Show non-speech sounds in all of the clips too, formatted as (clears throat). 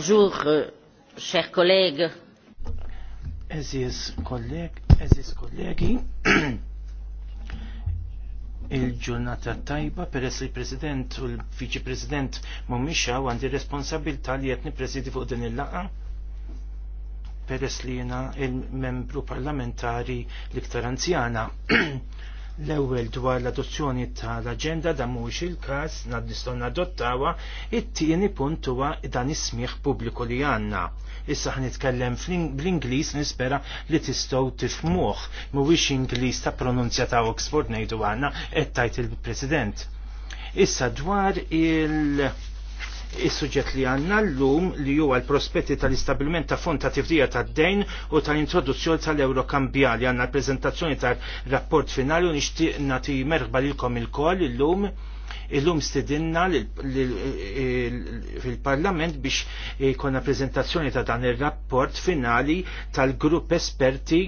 Bonjour, euh, cher collègue. Aziz kolleg, aziz kollegi, (clears throat) il-ġurnata tajba peress il-President u l-Viċi President mumixa u għandi responsabilta li jett presidi fuq din il-laqa peress li jena il-membru parlamentari l-iktar anzjana. (clears throat) l-ewwel dwar l-adozzjoni tal-aġenda da mhuwiex il-każ nad nistonna nadottawa, it-tieni punt huwa dan is-smieħ pubbliku li għandna. Issa nitkellem bl-Ingliż nispera li tistgħu tifmuħ mhuwiex Ingliż ta' pronunzja ta' Oxford ngħidu għandna qed tajt il-President. Issa dwar il- is-suġġett li għanna l-lum li huwa l-prospetti tal-istabilment ta' fond ta' tifdija ta' dejn u tal-introduzzjoni tal-euro kambjali għanna l-prezentazzjoni tal-rapport finali u nixtieq nagħti merħba lilkom il-koll illum illum stidinna fil-parlament biex konna prezentazzjoni ta' dan il-rapport finali tal-grupp esperti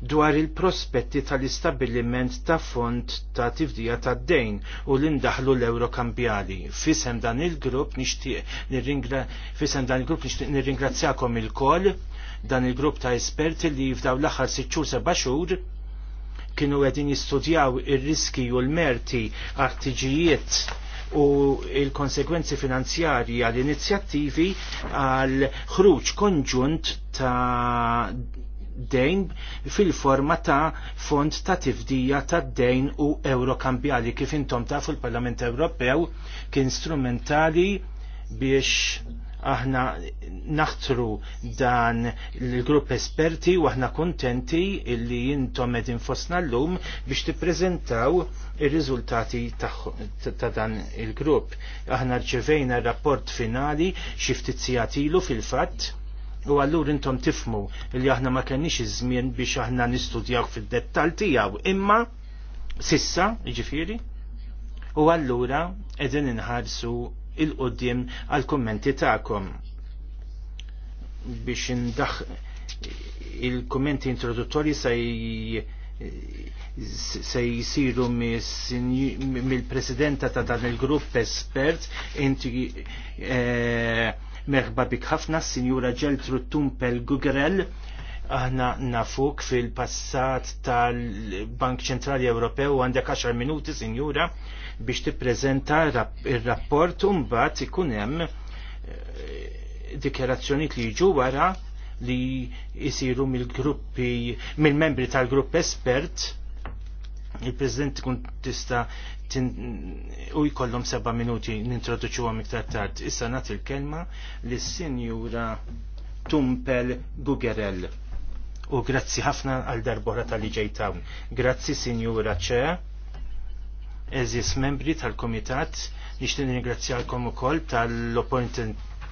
dwar il-prospetti tal-istabilliment ta' fond ta' tifdija ta' dejn u l-indaħlu l-euro kambjali. Fisem dan il-grupp nishtiq il-grupp nirringrazzjakom il-koll dan il-grupp ta' esperti li f'daw l-aħħar sitxur seba' xhur kienu għedin jistudjaw ir-riski u l-merti artiġijiet u il-konsekwenzi finanzjarji għal inizjattivi għal ħruġ konġunt ta' dejn fil-forma ta' fond ta' tifdija ta' dejn u euro kambjali kif intom ta' fil-Parlament Ewropew kien strumentali biex aħna naħtru dan l-grupp esperti u aħna kontenti illi jintom edin fosna l-lum biex tippreżentaw il-riżultati ta' dan il-grupp. Aħna rċevejna rapport finali xiftizzijatilu fil-fatt U għallur intom tifmu li aħna ma kenniex iż-żmien biex aħna nistudjaw fid-dettall tiegħu, imma sissa, jiġifieri, u allura qegħdin inħarsu il-qoddim għal kummenti tagħkom biex indax il-kommenti introduttorji se jisiru mill-presidenta ta' dan il-grupp espert inti eh, meħba bik ħafna Sinjura ġeltru Tumpel Gugrel aħna nafuk fil-passat tal-Bank Ċentrali Ewropew għandek 10 minuti Sinjura biex tippreżenta il rapport u mbagħad ikun hemm eh, dikjerazzjoniet li jiġu wara li jisiru mill-gruppi, mill-membri tal-grupp espert il-President kun tista u jkollhom seba' minuti nintroduċu għam iktar tard. Issa nagħti il-kelma lis-Sinjura Tumpel Gugerell. U grazzi ħafna għal darbora tal-li ġejtawn. Grazzi Sinjura Ċe, eżis membri tal-Komitat, nixtin ringrazzjalkom ukoll tal-opportunità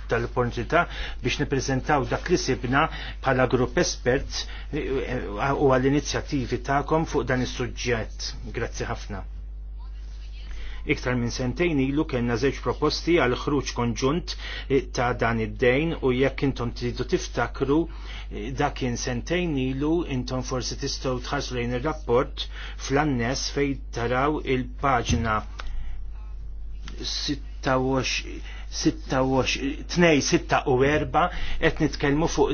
tal-opportunità biex nippreżentaw dak li sibna bħala grupp espert eh, eh, u għall-inizjattivi tagħkom fuq dan is-suġġett. Grazzi ħafna. Iktar minn sentejn ilu kellna żewġ proposti għal ħruġ konġunt eh, ta' dan id-dejn u jekk intom tridu tiftakru dakin kien sentejn ilu intom forsi tistgħu tħarsu lejn ir-rapport fl-annes fejn taraw il-paġna 26 u 4 qed nitkellmu fuq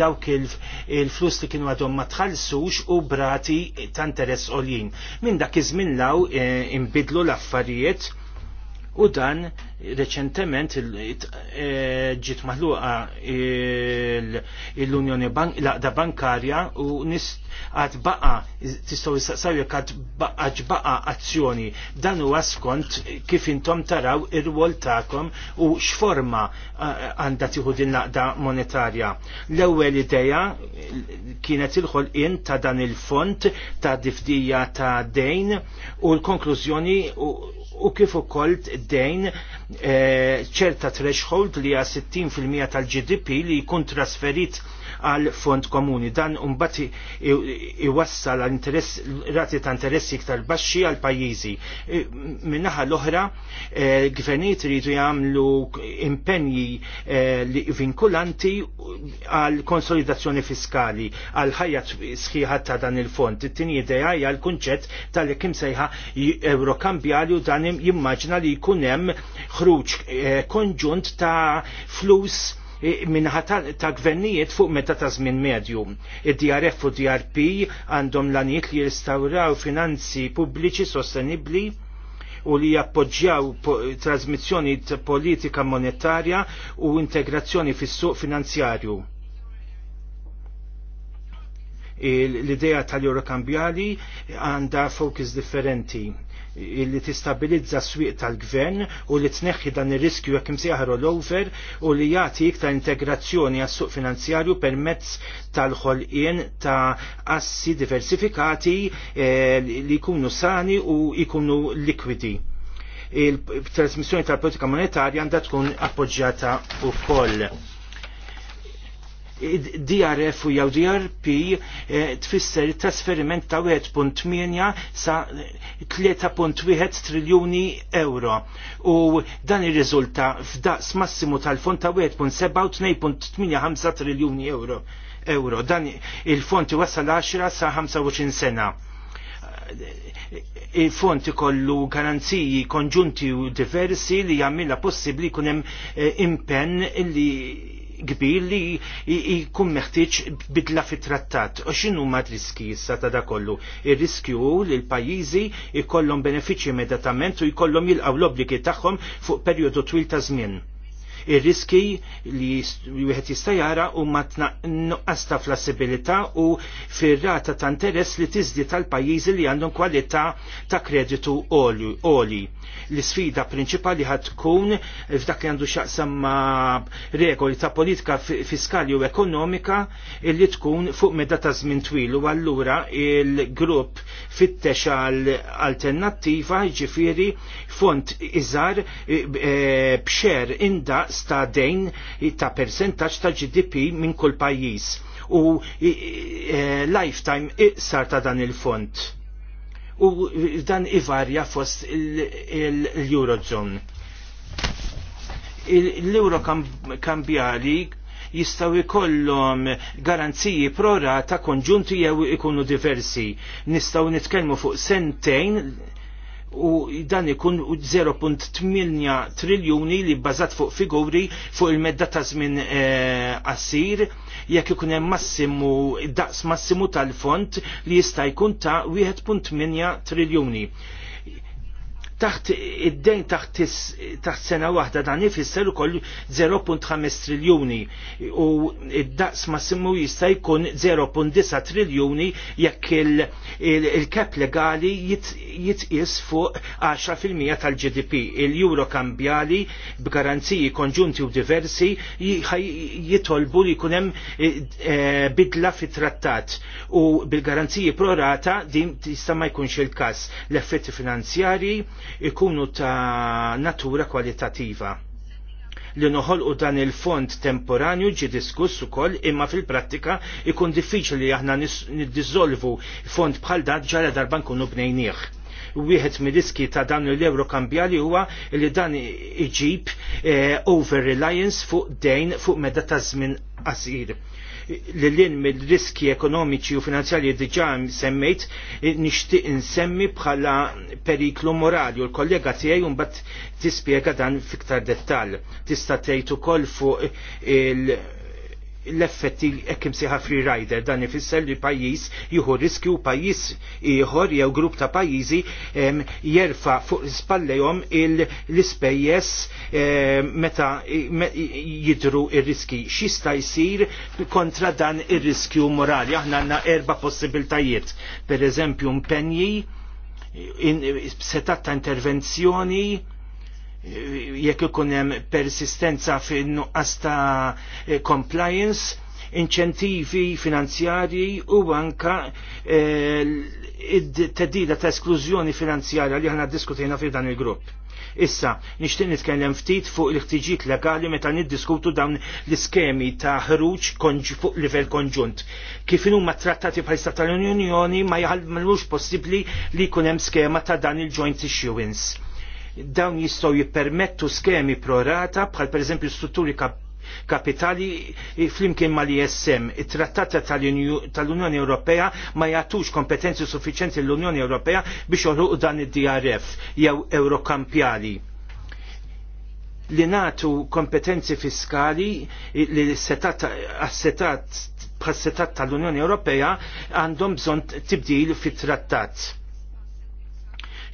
dawk il-flus li kienu għadhom ma tħallsux u brati ta' interess għoljin. Minn dak iż-żmien law eh, imbidlu l-affarijiet u dan reċentement e, ġiet maħluqa l-Unjoni bank, l Bankarja u għad baqa, tistaw jistaqsaw jek għad baqa azzjoni. Dan huwa skont kif intom taraw ir-rwol u x'forma għandha tieħu din l-Aqda Monetarja. L-ewwel ideja kienet il-ħolqien ta' dan il-font ta' difdija ta' dejn u l-konklużjoni u kif ukoll dejn Eh, ċerta threshold li għal 60% tal-GDP li jkun trasferit għal fond komuni. Dan umbat iwassal rati ta' interessi iktar baxxi għal pajjiżi. Minnaħa l-oħra, eh, gvernijiet rridu jagħmlu impenji eh, li vinkulanti għal konsolidazzjoni fiskali għal ħajja sħiħa ta' dan il-fond. It-tieni idea hija l-kunċett tal-li kim sejħa u dan jimmaġna li jkun hemm ħruġ eh, konġunt ta' flus minħata ta' gvernijiet fuq meta ta' żmien medju. Id-DRF u DRP għandhom l-anijiet li jistawraw finanzi pubbliċi sostenibbli u li jappoġġjaw trasmissjoni politika monetarja u integrazzjoni fis-suq finanzjarju l-idea tal-Eurokambjali għanda fokus differenti li tistabilizza s-swieq tal-gvern u li tneħħi dan ir-riskju jekk imsejħar over u li jagħti iktar integrazzjoni għas-suq finanzjarju permezz tal-ħolqien ta' assi diversifikati eh, li jkunu sani u jkunu likwidi. Il-trasmissjoni tal-politika monetarja għandha tkun appoġġjata wkoll DRF u jew DRP eh, tfisser trasferiment ta' 1.8 sa 3.1 triljuni euro u dan ir-riżulta f'daqs massimu tal-fond ta' 1.7 u triljuni euro. euro. Dan il-fond wasal 10 sa 25 sena eh, il-fond kollu garanziji konġunti u diversi li jammilla possibli kunem eh, impenn li kbir li jkun meħtieġ bidla fit-trattat. U x'inhu ma riski issa ta' dakollu? Ir-riskju li l-pajjiżi jkollhom benefiċċji immediatament u jkollhom jilqgħu l-obbligi tagħhom fuq perjodu twil ta' żmien ir-riski li wieħed jista' jara huma nuqqas ta' flassibilità u fir-rata ta' interess li tiżdi tal-pajjiżi li għandhom kwalità ta' kreditu oli. L-isfida prinċipali ħad tkun f'dak li għandu x'aqsam ma' regoli ta' politika fiskali u ekonomika li tkun fuq medda ta' żmien twil u allura il-grupp fittex għal alternattiva ġifiri font iżar eh, bxer indaqs ta' dejn ta' percentaċ ta' GDP minn kull pajjiż u e, lifetime iqsar ta' dan il-font. U dan ivarja fost l-Eurozone. L-Euro kambjali jistaw ikollom garanziji prora ta' konġunti jew ikunu diversi. Nistaw nitkellmu fuq sentejn u dan ikun 0.8 triljuni li bbażat fuq figuri fuq il-medda ta' żmien eh, qasir jekk ikun hemm massimu daqs massimu tal-fond li jista' jkun ta' 1.8 triljuni taħt id-dejn taħt taħt sena waħda dan ifisser ukoll 0.5 triljuni u id-daqs massimu jista' jkun 0.9 triljuni jekk il-kep legali jitqies fuq 10% tal-GDP. Il-euro kambjali b'garanziji konġunti u diversi jitolbu li jkun hemm eh, eh, bidla fit-trattat u bil-garanziji prorata din tista' ma jkunx il-każ l-effetti finanzjarji ikunu ta' natura kwalitativa li noħolqu dan il-fond temporanju ġi diskuss ukoll imma fil-prattika ikun diffiċli li aħna niddizolvu fond bħal dat ġara darba nkunu bnejnieh. Wieħed mid-diski ta' dan l-euro kambjali huwa li dan iġib eh, over reliance fuq dejn fuq meda ta' żmien qasir l in mill-riski ekonomiċi u finanzjali diġa semmejt nixtieq insemmi bħala periklu morali u l-kollega tiegħi mbagħad tispjega dan fiktar dettal. Tista' tgħid ukoll fuq il- l-effetti ekkim siħa free rider dan ifisser li pajis jieħu riski u pajis ieħor jew grupp ta' pajjiżi jerfa fuq spallejom l-ispejjeż meta jidru il riski X'jista' jsir kontra dan ir-riskju morali. Aħna għandna erba' possibiltajiet. Per eżempju, impenji, setat ta' intervenzjoni, jekk ikun hemm persistenza fin-nuqqas ta' eh, compliance, inċentivi finanzjarji u anka eh, id-tedida ta' esklużjoni finanzjarja li ħana diskutejna fi dan il-grupp. Issa, nixtieq nitkellem ftit fuq il-ħtiġijiet legali meta niddiskutu dawn l-iskemi ta' ħruġ fuq livell konġunt. Kif huma trattati bħal tal-Unjoni ma jħallmux possibbli li jkun hemm skema ta' dan il-joint issuance dawn jistgħu jippermettu skemi prorata bħal pereżempju strutturi kap kapitali flimkien ma li jessem. Il-trattata tal-Unjoni Ewropea ma jagħtux kompetenzi suffiċenti l-Unjoni Ewropea biex uħruq dan id-DRF jew Eurokampjali li natu kompetenzi fiskali li setat għas-setat tal-Unjoni Ewropea għandhom bżon tibdil fit-trattat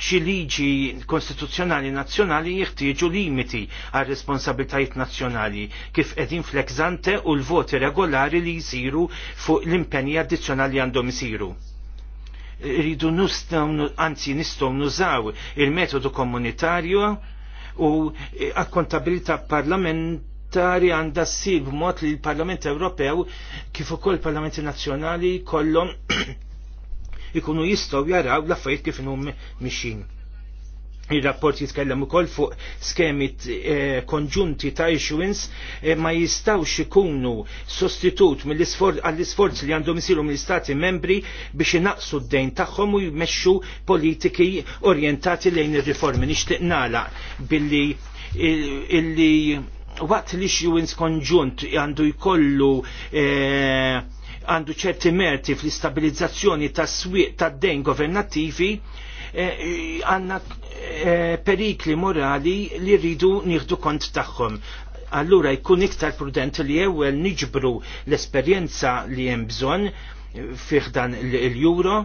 xi liġi konstituzzjonali nazzjonali jeħtieġu limiti għal responsabiltajiet nazzjonali kif qegħdin flexante u l-voti regolari li jsiru fuq l-impenji addizzjonali għandhom isiru rridu anzi nistgħu nużaw il-metodu komunitarju u akkontabilità parlamentari għandha ssib mod li l-Parlament Ewropew kif ukoll parlamenti nazzjonali kollhom ikunu jistgħu jaraw l-affarijiet kif inhom mixin. Il-rapport jitkellem ukoll fuq skemi eh, konġunti ta' issuance eh, ma jistawx ikunu sostitut għall-isforz li għandhom isiru mill-istati membri biex inaqsu d-dejn tagħhom u jmexxu politiki orjentati lejn ir-riformi. Nixtieq nagħlaq billi illi waqt li issuance konġunt għandu jkollu eh, għandu ċerti merti fl-istabilizzazzjoni tas swieq tad dejn governattivi eh, għanna eh, perikli morali li rridu nieħdu kont tagħhom allura jkun iktar prudenti li ewwel niġbru l-esperjenza li hemm bżonn fih dan il-euro,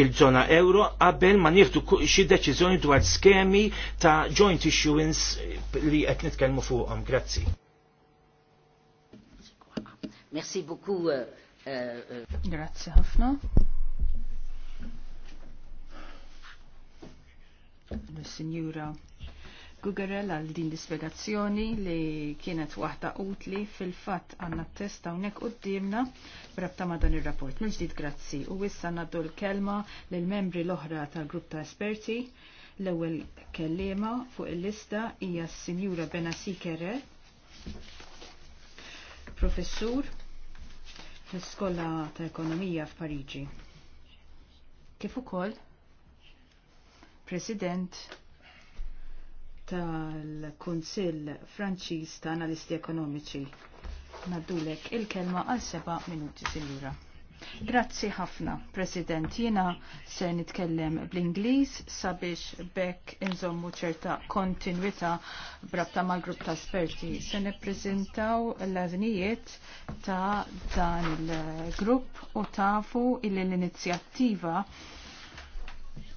il-żona euro, qabel ma nieħdu xi deċiżjoni dwar skemi ta' joint issuance li qed nitkellmu fuqhom. Grazzi. Merci beaucoup. Euh, Grazzi ħafna. Signora Gugarella għal din dispiegazzjoni li kienet waħda utli fil-fatt għanna testa unek u d-dimna brabta ma dan il-rapport. Mil-ġdid grazzi u wissa naddu l-kelma l-membri l-oħra tal-grupp ta' esperti l ewwel kellima fuq il-lista hija s-Sinjura Benassi Kere, professur fl-Iskola ta' Ekonomija f'Pariġi. Kif ukoll President tal-Kunsill Franċiż ta' Analisti Ekonomiċi. Naddulek il-kelma għal seba' minuti sinjura. Grazzi ħafna, President. Jina se nitkellem bl-Inglis sabiex bekk inżommu ċerta kontinuità brabta mal grupp ta' esperti. Se nippreżentaw l-avnijiet ta' dan il-grupp u tafu il-inizjattiva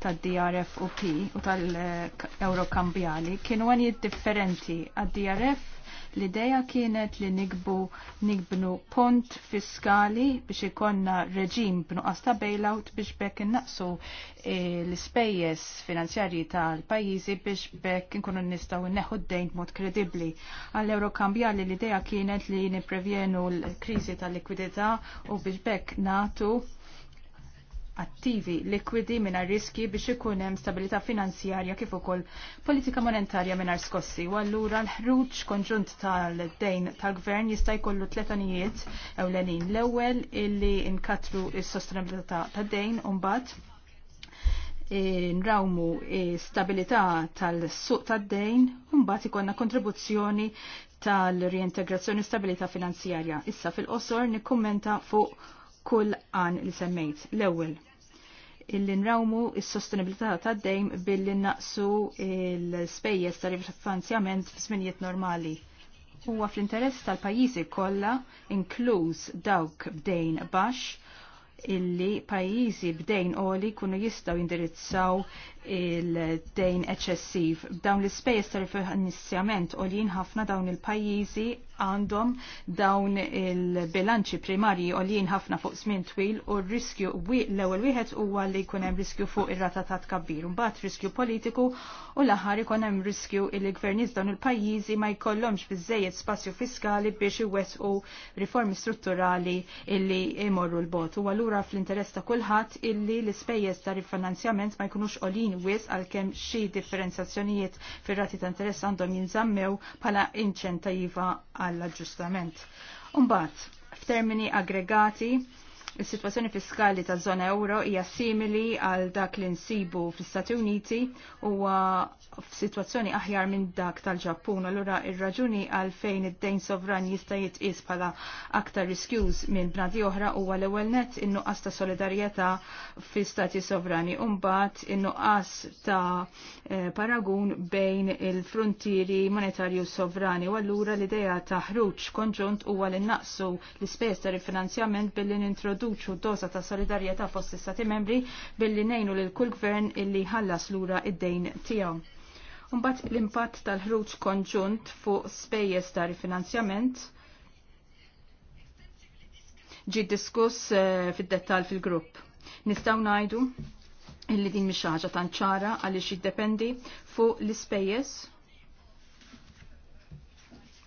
tad-DRF u P u tal-Eurokambjali kienu għan differenti għad-DRF L-ideja kienet li nikbu nikbnu pont fiskali biex ikonna reġim b'nuqqas ta' bailout biex bekk innaqsu eh, l-ispejjeż finanzjarji tal-pajjiżi biex bekk inkunu nistgħu neħu d-dejn b'mod kredibbli. Għall-euro kambjali l-idea kienet li nipprevjenu l-kriżi tal-likwidità u biex bekk natu attivi likwidi mingħajr riski biex ikun hemm stabilità finanzjarja kif ukoll politika monetarja mingħajr skossi. U allura l-ħruġ konġunt tal-dejn tal-gvern jista' jkollu tletanijiet ewlenin. L-ewwel illi nkatru s-sostenibilità tad-dejn u mbagħad e, nrawmu stabilità tal-suq tad-dejn, mbagħad ikollna kontribuzzjoni tal-riintegrazzjoni stabilità finanzjarja. Issa fil-qosor nikkummenta fuq kull għan li semmejt. L-ewwel illi nrawmu il-sostenibilità ta' dejm billi naqsu il spejjes ta' rifinanzjament f'żminijiet normali. Huwa fl-interess tal-pajjiżi kollha, inkluż dawk bdejn baxx, illi pajjiżi bdejn oli kunu jistaw jindirizzaw il-dejn eċessiv. Dawn l-ispejjeż ta' rifinanzjament u li ħafna dawn il-pajjiżi għandhom dawn il-bilanċi primarji u li ħafna fuq żmien twil u r-riskju l-ewwel wieħed huwa li jkun hemm riskju fuq ir-rata ta' tkabbir, mbagħad riskju politiku u l-aħħar ikun hemm riskju li gverniż dawn il-pajjiżi ma jkollhomx biżejjed spazju fiskali biex iwettqu riformi strutturali illi imorru l-bot. U allura fl-interess ta' kulħadd illi l-ispejjeż ta' rifinanzjament ma jkunux qolin wis għalkemm xi differenzazzjonijiet fir-rati ta' interess għandhom jinżammew bħala inċentajiva għall-aġġustament. Umbagħad, f'termini aggregati, Is-sitwazzjoni fiskali ta' żona euro hija simili għal dak li nsibu fl-Istati Uniti u f'sitwazzjoni aħjar minn dak tal-Ġappun. Allura ir-raġuni għal fejn id-dejn sovran jista' jitqies bħala aktar riskjuż minn bnadi oħra huwa l-ewwel net in-nuqqas ta' solidarjetà fl-Stati sovrani u mbagħad in-nuqqas ta' eh, paragun bejn il-frontieri monetarju sovrani u allura l-idea ta' ħruġ konġunt huwa li naqsu l ispejs ta' rifinanzjament billi nintrodu nintroduċu doza ta' solidarjetà fost istati membri billi nejnu lil kull gvern illi ħallas lura id-dejn tiegħu. Umbat l-impatt tal-ħruġ konġunt fuq spejjeż ta' rifinanzjament ġi diskuss uh, eh, fid-dettal fil-grupp. Nistgħu ngħidu illi din mhix ħaġa għalli ċara għaliex jiddependi fuq l-ispejjeż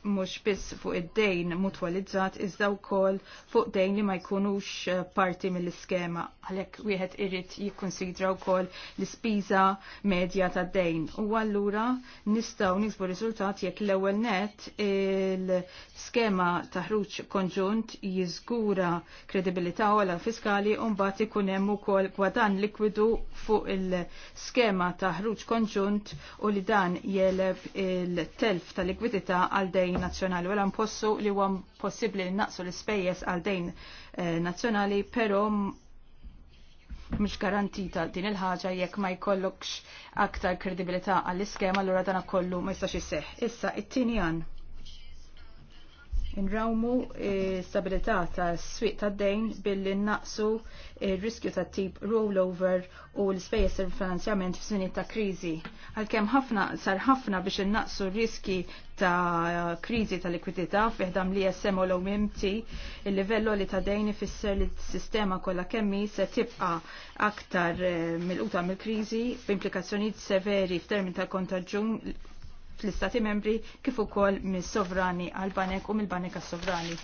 mhux biss fuq id-dejn mutwalizzat iżda wkoll fuq dejn li ma jkunux eh, parti mill-iskema għalhekk wieħed irid jikkonsidra wkoll l-ispiża medja tad-dejn. U allura nistgħu nisbu riżultat jekk l-ewwel net il-skema ta' ħruġ konġunt jiżgura kredibilità għala fiskali u mbagħad ikun hemm ukoll gwadan likwidu fuq il-skema ta' ħruġ konġunt u li dan jeleb il-telf ta' likwidità għal dejn dejn nazzjonali. Wela npossu li huwa possibbli li naqsu l-ispejjeż għal dejn eh, nazzjonali, però mhux garantita din il-ħaġa jekk ma jkollokx aktar kredibilità għall-iskema allura dan kollu ma jistax isseħħ. Issa it-tieni għan Inrawmu eh, stabilità ta' s-swiq ta' dejn billi naqsu eh, riskju ta' tip rollover u l-spejjeż il finanzjament f'żmini ta' kriżi. Għalkemm ħafna sar ħafna biex innaqsu riski ta' kriżi ta' likwidità fiħdam li jessem u l-OMT il livello li ta' dejn ifisser li s-sistema kollha kemmi se tibqa' aktar eh, mil quta mill-kriżi b'implikazzjonijiet severi f'termin ta' kontaġġun fl-istati membri kif ukoll mis-sovrani għal banek u mill-banek għas-sovrani.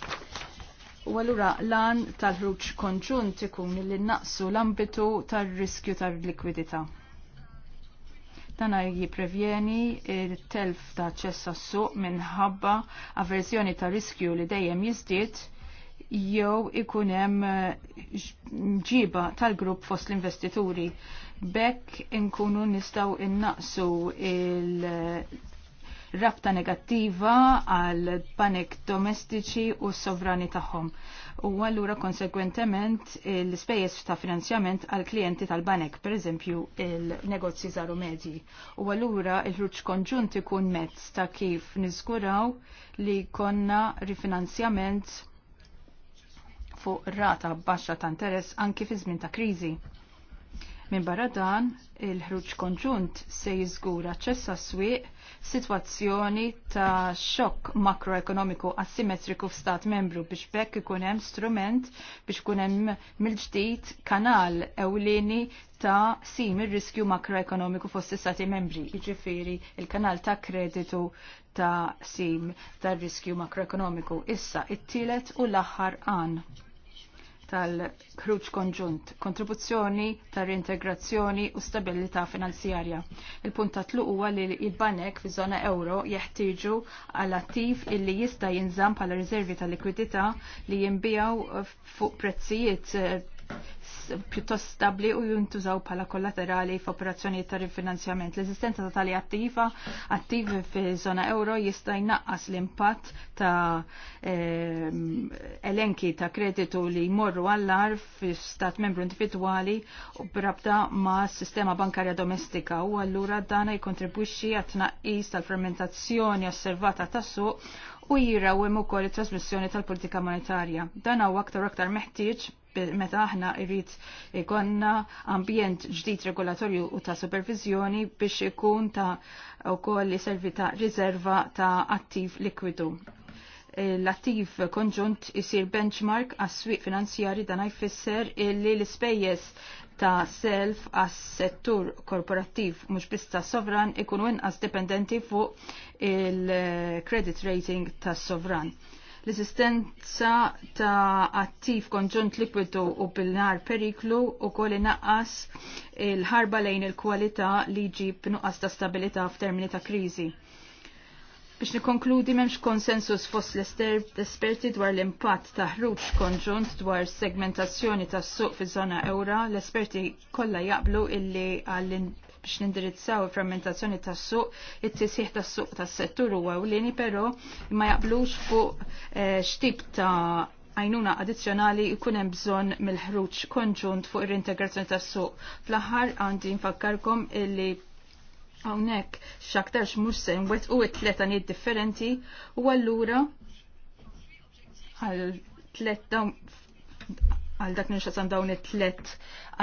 U għallura lan tal-ħruġ konġunt ikun li naqsu l-ambitu tar-riskju tal likwidità Dana jiprevjeni il-telf ta' ċessa suq minħabba avverżjoni ta' riskju li dejjem jizdiet jew ikun hemm eh, ġiba tal-grupp fost l-investituri. Bekk inkunu nistaw innaqsu il- rabta negattiva għal panek domestiċi u sovrani tagħhom. U allura konsegwentement l-ispejjeż ta' finanzjament għal klijenti tal-banek, per eżempju il-negozji żaru medji. U allura il-ruċ konġunt ikun mezz ta' kif niżguraw li konna rifinanzjament fuq rata baxxa ta' interess anki fi żmien ta' kriżi. Min barra dan, il-ħruġ konġunt se jiżgur aċċess s swieq situazzjoni ta' xokk makroekonomiku asimetriku f'stat membru biex bekk ikun hemm strument biex ikun hemm mill-ġdid kanal ewlieni ta' sim ir-riskju makroekonomiku fost stati membri, jiġifieri il-kanal ta' kreditu ta' sim ta' riskju makroekonomiku. Issa it-tielet u l-aħħar għan tal-kruċ konġunt, kontribuzzjoni tal-reintegrazzjoni u stabilità finanzjarja. Il-punt ta' tluq huwa li l-banek fi zona euro jeħtieġu għal attiv illi jista' jinżamm bħala riservi tal-likwidità li jinbijaw fuq prezzijiet eh, pjuttost stabli u jintużaw pala kollaterali f'operazzjoni ta' rifinanzjament. L-eżistenza ta' tali attiva attivi fi zona euro jista' jnaqqas l-impatt ta' eh, elenki ta' kreditu li jmorru għallar fi stat membru individwali u brabta ma' sistema bankarja domestika u allura dana jkontribwixxi għat-tnaqqis tal-fermentazzjoni osservata ta' suq u jiraw u ukoll it-trasmissjoni tal-politika monetarja. Dan huwa aktar aktar meħtieġ meta aħna irrid ikonna ambjent ġdid regolatorju u ta' supervizjoni biex ikun ta' wkoll servi ta' riserva ta' attiv likwidu l-attiv konġunt isir benchmark għas-swieq finanzjari dan jfisser illi l-ispejjeż ta' self għas settur korporattiv mhux biss sovran ikun inqas dipendenti fuq il-credit rating tas sovran. L-esistenza ta' attiv konġunt likwidu u bil-nar periklu u koll inaqqas il-ħarba lejn il-kwalità li ġib nuqqas ta' stabilità f'termini ta' kriżi. Biex nikonkludi memx konsensus fost l-esperti dwar l-impatt ta' ħruġ konġunt dwar segmentazzjoni ta' suq fi zona eura, l-esperti kollha jaqblu illi għall biex nindirizzaw il-frammentazzjoni tas-suq, it-tisħiħ tas-suq tas-settur huwa ewlieni però ma jaqblux fuq eh, xtib ta' għajnuna addizzjonali jkun hemm bżonn mill-ħruġ konġunt fuq ir-integrazzjoni tas-suq. Fl-aħħar għandi nfakkarkom illi hawnhekk x'aktarx mhux se nwettqu it-tleta differenti u allura għal tlet dawn għal dak nixħazan dawn it-tlet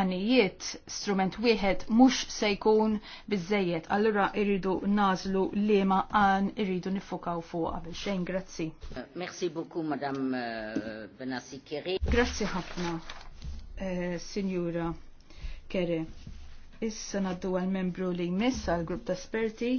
għanijiet, strument wieħed mux se jkun bizzejiet. Allura irridu nazlu li għan irridu nifokaw fuq għabel xejn, grazzi. Merci beaucoup, Madame euh, Benassi Keri. Grazzi ħafna, eh, Signora Keri. Issa naddu għal-membru li jmiss għal-grupp ta' esperti,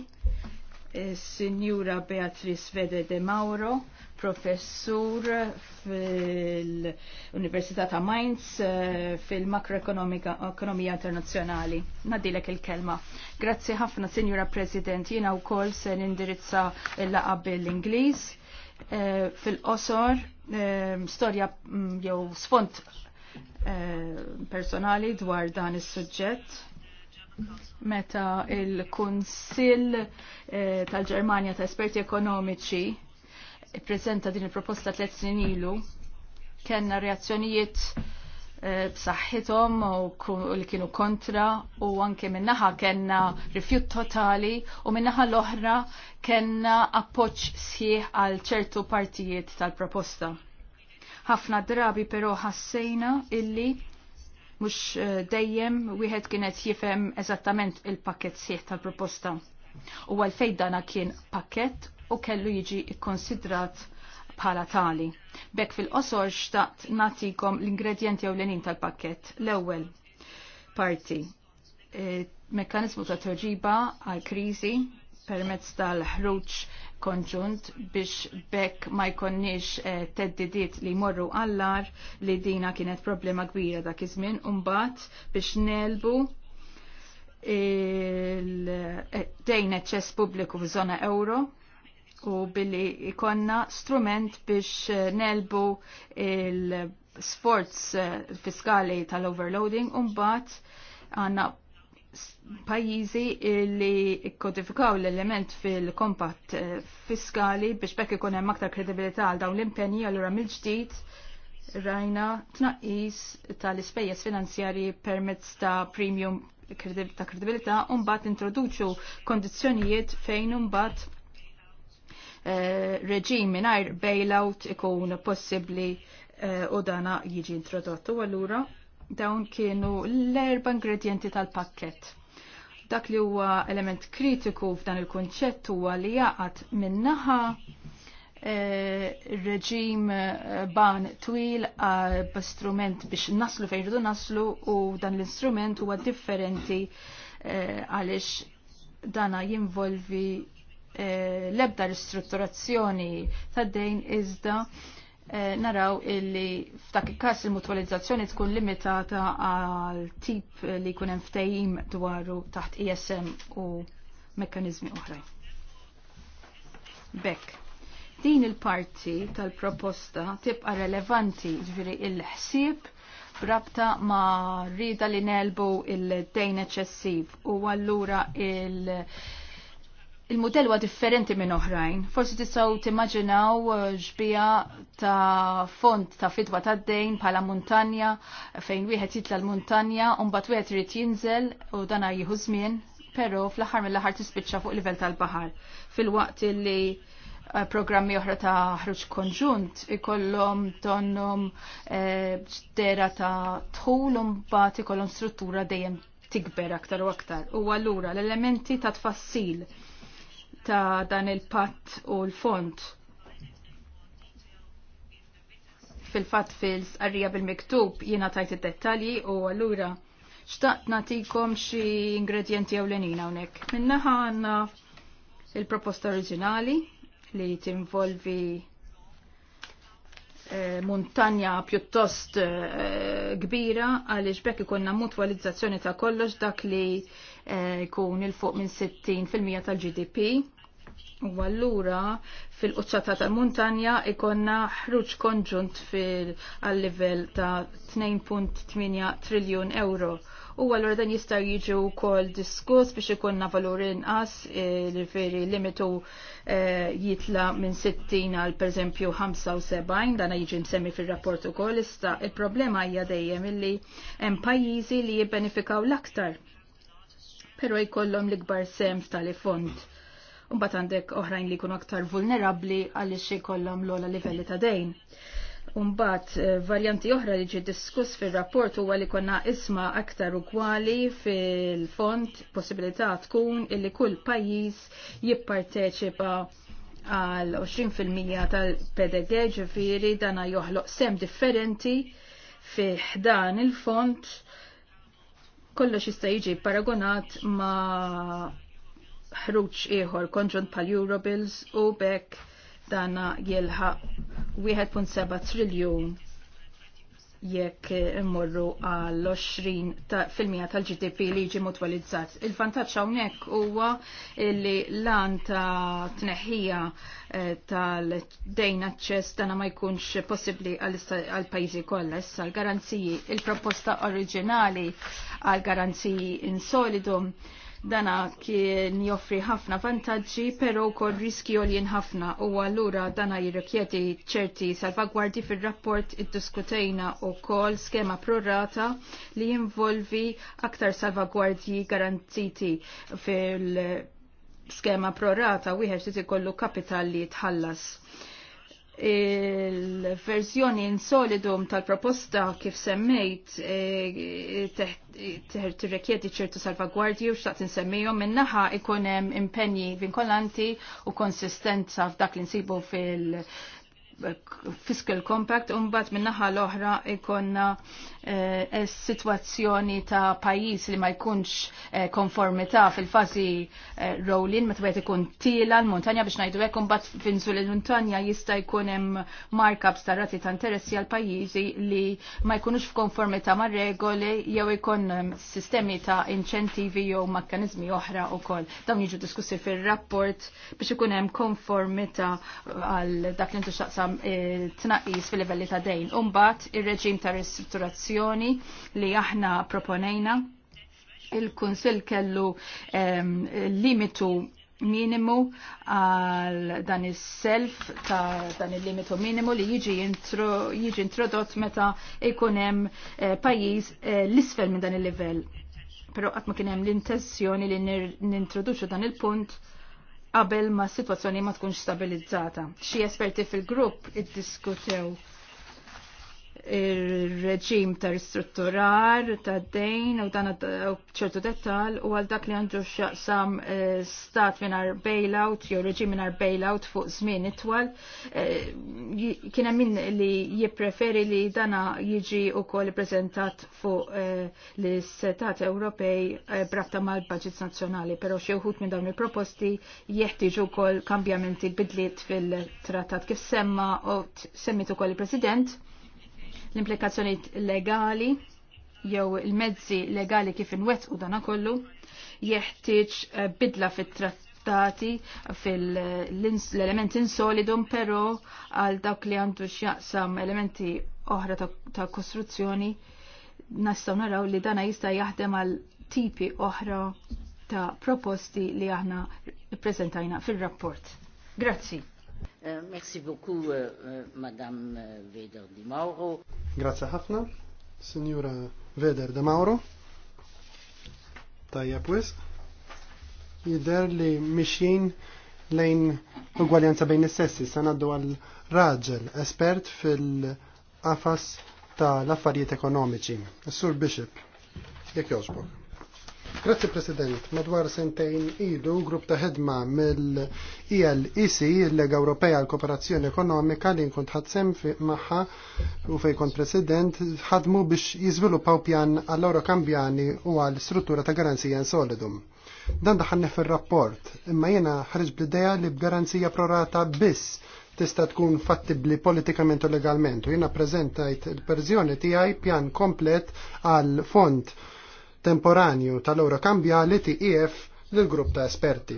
eh, Signora Beatrice Vede de Mauro professur fil-Università ta' Mainz eh, fil-Makroekonomija Internazzjonali. Nadilek il-kelma. Grazzi ħafna, Signora President, jina u kol se nindirizza il-laqa bil-Inglis. Eh, fil-qosor, eh, storja mm, jew sfont personali dwar dan is-suġġett meta il-Kunsill tal-Ġermanja ta' Esperti Ekonomiċi ippreżenta din il-proposta tliet snin ilu kellna reazzjonijiet eh, b'saħħithom u li kienu kontra u anke minnaħa kellna rifjut totali u minnaħa l-oħra kellna appoġġ sħiħ għal ċertu partijiet tal-proposta. Ħafna drabi però ħassejna illi mhux eh, dejjem wieħed kienet jifhem eżattament il-pakket sħiħ tal-proposta. U għalfejn dana kien pakket u kellu jiġi ikkonsidrat bħala tali. Bekk fil-qosor xtaqt natikom l-ingredienti l-enin tal-pakket. L-ewwel parti e, Mekanizmu ta' torġiba għal kriżi permezz tal-ħruġ konġunt biex bekk ma jkonniex eh, teddidiet li morru għallar li dina kienet problema kbira dak iż-żmien mbagħad biex nelbu il-dejn e, eċċess pubbliku f'żona euro u billi ikonna strument biex eh, nelbu il-sforz eh, fiskali tal-overloading un-bat għanna pajizi li kodifikaw l-element fil-kompat eh, fiskali biex bekk ikun hemm aktar kredibilità għal dawn l-impenji allura mill-ġdid rajna tnaqqis tal-ispejjeż finanzjarji permezz ta' premium ta' kredibilità u mbagħad introduċu kondizzjonijiet fejn mbagħad Eh, reġim mingħajr bailout ikun possibbli eh, u dana jiġi introdottu allura dawn kienu l-erba ingredienti tal-pakket. Dak li huwa element kritiku f'dan il-konċett huwa li jaqat minnaħa E, reġim ban twil b'istrument biex naslu fejn rridu naslu u dan l-instrument huwa differenti għaliex dana jinvolvi Eh, l-ebda ristrutturazzjoni ta' dejn iżda eh, naraw illi f'dak il-każ il-mutualizzazzjoni tkun limitata għal tip li jkun hemm ftehim dwaru taħt ISM e u mekkaniżmi oħrajn. Bekk. Din il-parti tal-proposta tibqa relevanti ġviri il-ħsieb brabta ma rida li nelbu il-dejn eċessiv u allura il- il-modell huwa differenti minn oħrajn. Forsi tistgħu timmaġinaw eh, ġbija ta' font ta' fidwa ta' dejn bħala muntanja fejn wieħed jitla l-muntanja u mbagħad wieħed irid jinżel u dan jieħu żmien, però fl-aħħar mill-aħħar tispiċċa fuq livell tal-baħar. Fil-waqt li eh, programmi oħra ta' ħruġ konġunt ikollhom donnhom eh, ġdera ta' tħul u mbagħad ikollhom struttura dejjem tikber aktar u aktar. U allura l-elementi ta' tfassil ta' dan il-patt u l-font. Fil-fatt fil-sqarrija bil-miktub jiena tajt id-dettalji u allura xtaqt natikom xi ingredienti ewlenin hawnhekk. Minna għandna il-proposta oriġinali li tinvolvi eh, montanja pjuttost eh, kbira għaliex bekk ikonna mutualizzazzjoni ta' kollox dak li eh, jkun eh, il-fuq minn 60% tal-GDP U allura fil-qċata tal-muntanja ikonna ħruġ konġunt għal level ta' 2.8 triljun euro. U allura dan jista' jiġu kol diskuss biex ikonna valur inqas, il-veri limitu eh, jitla minn 60 għal per eżempju 75, dana jiġi msemmi fil-rapport ukoll issa. Il-problema hija dejjem illi hemm pajjiżi li jibbenefikaw l-aktar però jkollhom l-ikbar sem tal-fond mbagħad għandek oħrajn li jkunu aktar vulnerabbli għaliex ikollhom l-ola livelli ta' dejn. Umbat, eh, varjanti oħra li ġi diskuss fil-rapport huwa li konna isma aktar ugwali fil-font, possibilità tkun illi kull pajis jipparteċipa għal 20% tal-PDG ġifiri dana joħloq sem differenti fi ħdan il-font kollox jista' jiġi paragonat ma' ħruġ ieħor konġunt pal Eurobills u bekk dana jilħa 1.7 triljun jekk immorru għal 20 fil-mija tal-GDP li jiġi mutwalizzat. Il-vantaġġ hawnhekk huwa li lan ta' tneħħija eh, tal-dejn aċċess dana ma jkunx possibbli għal pajjiżi kollha issa l-garanziji. Il-proposta oriġinali għal garanziji insolidum Dana kien joffri ħafna vantaġġi, pero kol riskju li ħafna u għallura dana jirrikjeti ċerti salvagwardi fil-rapport id-diskutejna u kol skema prorata li jinvolvi aktar salvagwardji garantiti fil- skema prorata wieħed trid ikollu kapital li tħallas il-verżjoni insolidum tal-proposta kif semmejt e, t tirrekjedi ċertu salvagwardji xtaqt insemmijom minnaħa ikonem impenji vinkolanti u konsistenza f'dak li nsibu fil- fiscal compact un bat min-naħa l-oħra ikonna e, situazzjoni ta' pajjiż li ma jkunx e, konformità fil fazi e, eh, rolling meta wieħed ikun tila l-muntanja biex ngħidu un bat finzu il-muntanja jista' jkun hemm markups ta' rati ta' interessi għal pajjiżi li ma jkunux f'konformità mar regoli jew ikun sistemi ta' inċentivi jew makkanizmi oħra wkoll. Dawn jiġu diskussi fir-rapport biex ikun hemm konformità għal dak li intixtaqsam ta' um, tnaqis fil-livelli ta' dejn. Umbat ir-reġim ta' ristrutturazzjoni li aħna proponejna il-Kunsil kellu um, limitu minimu għal dan is-self ta' dan il-limitu minimu li jiġi intro, jiġi introdott meta jkun hemm eh, pajjiż eh, l-isfel minn dan il-livell. Però qatt ma kien hemm l-intenzjoni li nintroduċu dan il-punt qabel ma situazzjoni ma tkunx stabilizzata. Xi esperti fil-grupp iddiskutew il-reġim ta' ristrutturar, ta' dejn u dan ċertu dettal u għal dak li għandu xaqsam eh, stat minar bailout jew reġim minar bailout fuq żmien itwal. Eh, kien min li jippreferi li dana jiġi u koll prezentat fuq eh, l setat Ewropej brabta mal budgets nazzjonali, pero xi wħud minn dawn il-proposti jieħtiġu kol kambjamenti bidliet fil-trattat kif semma u semmitu ukoll il-President l implikazzjoni legali jew il-mezzi legali kif inwettqu dana kollu jeħtieġ eh, bidla fit-trattati fil-element insolidum però għal dawk li għandu x'jaqsam elementi oħra ta' kostruzzjoni nistgħu naraw li dana jista' jaħdem għal tipi oħra ta' proposti li aħna ppreżentajna fil-rapport. Grazzi. Euh, merci beaucoup, uh, Madame euh, Veder Di Mauro. Grazie Hafna. Signora Veder Di Mauro. Tajja pwis. Jider li mixin lejn ugwaljanza bejn is-sessi, sanaddu għal raġel espert fil-qafas ta' l-affarijiet ekonomiċi, Sur Bishop. Jekk jogħġbok. Grazie President, madwar sentejn idu grupp ta' ħedma mill-ILEC, il-Lega Ewropea għal Kooperazzjoni Ekonomika li nkun ħadsem maħħa u fej kont President ħadmu biex jiżviluppaw pjan għall-oro kambjani u għall struttura ta' garanzija solidum. Dan daħanni fir rapport imma jena ħarġ bl-ideja li b'garanzija prorata biss tista' tkun fattibli politikament u legalment. U jena prezentajt il-perżjoni tiegħi pjan komplet għal fond temporanju tal kambja li TIF e lill-grupp ta' esperti.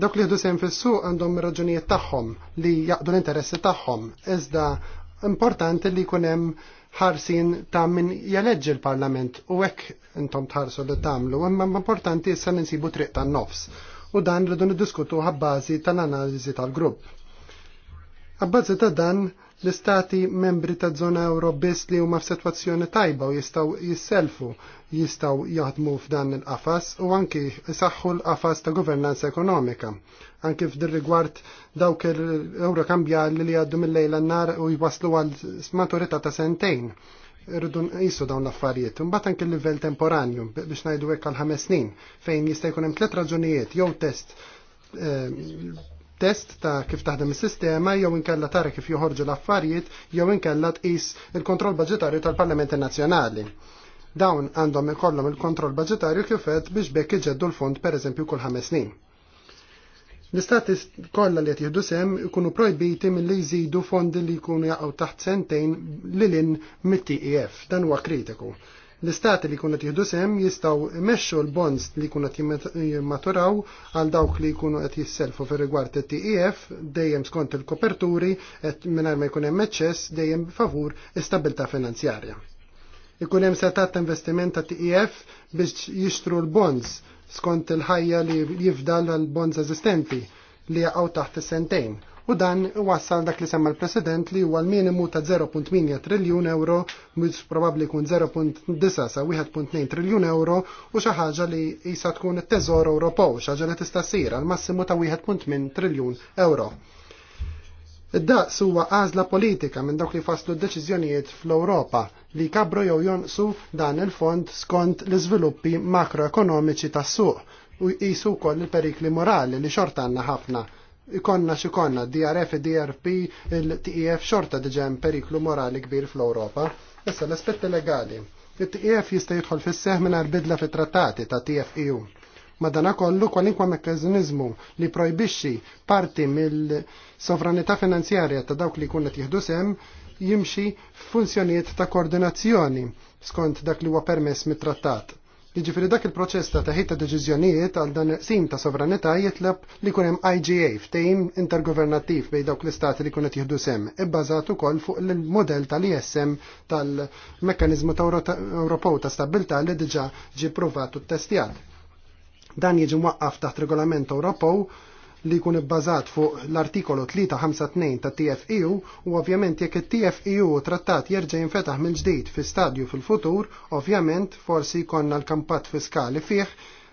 Dok li jihdu fissu għandhom raġunijiet tagħhom li jaqdu l-interessi tagħhom, iżda importanti li jkun hemm ħarsin ta' min jaleġġi l-Parlament u hekk intom tħarsu li tagħmlu, imma importanti issa ninsibu triq tan-nofs u dan rridu niddiskutu ħabbażi tal-analiżi tal-grupp. Għabbażi ta' dan L-istati membri ta' zona euro biss li huma f'sitwazzjoni tajba u jistgħu jisselfu jistgħu jaħdmu f'dan il-qafas u anki saħħu l-qafas ta' governanza ekonomika. Anki f'dir rigward dawk l-euro kambjali li għaddu mill-lejla nar u jwaslu għal maturità ta' sentejn. Irridu nqisu dawn l-affarijiet. Imbagħad anke l-livell temporanju biex ngħidu hekk għal ħames snin fejn jista' jkun hemm tliet raġunijiet jew test eh, test ta' kif taħdem is-sistema jew inkella tara kif joħorġu l-affarijiet jew inkella tqis il-kontroll budgetarju tal-Parlamenti Nazzjonali. Dawn għandhom ikollhom il-kontroll budgetarju kif qed biex bekk iġeddu l-fond pereżempju kull ħames snin. L-istati kollha li qed jieħdu sem ikunu projbiti milli jżidu fondi li jkunu jaqgħu taħt sentejn lilin mit-TEF. Dan huwa kritiku. L-istati li kunet jihdu sem jistaw meċxu l-bonds li kunet jimmaturaw għal dawk li kunu għet jisselfu fil rigward TIF e dejjem skont il-koperturi għet minar ma jkun hemm dejjem favur istabilta finanzjarja. Ikun hemm setat investiment ta' TIF e biex jixtru l-bonds skont il-ħajja li jifdal l-bonds eżistenti li jaqgħu taħt is-sentejn u dan wassal dak li semma l-President li huwa l-minimu ta' 0.8 triljun euro, mhux probabbli jkun 0.9 sa 1.2 triljun euro u xi ħaġa li jisa tkun it-teżor Ewropew, xaħġa li tista' ssir massimu ta' 1.8 triljun euro. Id-daqs huwa għażla politika minn dawk li faslu d-deċiżjonijiet fl-Ewropa li kabru jew jonqsu dan il-fond skont l-iżviluppi makroekonomiċi tas-suq u jqisu wkoll il-perikli morali li xortanna ħafna ikonna xikonna DRF, DRP, il-TEF xorta diġem periklu morali kbir fl-Europa. Issa l-aspetti legali. Il-TEF jista' jidħol fis-seħ minn bidla fit-trattati ta' Ma e Madana kollu kwalinkwa mekkazinizmu li projbixxi parti mill-sovranità finanzjarja ta' dawk li kunet jihdu sem jimxi f'funzjonijiet ta' koordinazzjoni skont dak li huwa permess mit-trattat Jiġifieri dak il-proċess ta' taħid ta' deċiżjonijiet għal dan sim ta' sovranità jitlab li jkun hemm IGA ftehim intergovernattiv bejn dawk l-istati li jkunu qed jieħdu sem, ibbażat e ukoll fuq il-modell tal-ISM tal-mekkaniżmu ta' Ewropew ta' stabilità li diġà ġie pprovat u ttestjat. Dan jiġi mwaqqaf taħt regolament Ewropew li jkun ibbażat fuq l-artikolu 352 ta' TFEU u ovvjament jekk it-TFEU trattat jerġa' jinfetaħ minn ġdid fi stadju fil-futur, ovvjament forsi jkollna l-kampat fiskali fih,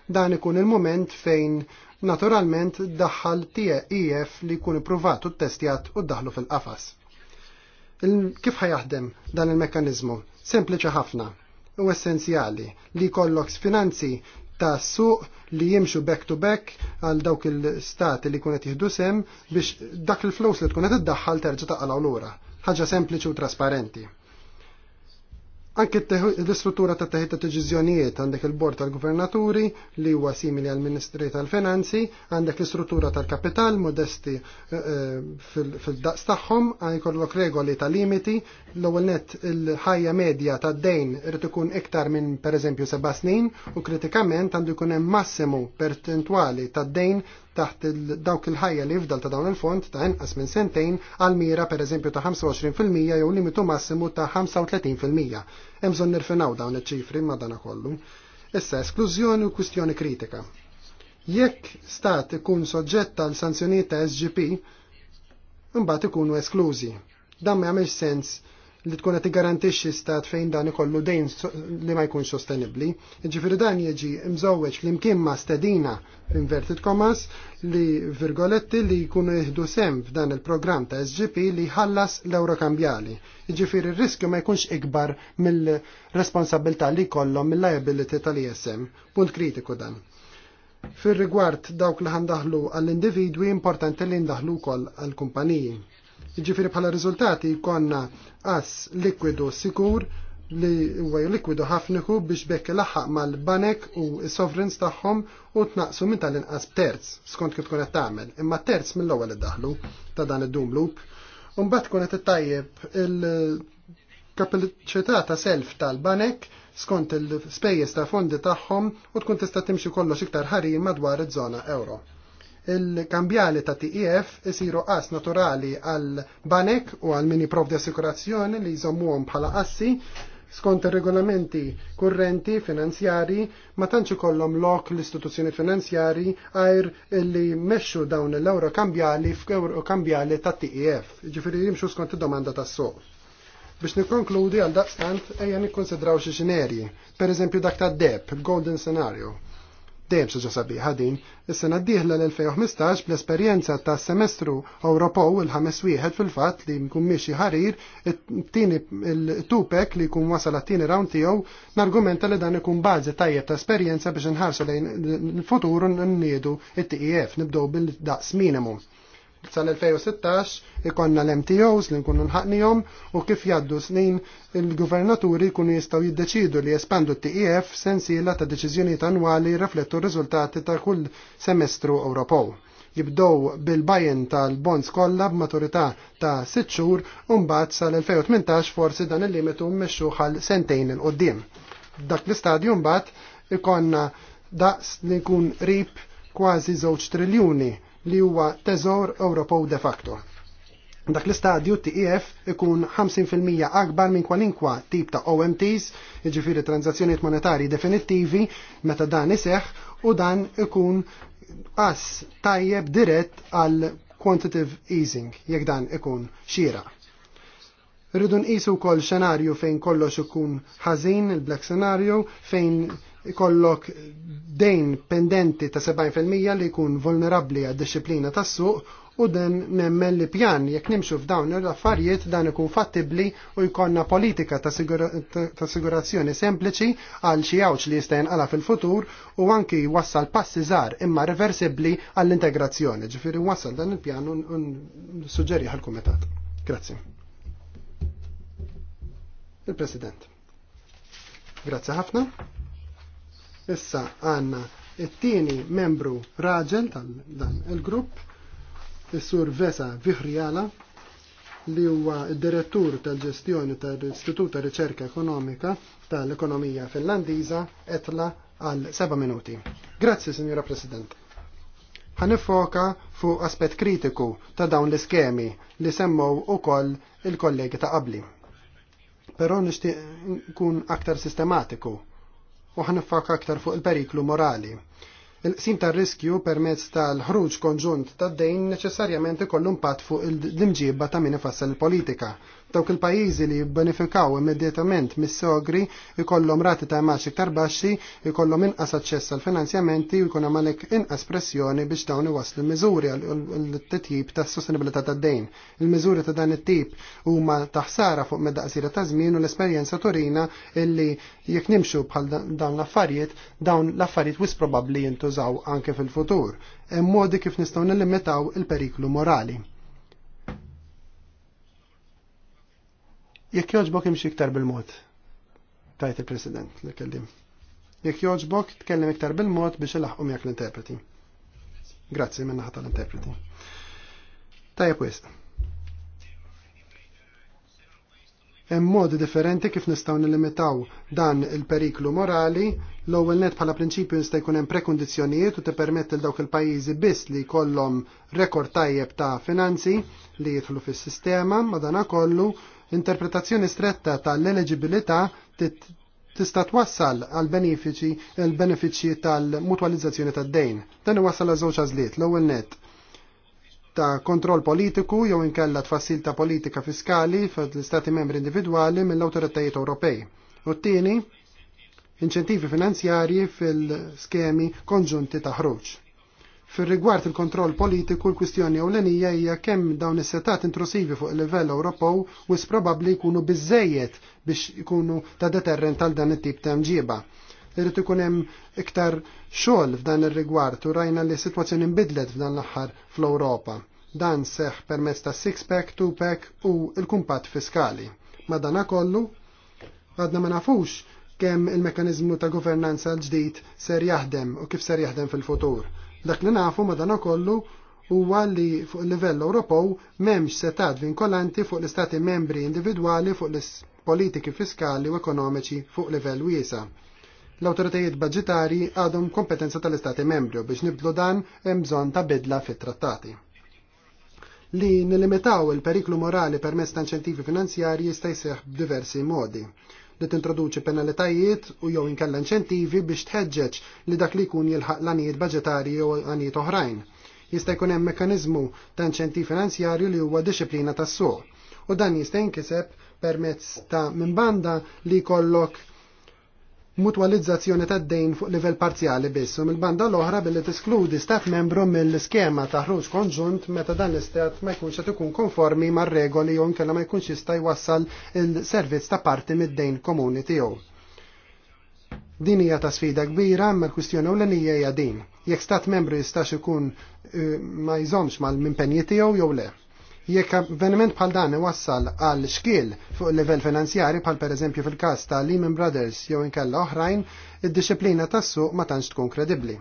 dan ikun il-moment fejn naturalment daħħal TEF li jkun ippruvat u ttestjat u daħlu fil-qafas. Kif ħajaħdem dan il-mekkanizmu? Sempliċi ħafna u essenzjali li kollok finanzi ta' suq li jimxu back to back għal dawk il-stati li kunet jihdu sem biex dak il flows li tkun qed iddaħħal terġa' taqalgħu lura. Ħaġa sempliċi u trasparenti. Anke l-istruttura ta' teħid ta' deċiżjonijiet għandek il-bord tal gvernaturi li huwa simili għal ministri tal-finanzi, għandek l-istruttura tal-kapital modesti eh, eh, fil-daqs tagħhom, jkollok regoli ta' limiti, l-ewwel net il-ħajja medja ta' dejn irid ikun iktar minn pereżempju seba' snin u kritikament għandu jkun hemm massimu perċentwali ta' dejn taħt dawk il-ħajja li jifdal ta' dawn il-fond ta' inqas minn sentejn għal mira per eżempju ta' 25% jew limitu massimu ta' 35%. Hemm bżonn nirfinaw dawn iċ-ċifri dan kollu. Issa esklużjoni u kwistjoni kritika. Jekk stat ikun soġġett għal sanzjonijiet ta' SGP, imbagħad ikunu esklużi. Dan ma jagħmilx sens li tkun qed tigarantixxi stat fejn dan ikollu dejn li ma jkunx sostenibbli. Jiġifieri dan jiġi mżewweġ flimkien ma' stedina inverted commas li virgoletti li jkunu jieħdu sem f'dan il-programm ta' SGP li ħallas l-euro kambjali. Jiġifieri r-riskju ma jkunx ikbar mill-responsabilità li jkollhom mill-liability tal-ISM. Punt kritiku dan. Fir rigward dawk li ħandaħlu għall-individwi importanti li ndaħlu kol għall-kumpaniji Ġifiri bħala riżultati jkollna qas likwidu sikur li huwa likwidu ħafniku biex bekk laħħaq mal-banek u s-sovereigns tagħhom u tnaqsu minn tal-inqas terz skont kif tkun qed tagħmel. Imma terz mill-ewwel iddaħlu ta' dan id dum loop. Imbagħad tkun qed ittajjeb il-kapaċità ta' self tal-banek skont il-spejjeż ta' fondi tagħhom u tkun tista' timxi kollox iktar ħarim madwar iż-żona euro il-kambjali ta' TIF e isiru qas naturali għal banek u għal mini prof di assicurazzjoni li jżommuhom bħala assi skont ir-regolamenti kurrenti finanzjari ma tantx ikollhom lok l-istituzzjoni finanzjari għajr li mexxu dawn l-euro kambjali f'euro kambjali ta' TIF, e ġifieri jimxu skont id-domanda tas soq Biex nikkonkludi għal daqstant ejja nikkonsidraw xi xineri, pereżempju dak ta' DEP, il-Golden Scenario dejjem xi ġa sabiħa din. Is-sena d-dieħla l-2015 bl-esperjenza ta' semestru Ewropew il-ħames wieħed fil-fatt li nkun miexi ħarir it-tieni il-tupek li jkun wasal għat-tieni rawn tiegħu nargumenta li dan ikun bażi tajjeb ta' esperjenza biex inħarsu lejn il-futur nniedu it-TIF e nibdew bil-daqs minimum sal-2016 ikonna l-MTOs li nkunu nħaqnijom u kif jaddu snin il-gvernaturi kunu jistaw jiddeċidu li jespandu t-TEF sensiela ta' deċiżjoni annwali riflettu r-riżultati ta' kull semestru Ewropew. Jibdow bil bajen tal-bonds kollha b'maturità ta' 6 xhur u mbagħad sal-2018 forsi dan il-limitu mmexxu ħal sentejn il qoddim Dak l-istadju mbagħad ikonna daqs li jkun rib kważi żewġ triljuni li huwa teżor Ewropew de facto. Dak l-istadju TIF e ikun 50% akbar minn kwalinkwa tip ta' OMTs, iġifiri tranzazzjoniet monetari definittivi, meta dan iseħ, u dan ikun qas tajjeb dirett għal quantitative easing, jekk dan ikun xira. Rridu nqisu wkoll xenarju fejn kollox ikun ħażin il-black scenario fejn ikollok dejn pendenti ta' 70% li jkun vulnerabli għad disciplina tas suq u den nemmen li pjan jekk nimxu f'dawn l-affarijiet dan ikun fattibli u jkonna politika ta' sigurazzjoni sempliċi għal xi għawċ li jista' jinqala fil-futur u anki wassal passi żgħar imma reversibbli għall-integrazzjoni. Ġifieri wassal dan il-pjan u suġġeri għal-kumitat. Grazzi. Il-President. Grazzi ħafna. Issa għanna it-tieni membru raġel tal-dan il-grupp, is-sur Vesa Vihriala, li huwa direttur tal-ġestjoni tal-Istitut ta' Riċerka Ekonomika tal-Ekonomija Finlandiża etla għal seba' minuti. Grazzi, Signora President. Ħanifoka fuq aspett kritiku ta' dawn l-iskemi li semmow ukoll il-kollegi ta' qabli. Però nixtieq nkun aktar sistematiku u ħanifak aktar fuq il-periklu morali. Il-qsim tar riskju permezz tal-ħruġ konġunt tad-dejn neċessarjament ikollu impatt fuq il-imġiba ta' min ifassal il-politika Dawk il-pajjiżi li jibbenefikaw immedjatament mis-sogri ikollhom rati ta' imax iktar baxxi, ikollhom inqas aċċess għal finanzjamenti u jkun hemm għalhekk inqas pressjoni biex dawn iwaslu miżuri għall-titjib tas sostenibilità tad-dejn. Il-miżuri ta' dan it-tip huma taħsara fuq medaqsira ta' żmien u l-esperjenza turina illi jekk nimxu bħal dawn l-affarijiet, dawn l-affarijiet wis probabbli jintużaw anke fil-futur. Hemm modi kif nistgħu nillimitaw il-periklu morali. Jekk joġbok imxi iktar bil-mod, tajt il-President li kellim. Jekk joġbok tkellem iktar bil-mod biex ilaħqu miegħek l-interpreti. Grazzi minn naħa tal-interpreti. Tajja wisq. Hemm modi differenti kif nistgħu nilimitaw dan il-periklu morali l-ewwel net bħala prinċipju jista' jkun hemm prekundizzjonijiet u tippermetti l dawk il-pajjiżi biss li jkollhom rekord tajjeb ta' finanzi li jidħlu fis-sistema madanakollu kollu interpretazzjoni stretta tal-eligibilità tista' twassal għal benefiċi il benefiċi tal-mutwalizzazzjoni tad-dejn. Dan iwassal għal żewġ għażliet, l-ewwel net ta' kontroll politiku jew inkella tfassil ta' politika fiskali fl-istati membri individwali mill-awtoritajiet Ewropej. U t-tieni, inċentivi finanzjarji fil-skemi konġunti ta' ħruġ. Fir-rigward il-kontroll politiku l-kwistjoni ewlenija hija kemm dawn is-setat intrusivi fuq il-livell Ewropew wis probabbli jkunu biżejjed biex ikunu ta' deterrent għal dan it-tip ta' mġiba Irid ikun hemm iktar xogħol f'dan ir-rigward u rajna li s-sitwazzjoni nbidlet f'dan l-aħħar fl-Ewropa. Dan seħ permezz ta' six pack, two pack u l-kumpat fiskali. Madana kollu, għadna ma nafux kemm il-mekanizmu ta' governanza l-ġdid ser jaħdem u kif ser jaħdem fil-futur. Dak li nafu madankollu huwa li fuq il-livell Ewropew m'hemmx setat vinkolanti fuq l-istati membri individwali fuq l-politiki fiskali u ekonomiċi fuq livell wiesa. L-awtoritajiet budgetari għadhom kompetenza tal-istati membri u biex nibdlu dan hemm bżonn ta' bidla fit-trattati li nilimitaw il-periklu morali permezz ta' inċentivi finanzjarji jista' jseħħ b'diversi modi li tintroduċi penalitajiet u jew inkella inċentivi biex tħeġġeġ li dak li jkun jilħaq l-għanijiet budġetarji u għanijiet oħrajn. Jista' jkun hemm mekkaniżmu ta' inċentiv finanzjarju li huwa disciplina tas-suq u dan jista' jinkiseb permezz ta' minbanda li jkollok mutwalizzazzjoni ta' dejn fuq livell parzjali biss u mill-banda l-oħra billi tiskludi stat membru mill-skema ta' ħruġ konġunt meta dan l-istat ma jkunx qed ikun konformi mar-regoli jew inkella ma jkunx jista' jwassal il-servizz ta' parti mid-dejn komuni tiegħu. Din hija ta' sfida kbira, ma' l-kwistjoni ewlenija hija din. Jekk stat membru jistax ikun eh, ma jżomx mal-impenji tiegħu jew le. Jekk avveniment bħal dan iwassal għal xkiel fuq il-livell finanzjari bħal pereżempju fil-każ ta' Lehman Brothers jew inkella oħrajn, id-disciplina tas-suq ma tantx tkun kredibbli.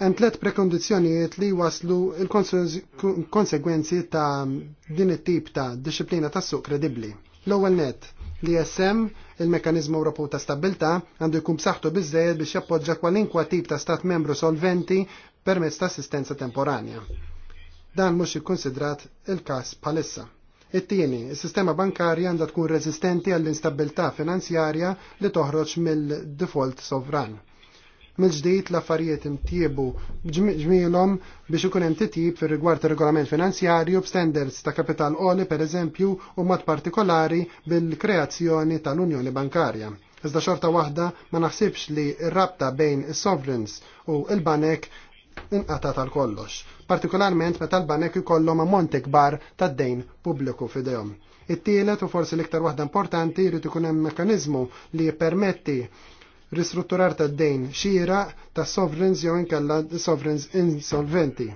Hemm tliet prekondizzjonijiet li waslu il-konsegwenzi ta' din it-tip ta' disciplina tas-suq kredibbli. L-ewwel net, l jessem il-Mekanizmu Ewropew ta' Stabilta, għandu jkun b'saħħtu biżżejjed biex jappoġġa kwalinkwa tip ta' stat membru solventi permezz ta' assistenza temporanja. Dan mhux ikkonsidrat il-każ bħalissa. It-tieni, is-sistema bankarja għandha tkun rezistenti għall-instabilità finanzjarja li toħroġ mill-default sovran. Mill-ġdid l-affarijiet imtiebu ġmielhom biex ikun hemm titjib fir-rigward ir-regolament finanzjarju b'standards ta' kapital qoli pereżempju u mod partikolari bil-kreazzjoni tal-Unjoni Bankarja. Iżda xorta waħda ma naħsibx li r-rabta bejn is-sovereigns u l-banek inqata tal-kollox partikolarment meta l-banek ikollhom ammonti kbar tad-dejn pubbliku f'idejhom. It-tielet u forsi l-iktar waħda importanti jrid ikun hemm mekkaniżmu li jippermetti ristrutturar tad-dejn xira ta' sovereigns jew inkella sovereigns insolventi.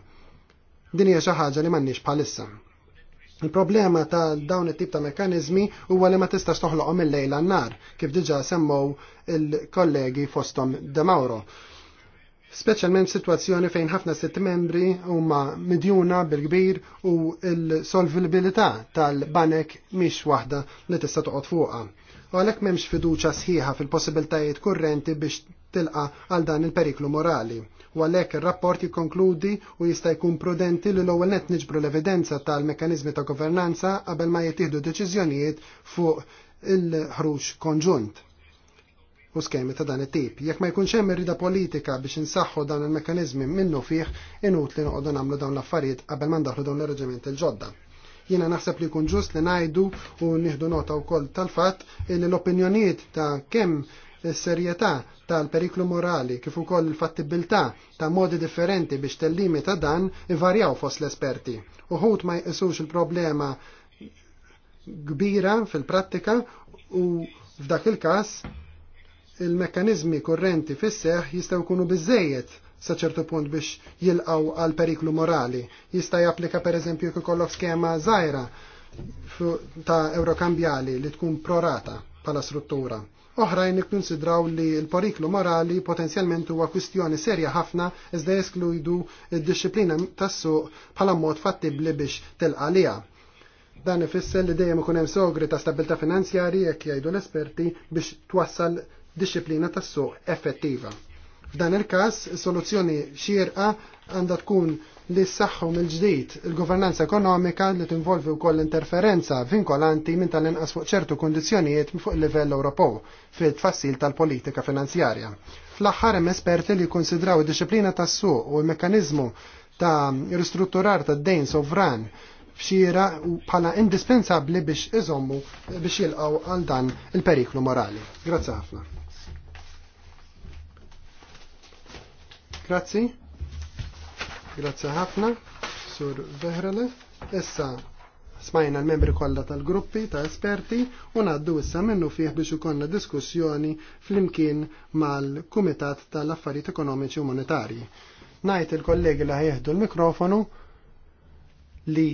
Din hija xi ħaġa li m'għandniex bħalissa. Il-problema ta' dawn it-tip ta' mekanizmi huwa li ma tistax toħloqhom il-lejla n-nar, kif diġà semmow il-kollegi fostom De Mauro. Speċjalment situazzjoni fejn ħafna sitt membri huma midjuna bil-kbir u l-solvibilità tal-banek mhix waħda li tista' toqgħod fuqha. U għalhekk m'hemmx fiduċa sħiħa fil-possibiltajiet kurrenti biex tilqa għal dan il-periklu morali. U għalhekk ir-rapport jikkonkludi u jista' jkun prudenti li l-ewwel net niġbru l-evidenza tal-mekkaniżmi ta' governanza qabel ma jittieħdu deċiżjonijiet fuq il-ħruġ konġunt u skemi ta' dan it-tip. Jekk ma jkunx hemm irrida politika biex insaħħu dan il-mekkaniżmi minnu fih, inutli noqogħdu nagħmlu dawn l-affarijiet qabel ma ndaħlu dawn ir-reġimenti il-ġodda. Jiena naħseb li jkun ġust li ngħidu u nieħdu nota wkoll tal-fatt li l-opinjonijiet ta' kemm is-serjetà tal-periklu morali kif ukoll il-fattibilità ta' modi differenti biex tellimi ta' dan ivarjaw fost l-esperti. Uħut ma jqisux il-problema kbira fil-prattika u f'dak il-każ il-mekkanizmi korrenti fis jistaw jistgħu jkunu sa ċertu punt biex jilqaw għal periklu morali. Jista' japplika pereżempju eżempju ikollok skema żgħira ta' eurokambjali li tkun prorata bħala struttura. Oħrajn ikkonsidraw li l-periklu morali potenzjalment huwa kwistjoni serja ħafna iżda jeskludu d-disciplina tas-suq bħala mod fattibli biex tilqalija. Dan ifisser li dejjem ikun hemm sogri ta' stabilità finanzjarji jekk jgħidu l-esperti biex twassal disċiplina tas-suq effettiva. F'dan il-każ, soluzzjoni xierqa għandha tkun li s-saxħu mill-ġdid il-governanza ekonomika li tinvolvi wkoll interferenza vinkolanti minn tal-inqas fuq ċertu kondizzjonijiet fuq il-livell Ewropew fil-tfassil tal-politika finanzjarja. Fl-aħħar hemm esperti li jkunsidraw id-disciplina tas-suq u l-mekkaniżmu ta' ristrutturar ta' dejn sovran fxira bħala indispensabbli biex iżommu biex jilqaw għal dan il-periklu morali. Grazzi ħafna. Grazzi. Grazzi ħafna, Sur Vehrele. Issa smajna l-membri kollha tal-gruppi ta' esperti u ngħaddu issa minnu fih biex ikollna diskussjoni flimkien mal-Kumitat tal-Affarijiet Ekonomiċi u Monetarji. Ngħid il-kollegi li ħajjeħdu l-mikrofonu li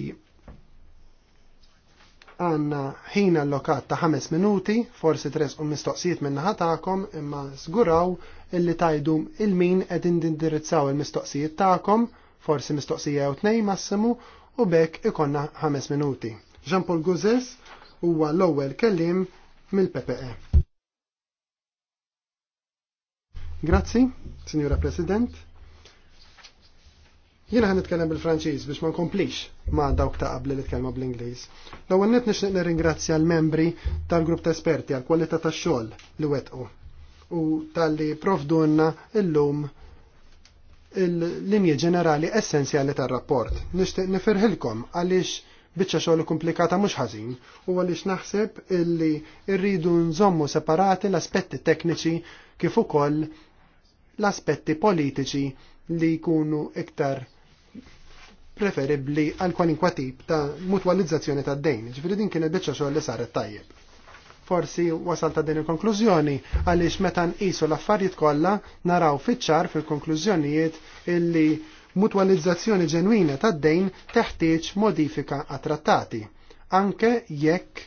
għanna ħina allokat ta' 5 minuti, forsi tres u mistoqsijiet minna ħatakom, imma zguraw illi tajdu il-min qegħdin indirizzaw il-mistoqsijiet tagħkom, forsi mistoqsija jew tnej massimu u bekk ikonna ħames minuti. Jean-Paul Guzes huwa l-ewwel kellim mill-PPE. Grazzi, Signora President. Jiena ħan nitkellem bil-Franċiż biex ma nkomplix ma' dawk ta' qabli li tkellmu bl-Ingliż. L-ewwel nett nixtieq nirringrazzja l-membri tal-grupp ta' esperti għal kwalità tax-xogħol li wettqu u tal-li provdunna illum il-linje ġenerali essenzjali tal-rapport. Nishtiq nifirħilkom għaliex bieċa xogħol komplikata mhux ħażin u għaliex naħseb illi rridu nżommu separati l-aspetti tekniċi kif ukoll l-aspetti politiċi li jkunu iktar preferibbli għal kwalinkwa tip ta' mutwalizzazzjoni ta' dejn. Ġifieri din kienet biċċa xogħol li saret tajjeb. Forsi wasal ta' din il-konklużjoni għaliex meta nqisu l-affarijiet kollha naraw fiċ-ċar fil-konklużjonijiet illi mutwalizzazzjoni ġenwina tad-dejn teħtieġ modifika għat-trattati. Anke jekk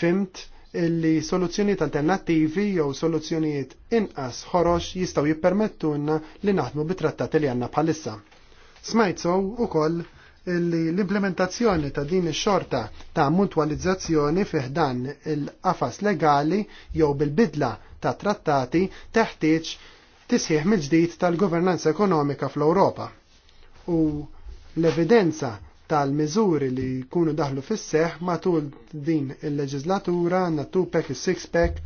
fimt illi soluzzjonijiet alternattivi jew soluzzjonijiet inqas ħorox jistgħu jippermettuna li naħdmu bit-trattati li għandna bħalissa. Smajtsow ukoll l-implementazzjoni ta' din ix-xorta ta' mutualizzazzjoni fiħdan il-qafas legali jew bil-bidla ta' trattati teħtieġ tisħiħ mill-ġdid tal-governanza ekonomika fl-Ewropa. U l-evidenza tal-miżuri li jkunu daħlu fis-seħ matul din il-leġislatura għandna two-pack, il-six-pack,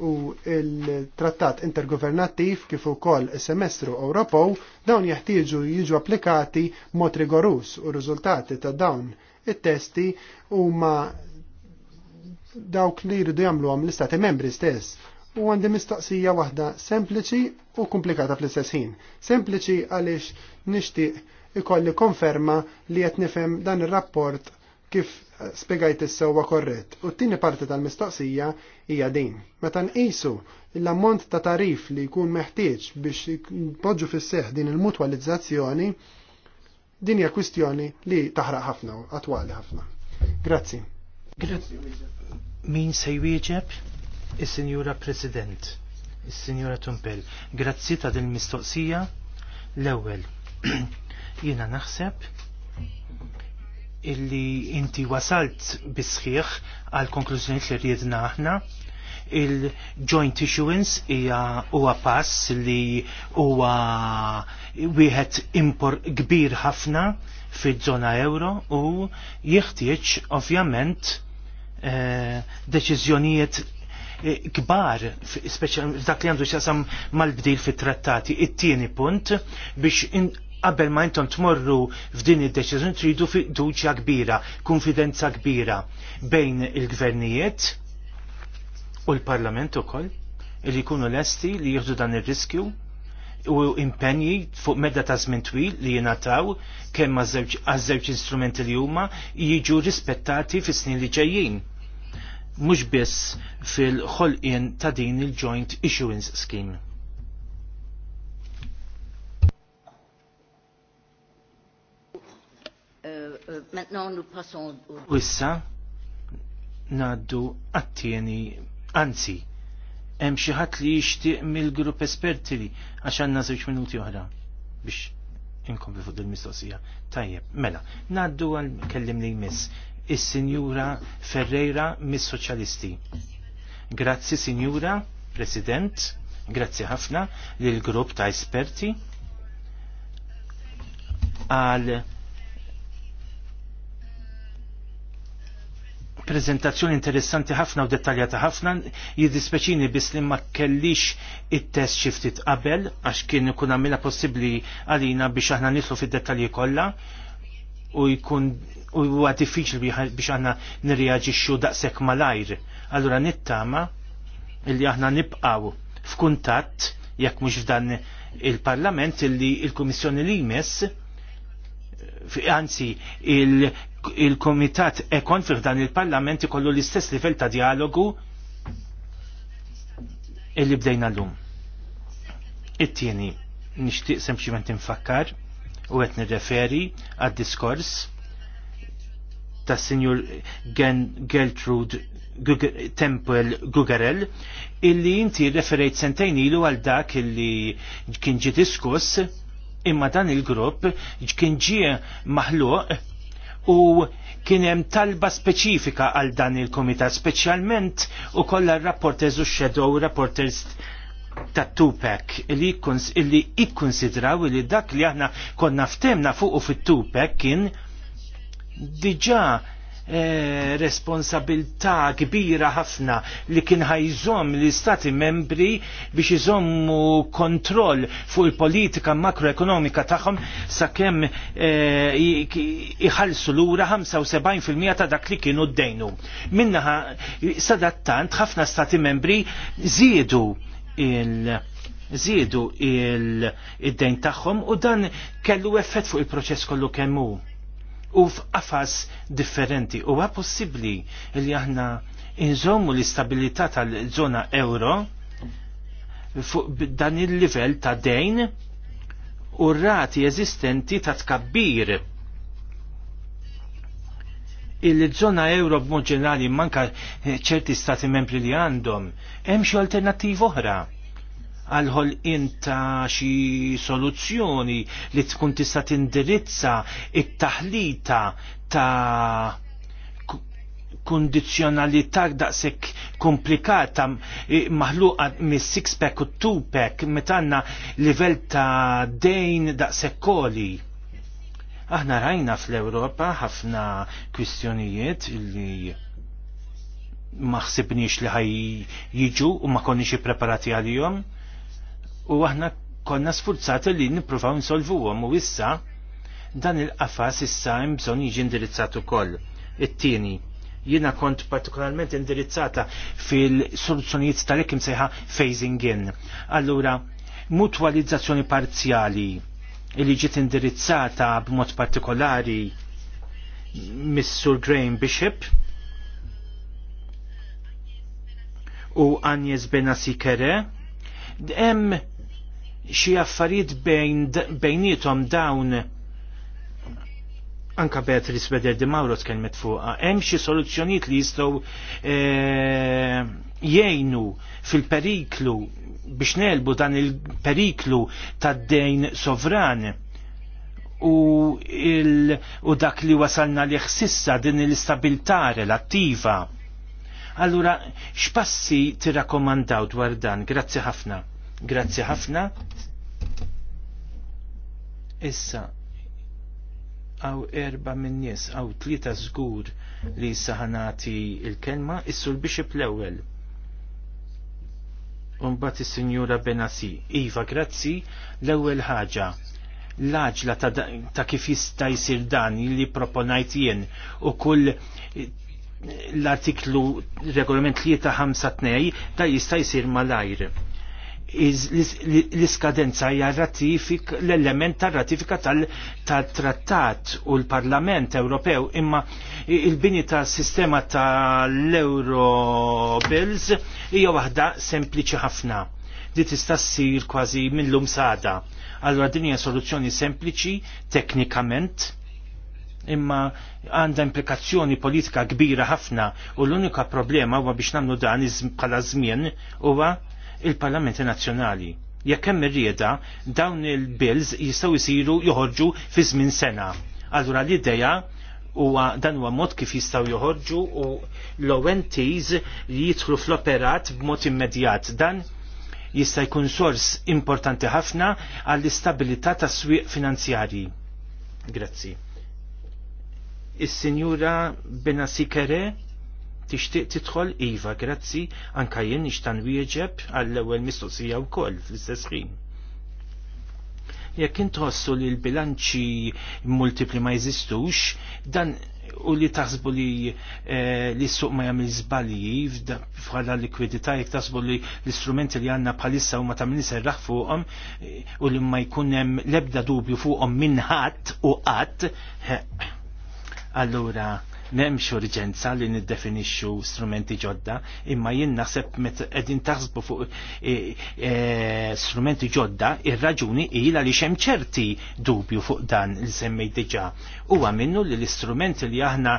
u il-trattat intergovernattiv kif ukoll semestru Ewropew dawn jeħtieġu jiġu applikati mod rigorus u riżultati ta' dawn it-testi huma dawk li jridu jagħmluhom l-istati membri stess. U għandi mistoqsija waħda sempliċi u komplikata fl-istess ħin. Sempliċi għaliex nixtieq ikolli konferma li qed nifhem dan ir-rapport kif eh, spiegajt is-sewwa korrett. U t-tieni parti tal-mistoqsija hija din. Meta nqisu l-ammont ta' tarif li jkun meħtieġ biex poġġu fis-seħ din il-mutwalizzazzjoni, din hija kwistjoni li taħraq ħafna u attwali ħafna. Grazzi. Grazzi. Min se jwieġeb? Is-Sinjura President, is-Sinjura Tumpel. Grazzi ta' din mistoqsija l-ewwel. (clears throat) Jiena naħseb illi inti wasalt bisħiħ għal konklużjoni li rridna aħna il-joint issuance hija huwa pass li huwa wieħed impor kbir ħafna fiż-żona euro u jeħtieġ ovvjament eh, deċiżjonijiet eh, kbar, speċjalment dak li għandu xasam mal-bdil fit-trattati. It-tieni punt biex qabel ma intom tmorru f'din id-deċiżjoni tridu fiduċja kbira, konfidenza kbira bejn il-gvernijiet u l-Parlament ukoll li jkunu lesti li jieħdu dan ir-riskju u impenji fuq medda ta' żmien twil li jingħataw kemm għaż-żewġ instrumenti li huma jiġu rispettati fis-snin li ġejjin. Mhux biss fil-ħolqien ta' din il-Joint Issuance Scheme. Eh, maintenant, nous passons au... Wissa, naddu attieni, anzi, hemm xi ħadd li jixtieq mill-grupp esperti li għax għandna żewġ minuti oħra biex inkompli fuq il-mistoqsija. Tajjeb, mela, naddu għal kellim li jmiss is-Sinjura Ferreira mis-Soċjalisti. Grazzi Sinjura, President, grazzi ħafna lil grupp ta' esperti għal prezentazzjoni interessanti ħafna u dettaljata ħafna, jiddispeċini biss li ma kellix it-test xiftit qabel, għax kien ikun għamilha possibbli għalina biex aħna nislu fid-dettalji kollha u jkun u huwa diffiċli biex aħna nirreaġixxu daqshekk malajr. Allura nittama illi aħna nibqgħu f'kuntatt jekk mhux f'dan il-Parlament illi il-Kummissjoni li jmiss anzi il-komitat e ekon dan il-parlament ikollu l-istess livell ta' dialogu illi bdejna l-lum. It-tieni, nixtieq sempliċement infakkar u qed nirreferi għad-diskors tas sinjur Geltrude Temple Gugarel illi inti referejt sentejn ilu għal dak illi kien ġi diskuss imma dan il-grupp kien ġie maħluq u kien hemm talba speċifika għal dan il-komitat, speċjalment u kollha rapporters u shadow rapporters ta' Tupac li ikkonsidraw li dak li aħna konna ftemna fuq u fit-Tupac kien diġa Eh, responsabilità kbira ħafna li kien ħajżom l-istati membri biex iżommu kontroll fuq il-politika makroekonomika tagħhom sakemm eh, iħallsu lura 75% ta' dak li kienu d-dejnu. Minnaħa sadattant ħafna stati membri żiedu il- Zidu il-dejn tagħhom u dan kellu effett fuq il-proċess kollu kemm hu u f'qafas differenti. Huwa possibbli li aħna inżommu l-istabilità tal-żona euro fuq dan il-livell ta' dejn u rati eżistenti ta' tkabbir il-żona euro b'mod ġenerali manka eh, ċerti stati membri li għandhom, hemm xi alternattiv oħra għalħol inta xi soluzzjoni li tkun tista' tindirizza it-taħlita ta' kondizjonalità daqshekk komplikata eh, maħluqa mis six pack u two pack metanna livell ta' dejn daqshekk koli. Aħna rajna fl-Ewropa ħafna kwistjonijiet li maħsibniex li ħaj jiġu u ma konniex preparati għalihom u aħna konna sfurzati li nippruvaw nsolvuhom u issa dan il-qafas issa hemm bżonn jiġi indirizzat ukoll. It-tieni, jiena kont partikolarment indirizzata fil-soluzzjonijiet tal-ekim sejħa phasing in. Allura, mutualizzazzjoni parzjali li ġiet indirizzata b'mod partikolari Mr. Graham Bishop u Agnes Benasikere, hemm xi affarijiet bejnietom dawn anka Beatriz Beder di Mauro tkellmet fuqha, hemm xi soluzzjonijiet li jistgħu eh, jgħinu fil-periklu biex nelbu dan il-periklu tad-dejn sovran u, il, u dak li wasalna li xsissa din l-istabilità relattiva. Allura, x'passi rakomandaw dwar dan? Grazzi ħafna. Grazzi ħafna. Issa, aw erba minn nies aw tlieta żgur li saħanati il-kelma issu l-bixib l-ewwel. Umbat is-Sinjura Benasi. Iva, grazzi, l-ewwel ħaġa l-aġla ta, ta', kif jista' jsir dan li proponajt jien u kull l-artiklu regolament 352 ta' jista' jsir malajr l-iskadenza hija ratifik l-element tar ratifika tal-trattat u l-Parlament Ewropew imma il-bini ta' sistema tal-Euro Bills hija waħda sempliċi ħafna. Di tista' ssir kważi millum sada. Allura din hija soluzzjoni sempliċi teknikament imma għandha implikazzjoni politika kbira ħafna u l-unika problema huwa biex nagħmlu dan iż bħala żmien huwa il-Parlamenti Nazzjonali. Jekk hemm irrieda dawn il-bills jistgħu jsiru joħorġu fi żmien sena. Allura l-idea huwa dan huwa mod kif jistgħu joħorġu u l-ONTs li jidħlu fl-operat b'mod immedjat. Dan jista' jkun sors importanti ħafna għall-istabilità ta' swieq finanzjarji. Grazzi. Is-Sinjura Benasikere tixtieq tidħol iva, grazzi, anka jien nixtan wieġeb għall-ewwel mistoqsija wkoll fl-istess ħin. Jekk intħossu li l-bilanċi multipli ma jeżistux, dan u li taħsbu li eh, li suq ma jagħmel żbalji bħala likwidità jekk taħsbu li l-istrumenti li għandna bħalissa u ma tagħmel serraħ fuqhom eh, u li ma jkun hemm l-ebda dubju fuqhom minn ħadd u qatt eh, allura M'hemmx urġenza li niddefinixxu strumenti ġodda, imma jien naħseb qegħdin taħsbu fuq e, e, strumenti ġodda, ir-raġuni ilha li xem ċerti dubju fuq dan li semmej diġà. Huwa minnu li l-istrumenti li aħna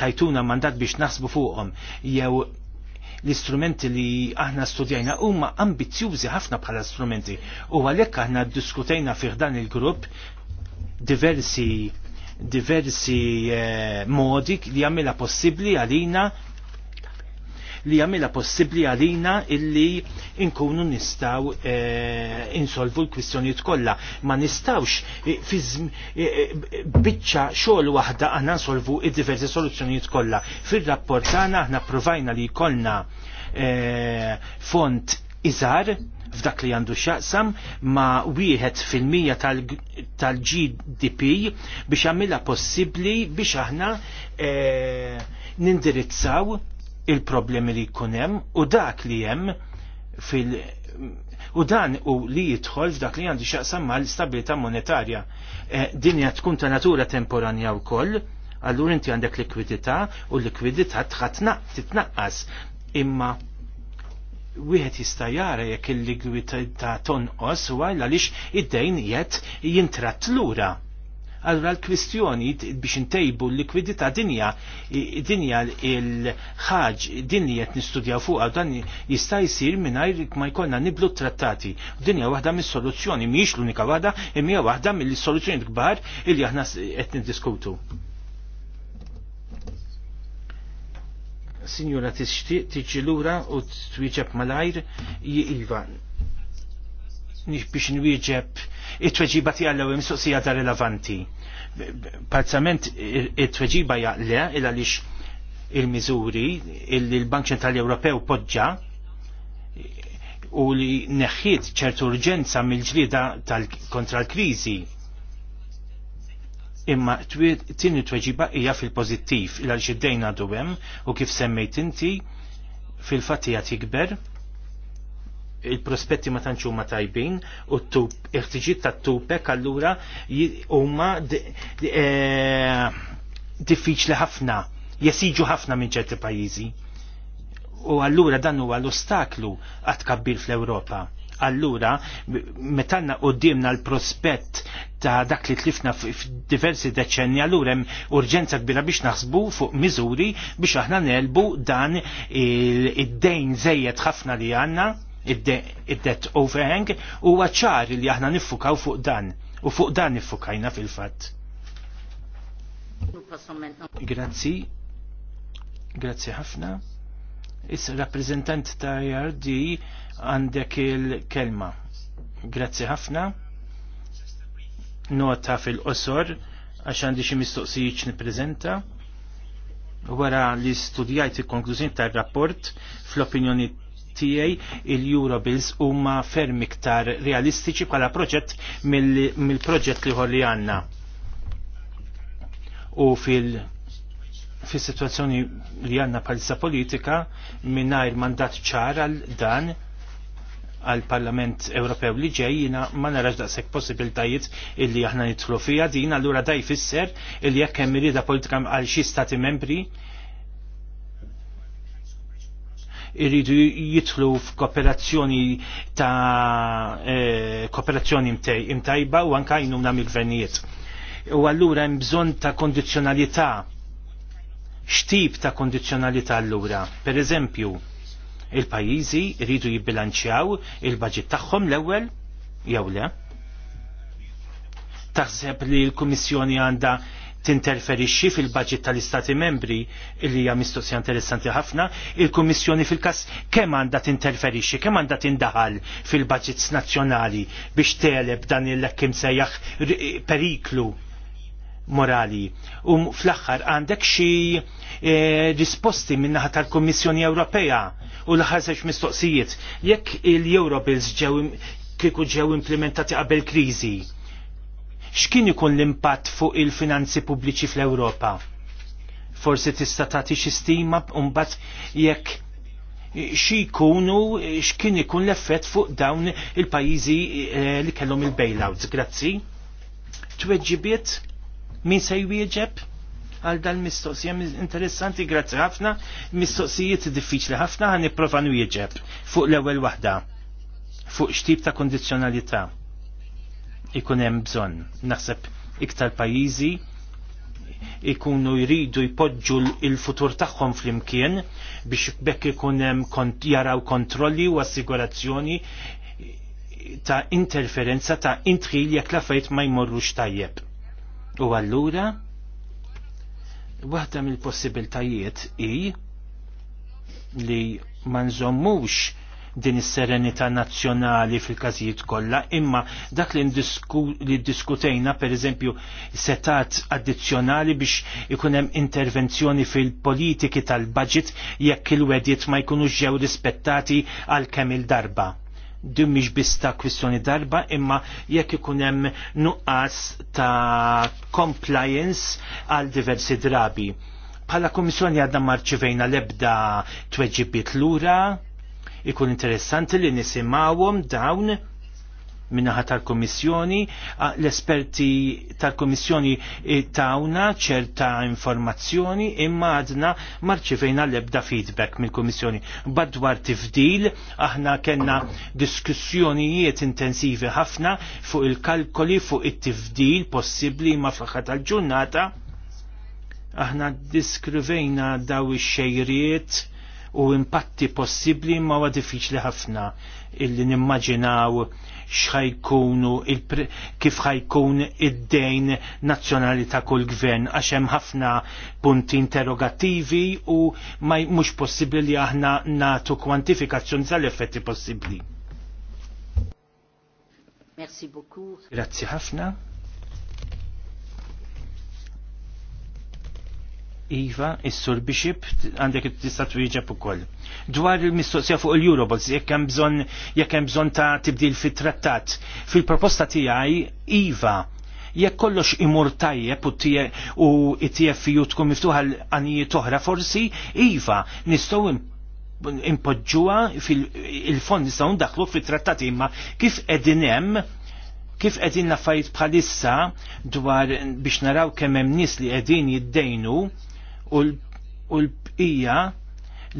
tajtuna mandat biex naħsbu fuqhom jew l-istrumenti li aħna studjajna huma ambizjużi ħafna bħala strumenti u għalhekk aħna ddiskutejna fih dan il-grupp diversi diversi eh, modi li jagħmilha possibbli għalina li jagħmilha possibbli għalina illi nkunu nistgħu eh, insolvu l-kwistjonijiet kollha. Ma nistgħux eh, eh, biċċa xogħol waħda aħna nsolvu id-diversi soluzzjonijiet kollha. Fir-rapport tagħna aħna provajna li jkollna eh, font iżar f'dak li għandu xaqsam ma' wieħed fil-mija tal-GDP biex għamilha possibbli biex aħna e, nindirizzaw il-problemi li jkun hemm u dak li hemm fil- u dan u li jidħol f'dak li għandu xaqsam mal-stabilità monetarja. E, Dinja tkun ta' natura temporanja wkoll, allura inti għandek likwidità u l likwidità tħatnaq titnaqqas imma wieħed jista' jara jekk il ta' tonqos u għaliex id-dejn jett jintrat lura. Allura l-kwistjoni biex intejbu l-likwidità dinja dinja il-ħaġ din li qed nistudjaw fuqha dan jista' jsir mingħajr ma jkollna niblu trattati. Dinja waħda mis-soluzzjoni mhijiex l-unika waħda imma waħda mill-soluzzjoni kbar li aħna qed niddiskutu. Sinjura tixtieq tiġi lura u twieġeb malajr jiva. Nix biex nwieġeb it-tweġiba tiegħi l-ewwel ta' relevanti. Parzament it-tweġiba jaqle il għaliex il-miżuri illi l-Bank Ċentrali Ewropew poġġa u li neħħiet ċertu urġenza mill-ġlieda kontra l-kriżi imma tini tweġiba hija fil-pozittiv il għaliex duwem għadu hemm u kif semmejt inti fil-fatija tikber il-prospetti ma tantx huma tajbin u t-tub iħtiġiet tat-tupek allura huma e, diffiċli ħafna jesiġu ħafna minn ċerti pajjiżi. U allura dan huwa l-ostaklu għat kabbir fl-Ewropa allura metanna dimna l-prospett ta' dak li tlifna f-diversi deċenni allura hemm urġenza kbira biex naħsbu fuq miżuri biex aħna nelbu dan id-dejn żejjed ħafna li għandna id det overhang u ċar li aħna niffukaw fuq dan u fuq dan niffukajna fil-fatt. Grazzi. Grazzi ħafna. Is rappresentant ta' jardi għandek il-kelma. Grazzi ħafna. Nota fil-qosor għax għandi xi mistoqsijiet nippreżenta. Wara li studjajt il-konklużjoni tar-rapport fl-opinjoni tiegħi il-Eurobills huma ferm iktar realistiċi bħala proġett mill-proġett li ħolli għandna. U fil- fi situazzjoni li għanna palissa politika mingħajr mandat ċar għal dan għal-Parlament Ewropew li ġejjina ma narax daqshekk possibiltajiet illi aħna nidħlu fiha din allura daj fisser illi jekk hemm irida politika għal xi stati membri irridu jitlu f'kooperazzjoni ta' eh, kooperazzjoni imtajba u anka jnuna mill-gvernijiet. U allura hemm bżonn ta' kondizzjonalità x'tip ta' kondizzjonalità allura? Per eżempju, il-pajjiżi jridu jibbilanċjaw il-baġit tagħhom l-ewwel jew le? Taħseb li l-Kummissjoni għandha tinterferixxi fil-budget tal-Istati membri li hija mistoqsija interessanti ħafna, il-Kummissjoni fil-każ kemm għandha tinterferixxi, kemm għandha tindaħal fil-budgets nazzjonali biex teleb dan il-lekkim sejjaħ periklu morali. U um, fl aħħar għandek xi eh, risposti minnaħa tal kummissjoni Ewropea u l-ħarsex mistoqsijiet. Jekk il-Eurobills ġew kieku ġew implementati qabel kriżi, x'kien ikun l-impatt fuq il-finanzi pubbliċi fl-Ewropa? Forsi tista' tagħti xi stima mbagħad jekk xi x'kien ikun l-effett fuq dawn il-pajjiżi eh, li kellhom il-bailouts. Grazzi. Tweġġibiet min se jwieġeb? għal dal-mistoqsija interessanti grazzi ħafna, mistoqsijiet diffiċli ħafna għan niprofa nwieġeb fuq l-ewwel waħda fuq xtib ta' kondizjonalità ikun hemm bżonn naħseb iktar pajjiżi ikunu jridu jpoġġu il-futur tagħhom flimkien biex bekk ikun hemm kont jaraw kontrolli u assigurazzjoni ta' interferenza ta' intħil jekk l fejt ma jmorrux tajjeb. U allura Waħda mill-possibiltajiet i li ma nżommux din is-serenità nazzjonali fil-każijiet kollha, imma dak li diskutejna pereżempju setat addizzjonali biex ikun hemm intervenzjoni fil-politiki tal-budget jekk il-wedjiet ma jkunux ġew rispettati għal kemm il-darba din mhix biss ta' kwistjoni darba imma jekk ikun hemm nuqqas ta' compliance għal diversi drabi. Bħala Komissjoni għadna marċivejna lebda tweġibiet lura, ikun interessanti li nisimawhom dawn minnaħa tal-Komissjoni, l-esperti tal-Komissjoni tawna ċerta informazzjoni imma għadna marċifejna l-ebda feedback mill-Komissjoni. Badwar tifdil, aħna kena diskussjonijiet intensivi ħafna fuq il-kalkoli fuq it-tifdil possibli ma fl tal-ġurnata. Aħna diskrivejna daw ix-xejriet u impatti possibli ma huwa diffiċli ħafna illi nimmaġinaw xħajkunu kif ħajkun id-dejn nazzjonali ta' kull gvern għax hemm ħafna punti interrogattivi u ma mhux possibbli li aħna natu kwantifikazzjoni tal-effetti possibbli. Merci beaucoup. Grazzi ħafna. Iva, is-sur bixib, għandek tista' twieġeb ukoll. Dwar il-mistoqsija fuq il-Eurobots, jekk hemm bżonn jekk hemm bżonn ta' tibdil fit-trattat. Fil-proposta tiegħi Iva, jekk kollox imur tajjeb u t-TFU tkun miftuħa l-għanijiet oħra forsi, Iva, nistgħu impoġġuha fil-fond nistgħu ndaħlu fit-trattat imma kif qegħdin hemm kif qegħdin naffajt bħalissa dwar biex naraw kemm hemm nies li qegħdin jiddejnu u l-bqija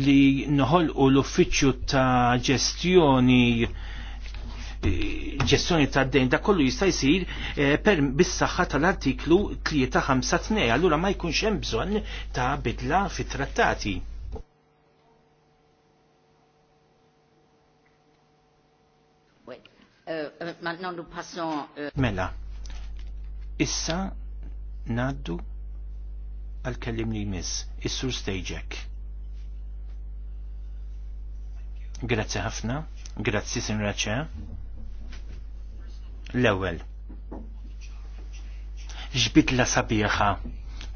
li noħolqu l-uffiċċju ta' ġestjoni eh, ġestjoni ta' dejn da' kollu jista' jsir eh, per bis-saħħa tal-artiklu 352 allura ma jkunx hemm bżonn ta' bidla fit-trattati. Euh, euh, euh, mela, issa naddu għal kellimni jmiss, is-sur stejġek. Grazzi ħafna, grazzi sinra ċe. L-ewel. la sabiħa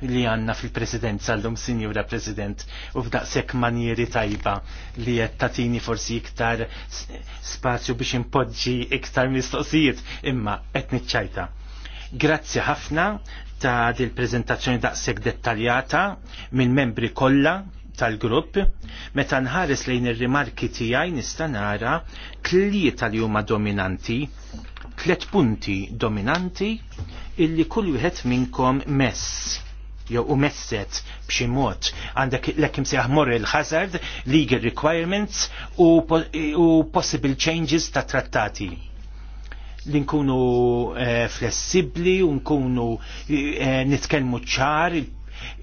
li għanna fil-presidenza sal lum sinjura president u f'daqsek manjeri tajba li qed tatini forsi iktar spazju biex impoġġi iktar mistoqsijiet imma qed niċċajta. Grazzi ħafna ta' dil prezentazzjoni daqshekk dettaljata minn membri kollha tal-grupp, meta nħares lejn ir-rimarki tiegħi nista' nara tlieta li huma dominanti, tliet punti dominanti illi kull wieħed minnkom mess jew u messet b'xi mod għandek l-ekim seħ moral hazard, legal requirements u, possible changes ta' trattati li nkunu eh, flessibli u nkunu eh, nitkellmu ċar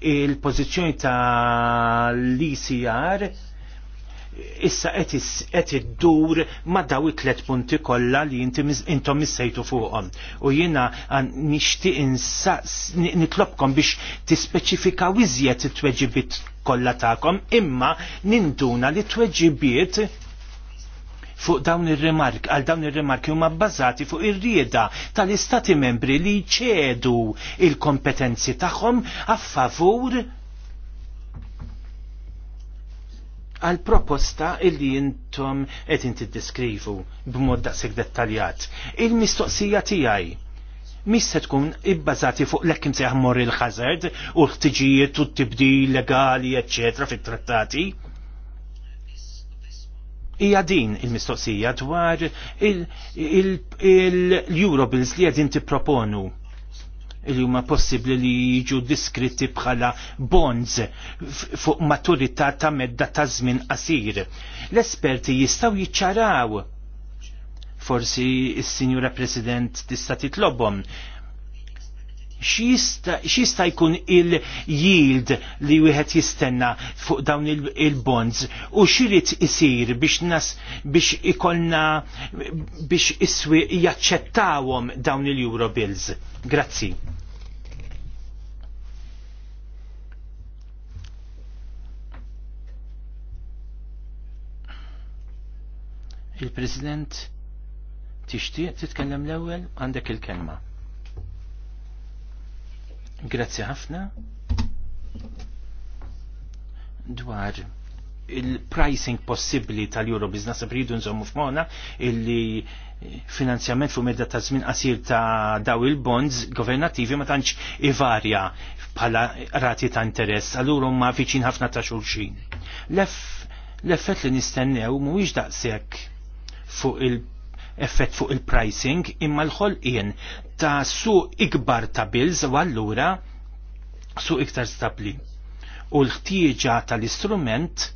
il-pożizzjoni tal-ICR issa qed iddur ma daw it-tlet punti kollha li intom missejtu fuqhom. U jiena nixtieq nitlobkom biex tispeċifikaw iżjed it-tweġibiet kollha tagħkom, imma ninduna li t-tweġibiet fuq dawn il-remark, għal dawn ir-rimarki huma bbażati fuq ir-rieda tal-istati membri li ċedu il-kompetenzi tagħhom a favur għal proposta illi jintom qed inti deskrivu b'mod daqshekk dettaljat. Il-mistoqsija tiegħi mis se tkun ibbażati fuq l-ekkim seħ il-ħażard u l-ħtiġijiet u t-tibdil legali, eċċetra fit-trattati. Ija din il-mistoqsija dwar il-Eurobills li għedin tipproponu il huma possibbli li jiġu diskritti bħala bonds fuq maturità ta' medda ta' żmien qasir. L-esperti jistgħu jiċċaraw forsi s-Sinjura President tista' titlobhom xista jkun il-yield li wieħed jistenna fuq dawn il-bonds u xirrit isir biex nas biex ikolna biex iswi jaċċettawhom dawn il-Eurobills. Grazzi. Il-President tixtieq titkellem l-ewwel għandek il-kelma. Grazzi ħafna. Dwar il-pricing possibbli tal-Euro Business Abridu nżommu f'mona illi eh, finanzjament fuq medda ta' żmien qasir ta' daw il-bonds governattivi ma tantx ivarja bħala rati ta' interess, allura huma viċin ħafna ta' xulxin. L-effett li nistennew mhuwiex daqshekk fuq il- effett fuq il-pricing imma l-ħolqien ta' su ikbar ta' bills u allura su iktar stabli. U l-ħtieġa tal-istrument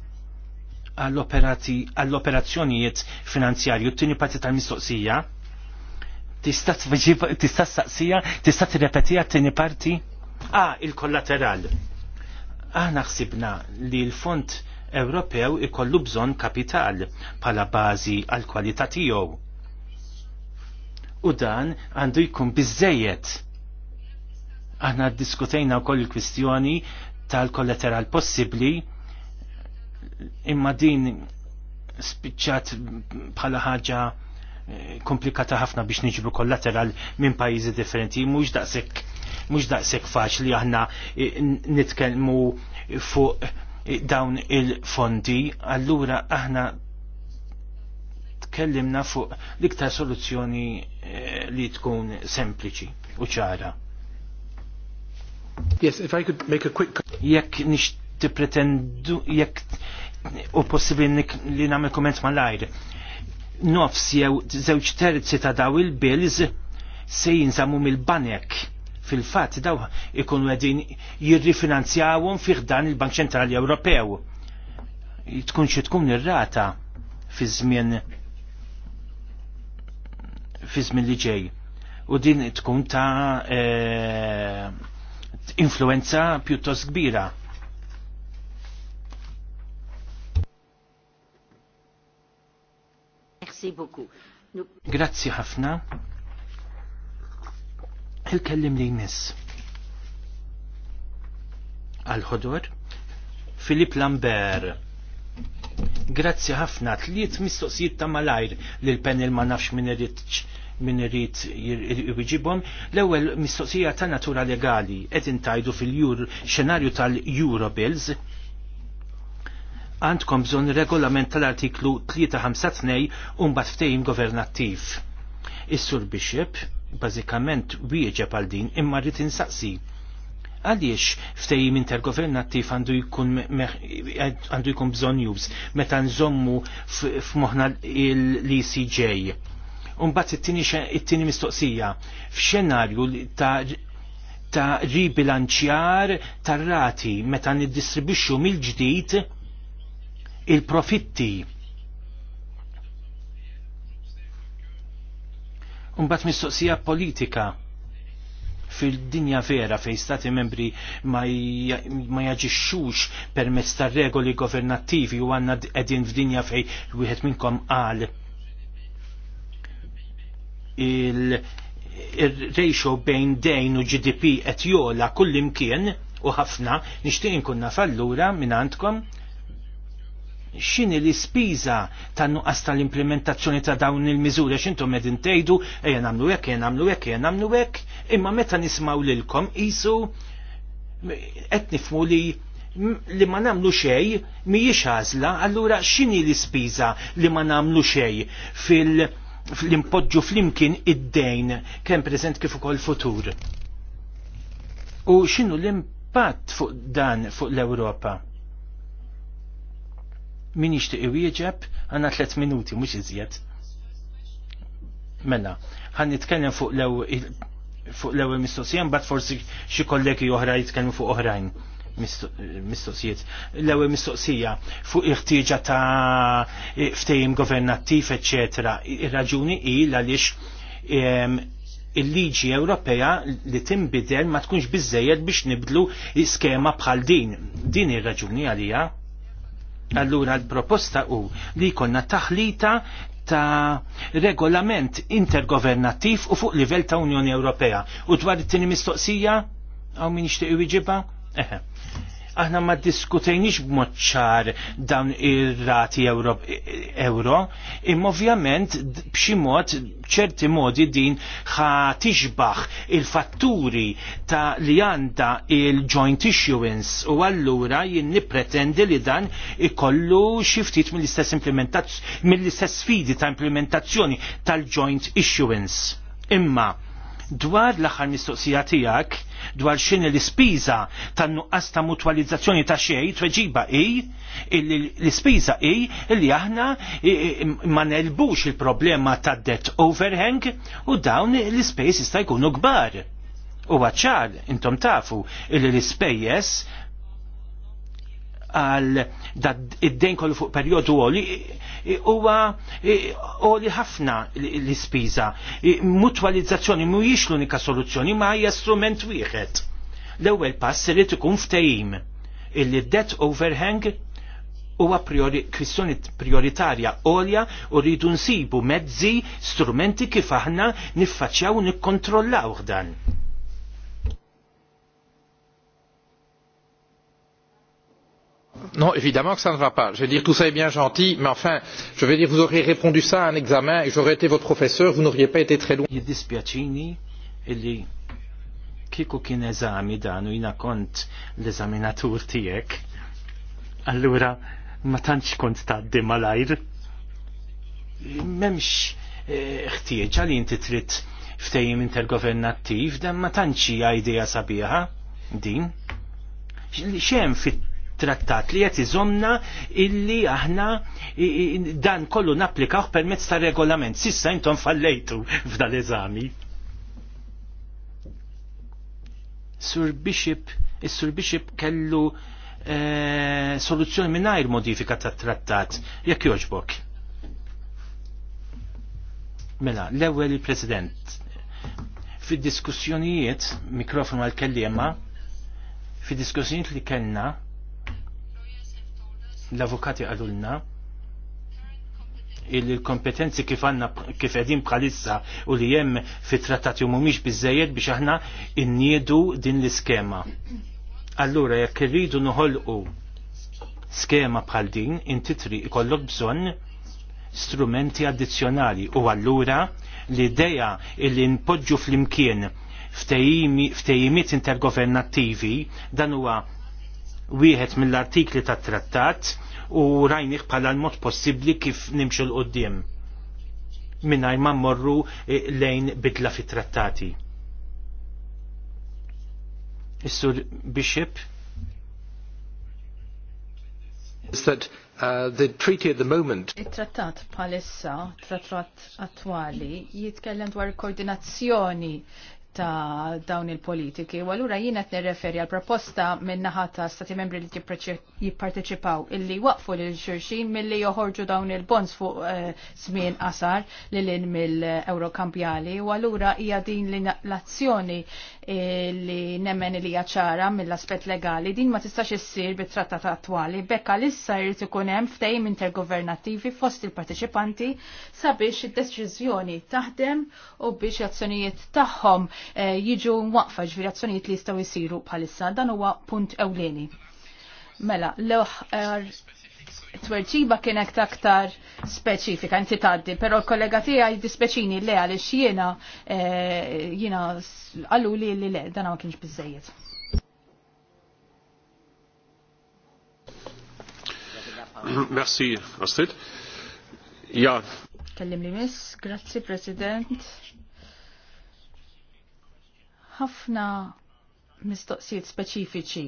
għall-operazzjonijiet u t-tini parti tal-mistoqsija tista' tista' saqsija, tista' tirrepetija t-tieni parti? Ah, il-kollateral. Aħna ħsibna li l-Fond Ewropew ikollu bżonn kapital bħala bażi għal kwalità tiegħu u dan għandu jkun bizzejiet. Aħna diskutejna wkoll il-kwistjoni tal-kollateral possibbli imma din spiċċat bħala ħaġa eh, komplikata ħafna biex niġbu kollateral minn pajjiżi differenti, mhux daqshekk mhux daqshekk faċli aħna eh, nitkellmu fuq eh, dawn il-fondi, allura aħna tkellimna fuq l-iktar soluzzjoni eh, li tkun sempliċi u ċara. Yes, if I could make a quick... Jekk nix pretendu jekk u possibli li namel komment mal-ajr. Nofs jew zewċ terzi ta' daw il-bills se jinżamu mill-banek fil-fatt daw ikun għedin jirrifinanzjawhom fih dan il-Bank Ċentrali Ewropew. Tkun xi tkun ir-rata fi żmien fi żmien li ġej. U din tkun ta' e, influenza pjuttost kbira. Grazzi ħafna. Il-kellim li jmiss. al ħodur Filip Lambert. Grazzi ħafna, tliet mistoqsijiet ta' malajr li l-panel ma nafx minn irritx min irrid jibġibom. L-ewwel mistoqsija ta' natura legali qed intajdu fil-jur xenarju tal-Eurobills għandkom bżon regolament tal-artiklu 352 un-bat ftejim governattiv. Is-Sur Bishop bażikament wieġeb għal din imma rrid insaqsi għaliex ftejim intergovernattiv għandu jkun għandu jkun bżon jubs meta nżommu f'moħna l-ECJ Unbat it-tini mistoqsija, f'xenarju ta' ta' ribilanċjar tar-rati meta niddistribwixxu mill-ġdid il-profitti. Unbat mistoqsija politika fil-dinja vera fej stati membri ma jaġixxux permezz tar regoli governattivi u għanna qegħdin f'dinja fej wieħed minnkom qal il-ratio bejn dejn u GDP qed jola kull imkien u ħafna nixtieq inkun naf allura minn għandkom xini l-ispiża ta' nuqqas tal-implementazzjoni ta' dawn il-miżuri x'intom qegħdin tgħidu ejja nagħmlu hekk, ejja nagħmlu hekk, ejja nagħmlu hekk, imma meta nismaw lilkom qisu qed nifmu li li ma namlu xej mhijiex għażla, allura x'inhi l-ispiża li ma namlu xej fil- fl-impoġġu fl-imkien id-dejn kemm preżent kif ukoll futur. U x'inhu l-impatt fuq dan fuq l-Ewropa? Min jixtieq iwieġeb għandna tliet minuti mhux iżjed. Mela, ħan nitkellem fuq l-ewwel fuq l-ewwel mistoqsija mbagħad forsi xi kollegi oħra jitkellmu fuq oħrajn mistoqsijiet. L-ewwel mistoqsija fuq irtiġa ta' ftehim governattiv, eċetera, Ir-raġuni hi għaliex il-liġi Ewropea li timbidel ma tkunx biżejjed biex nibdlu skema bħal din. Din ir-raġuni għalija. Allura l-proposta hu li jkollna taħlita ta' regolament intergovernattiv u fuq livell ta' Unjoni Ewropea. U dwar it-tieni mistoqsija, għaw min ixtiq iġiba, Eħe. Aħna ma diskutejniex b'mod ċar dawn ir-rati euro, imma ovvjament b'xi mod ċerti modi din ħa tixbaħ il-fatturi ta' li għanda il-joint issuance u allura jien nippretendi li dan ikollu xi ftit mill-istess mill-istess sfidi ta' implementazzjoni tal-joint issuance. Imma dwar l-aħħar mistoqsija tiegħek dwar xin l-ispiża tan-nuqqas ta' mutwalizzazzjoni ta' xejn tweġiba hi l-ispiża hi li aħna ma nelbux il-problema ta' debt overhang u dawn l-ispejs jista' jkunu kbar. U għacċar, intom tafu, il l-ispejjes għal id-dejn kollu fuq perjodu għoli huwa għoli ħafna l-ispiża. Mutualizzazzjoni mhuwiex l-unika soluzzjoni ma hija strument wieħed. L-ewwel pass irid ikun ftehim illi debt overhang huwa kwistjoni prioritarja għolja u rridu nsibu mezzi, strumenti kif aħna niffaċċjaw u nikkontrollaw dan Non, évidemment que ça ne va pas. Je veux dire, tout ça est bien gentil, mais enfin, je veux dire, vous auriez répondu ça à un examen et j'aurais été votre professeur, vous n'auriez pas été très loin. Jiddispjaċini illi kiku kien eżami dan u jina kont l-eżaminatur tijek, allura ma tantx kont taddi malajr. Memx eh, ħtieġa li inti trid ftejjem intergovernattiv, dan ma tantx hija idea sabiħa din. Xem fit trattat li qed iżomna illi aħna dan kollu napplikaw permezz ta' regolament. Sissa intom fallejtu f'dal eżami. Sur Bishop, is-Sur Bishop kellu e, soluzzjoni mingħajr modifika tat trattat, jekk jogħġbok. Mela, l-ewwel il-President fid-diskussjonijiet mikrofon għal kelliema fid-diskussjonijiet li kellna l-avukati għalulna il-kompetenzi kif għanna kif għedin bħalissa u li jem fit trattati mumiex bizzejed biex aħna inniedu din l-iskema. Allura jekk irridu noħolqu skema bħal din intitri ikollok bżonn strumenti addizzjonali u allura l-ideja li npoġġu fl-imkien ftejimiet intergovernattivi dan huwa wieħed mill-artikli tat trattat u rajnih bħala l-mod possibbli kif nimxu l-qoddim minnaj ma morru eh, lejn bidla fit trattati. Is-sur Bishop is that uh, the treaty at the moment Il-trattat palissa, trattat attwali, jitkellem dwar koordinazzjoni ta' dawn il-politiki. U allura jien qed nirreferi għal proposta minn naħa ta' stati membri li jipparteċipaw illi waqfu lil xurxin milli joħorġu dawn il-bonds fuq eh, żmien qasar lil mill-Eurokampjali u allura hija din l-azzjoni Eh, li nemmen li ċara mill-aspet legali din ma tistax issir bit-trattat attwali. Bekka lissa jrid ikun hemm ftehim intergovernattivi fost il-parteċipanti sabiex id-deċiżjoni taħdem u biex azzjonijiet tagħhom eh, jiġu waqfa ġviri azzjonijiet li jistgħu jsiru bħalissa dan huwa punt ewleni. Mela, l tweġiba kienet aktar speċifika, inti taddi, pero l-kollega tiegħi dispeċini le għaliex jiena eh, jiena għallu li li le, dana ma kienx biżejjed. (clears throat) Merci, Astrid. Ja. Kellim li miss, grazzi President. Ħafna mistoqsijiet speċifiċi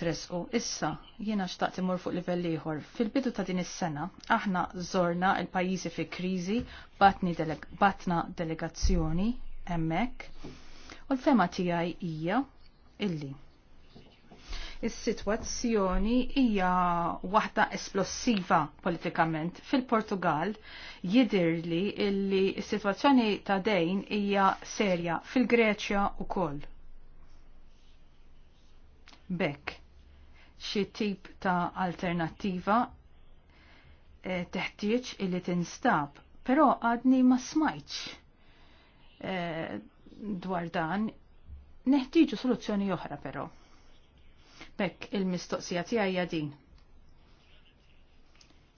tresqu issa jiena xtaqt imur fuq livell ieħor. Fil-bidu ta' din is-sena aħna żorna l-pajjiżi fi kriżi, deleg batna delegazzjoni hemmhekk. U l-fema tiegħi hija illi is-sitwazzjoni hija waħda esplossiva politikament. Fil-Portugal jidirli illi s-sitwazzjoni ta' dejn hija serja fil-Greċja ukoll. Bekk xi tip ta' alternattiva eh, teħtieġ illi tinstab, però għadni ma smajtx eh, dwar dan neħtieġu soluzzjoni oħra però. Bekk il-mistoqsija tiegħi hija din.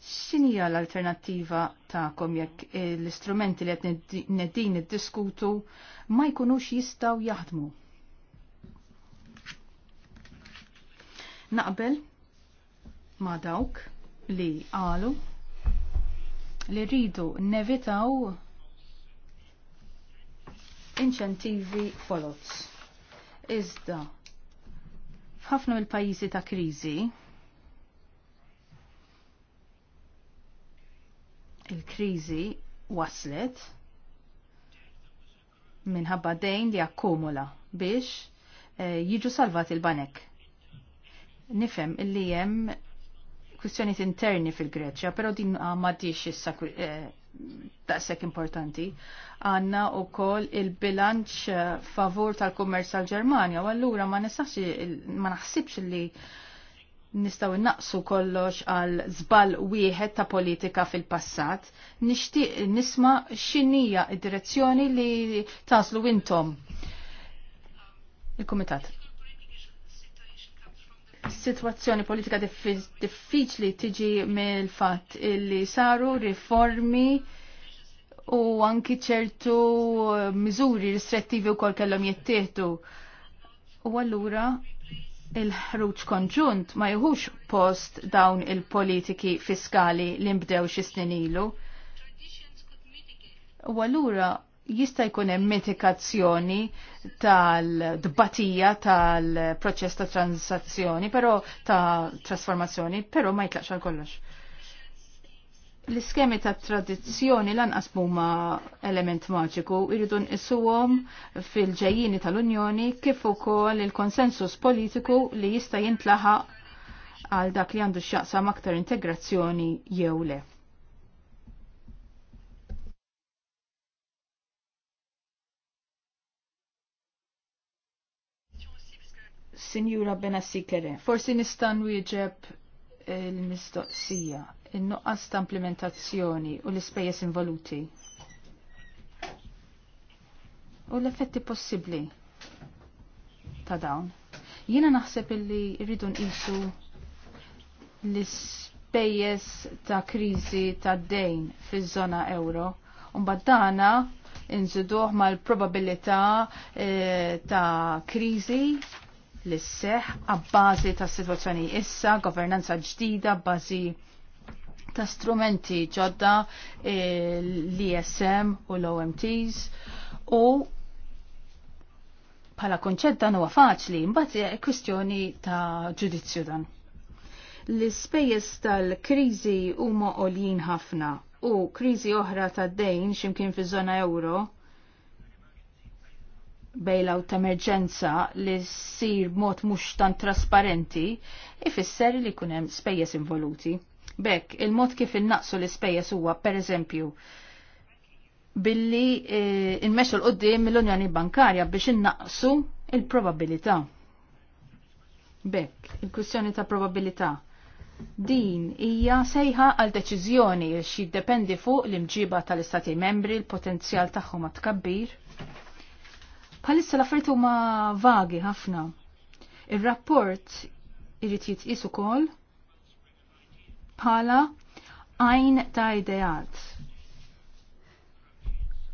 X'inhi l-alternattiva tagħkom jekk l-istrumenti li qed neddin iddiskutu ma jkunux jistgħu jaħdmu? Naqbel ma dawk li qalu li rridu nevitaw inċentivi folots. Iżda, f'ħafna mill-pajjiżi ta' kriżi, il-kriżi waslet minħabba dejn li akkumula biex eh, jiġu salvat il-banek nifem illi hemm kwistjonijiet interni fil-Greċja, però din m'għaddix issa eh, daqshekk importanti. Għandna wkoll il-bilanċ eh, favur tal-kummerz tal-Ġermanja, u allura ma nistax ma naħsibx li nistaw naqsu kollox għal zbal wieħed ta' politika fil-passat, nixtieq nisma' x'inhija id-direzzjoni li taslu intom. Il-Kumitat situazzjoni politika diffiċli tiġi mill-fatt illi saru riformi u anki ċertu eh, miżuri ristrettivi u kol kellhom jittieħdu. U allura il-ħruġ konġunt ma jħux post dawn il-politiki fiskali li mbdew xi snin ilu. U allura jista' jkun hemm mitikazzjoni tal-dbatija tal-proċess ta' transazzjoni, però ta' trasformazzjoni, però ma jitlaqx għal kollox. L-iskemi ta' tradizzjoni lanqas huma element maġiku jridu nqisuhom fil-ġejjini tal-Unjoni kif ukoll il-konsensus politiku li jista' jintlaħaq għal dak li għandu x'jaqsam aktar integrazzjoni jew le. Sinjura Benassikere, forsi nistan wieġeb il-mistoqsija, il-nuqqas ta' implementazzjoni u l-ispejjeż involuti. U l-effetti possibbli ta' dawn. Jiena naħseb illi rridu nqisu l-ispejjeż ta' kriżi ta' dejn fiż-żona euro. u mbagħad dana inżiduh mal-probabilità eh, ta' kriżi l seħ għabbażi ta' situazzjoni issa, governanza ġdida, bażi ta' strumenti ġodda eh, l-ISM u l-OMTs u pala konċett dan huwa faċli, mbagħad kwistjoni ta' ġudizzju dan. L-ispejjeż tal-kriżi huma għoljin ħafna u kriżi oħra tad dejn ximkien fiż-żona euro bailout ta' emerġenza li ssir mod mhux tan trasparenti ifisser li jkun hemm spejjeż involuti. Bek, il-mod kif innaqsu l-ispejjeż huwa pereżempju billi il e, inmexxu l qoddim mill-Unjoni Bankarja biex innaqsu il-probabilità. Bekk, il-kwistjoni ta' probabilità. Din hija sejħa għal deċiżjoni li xi jiddependi fuq l-imġiba tal-Istati membri, l-potenzjal tagħhom ma tkabbir Palissa l-affarijiet huma vagi ħafna. Ir-rapport irid jitqis ukoll bħala għajn ta' ideat.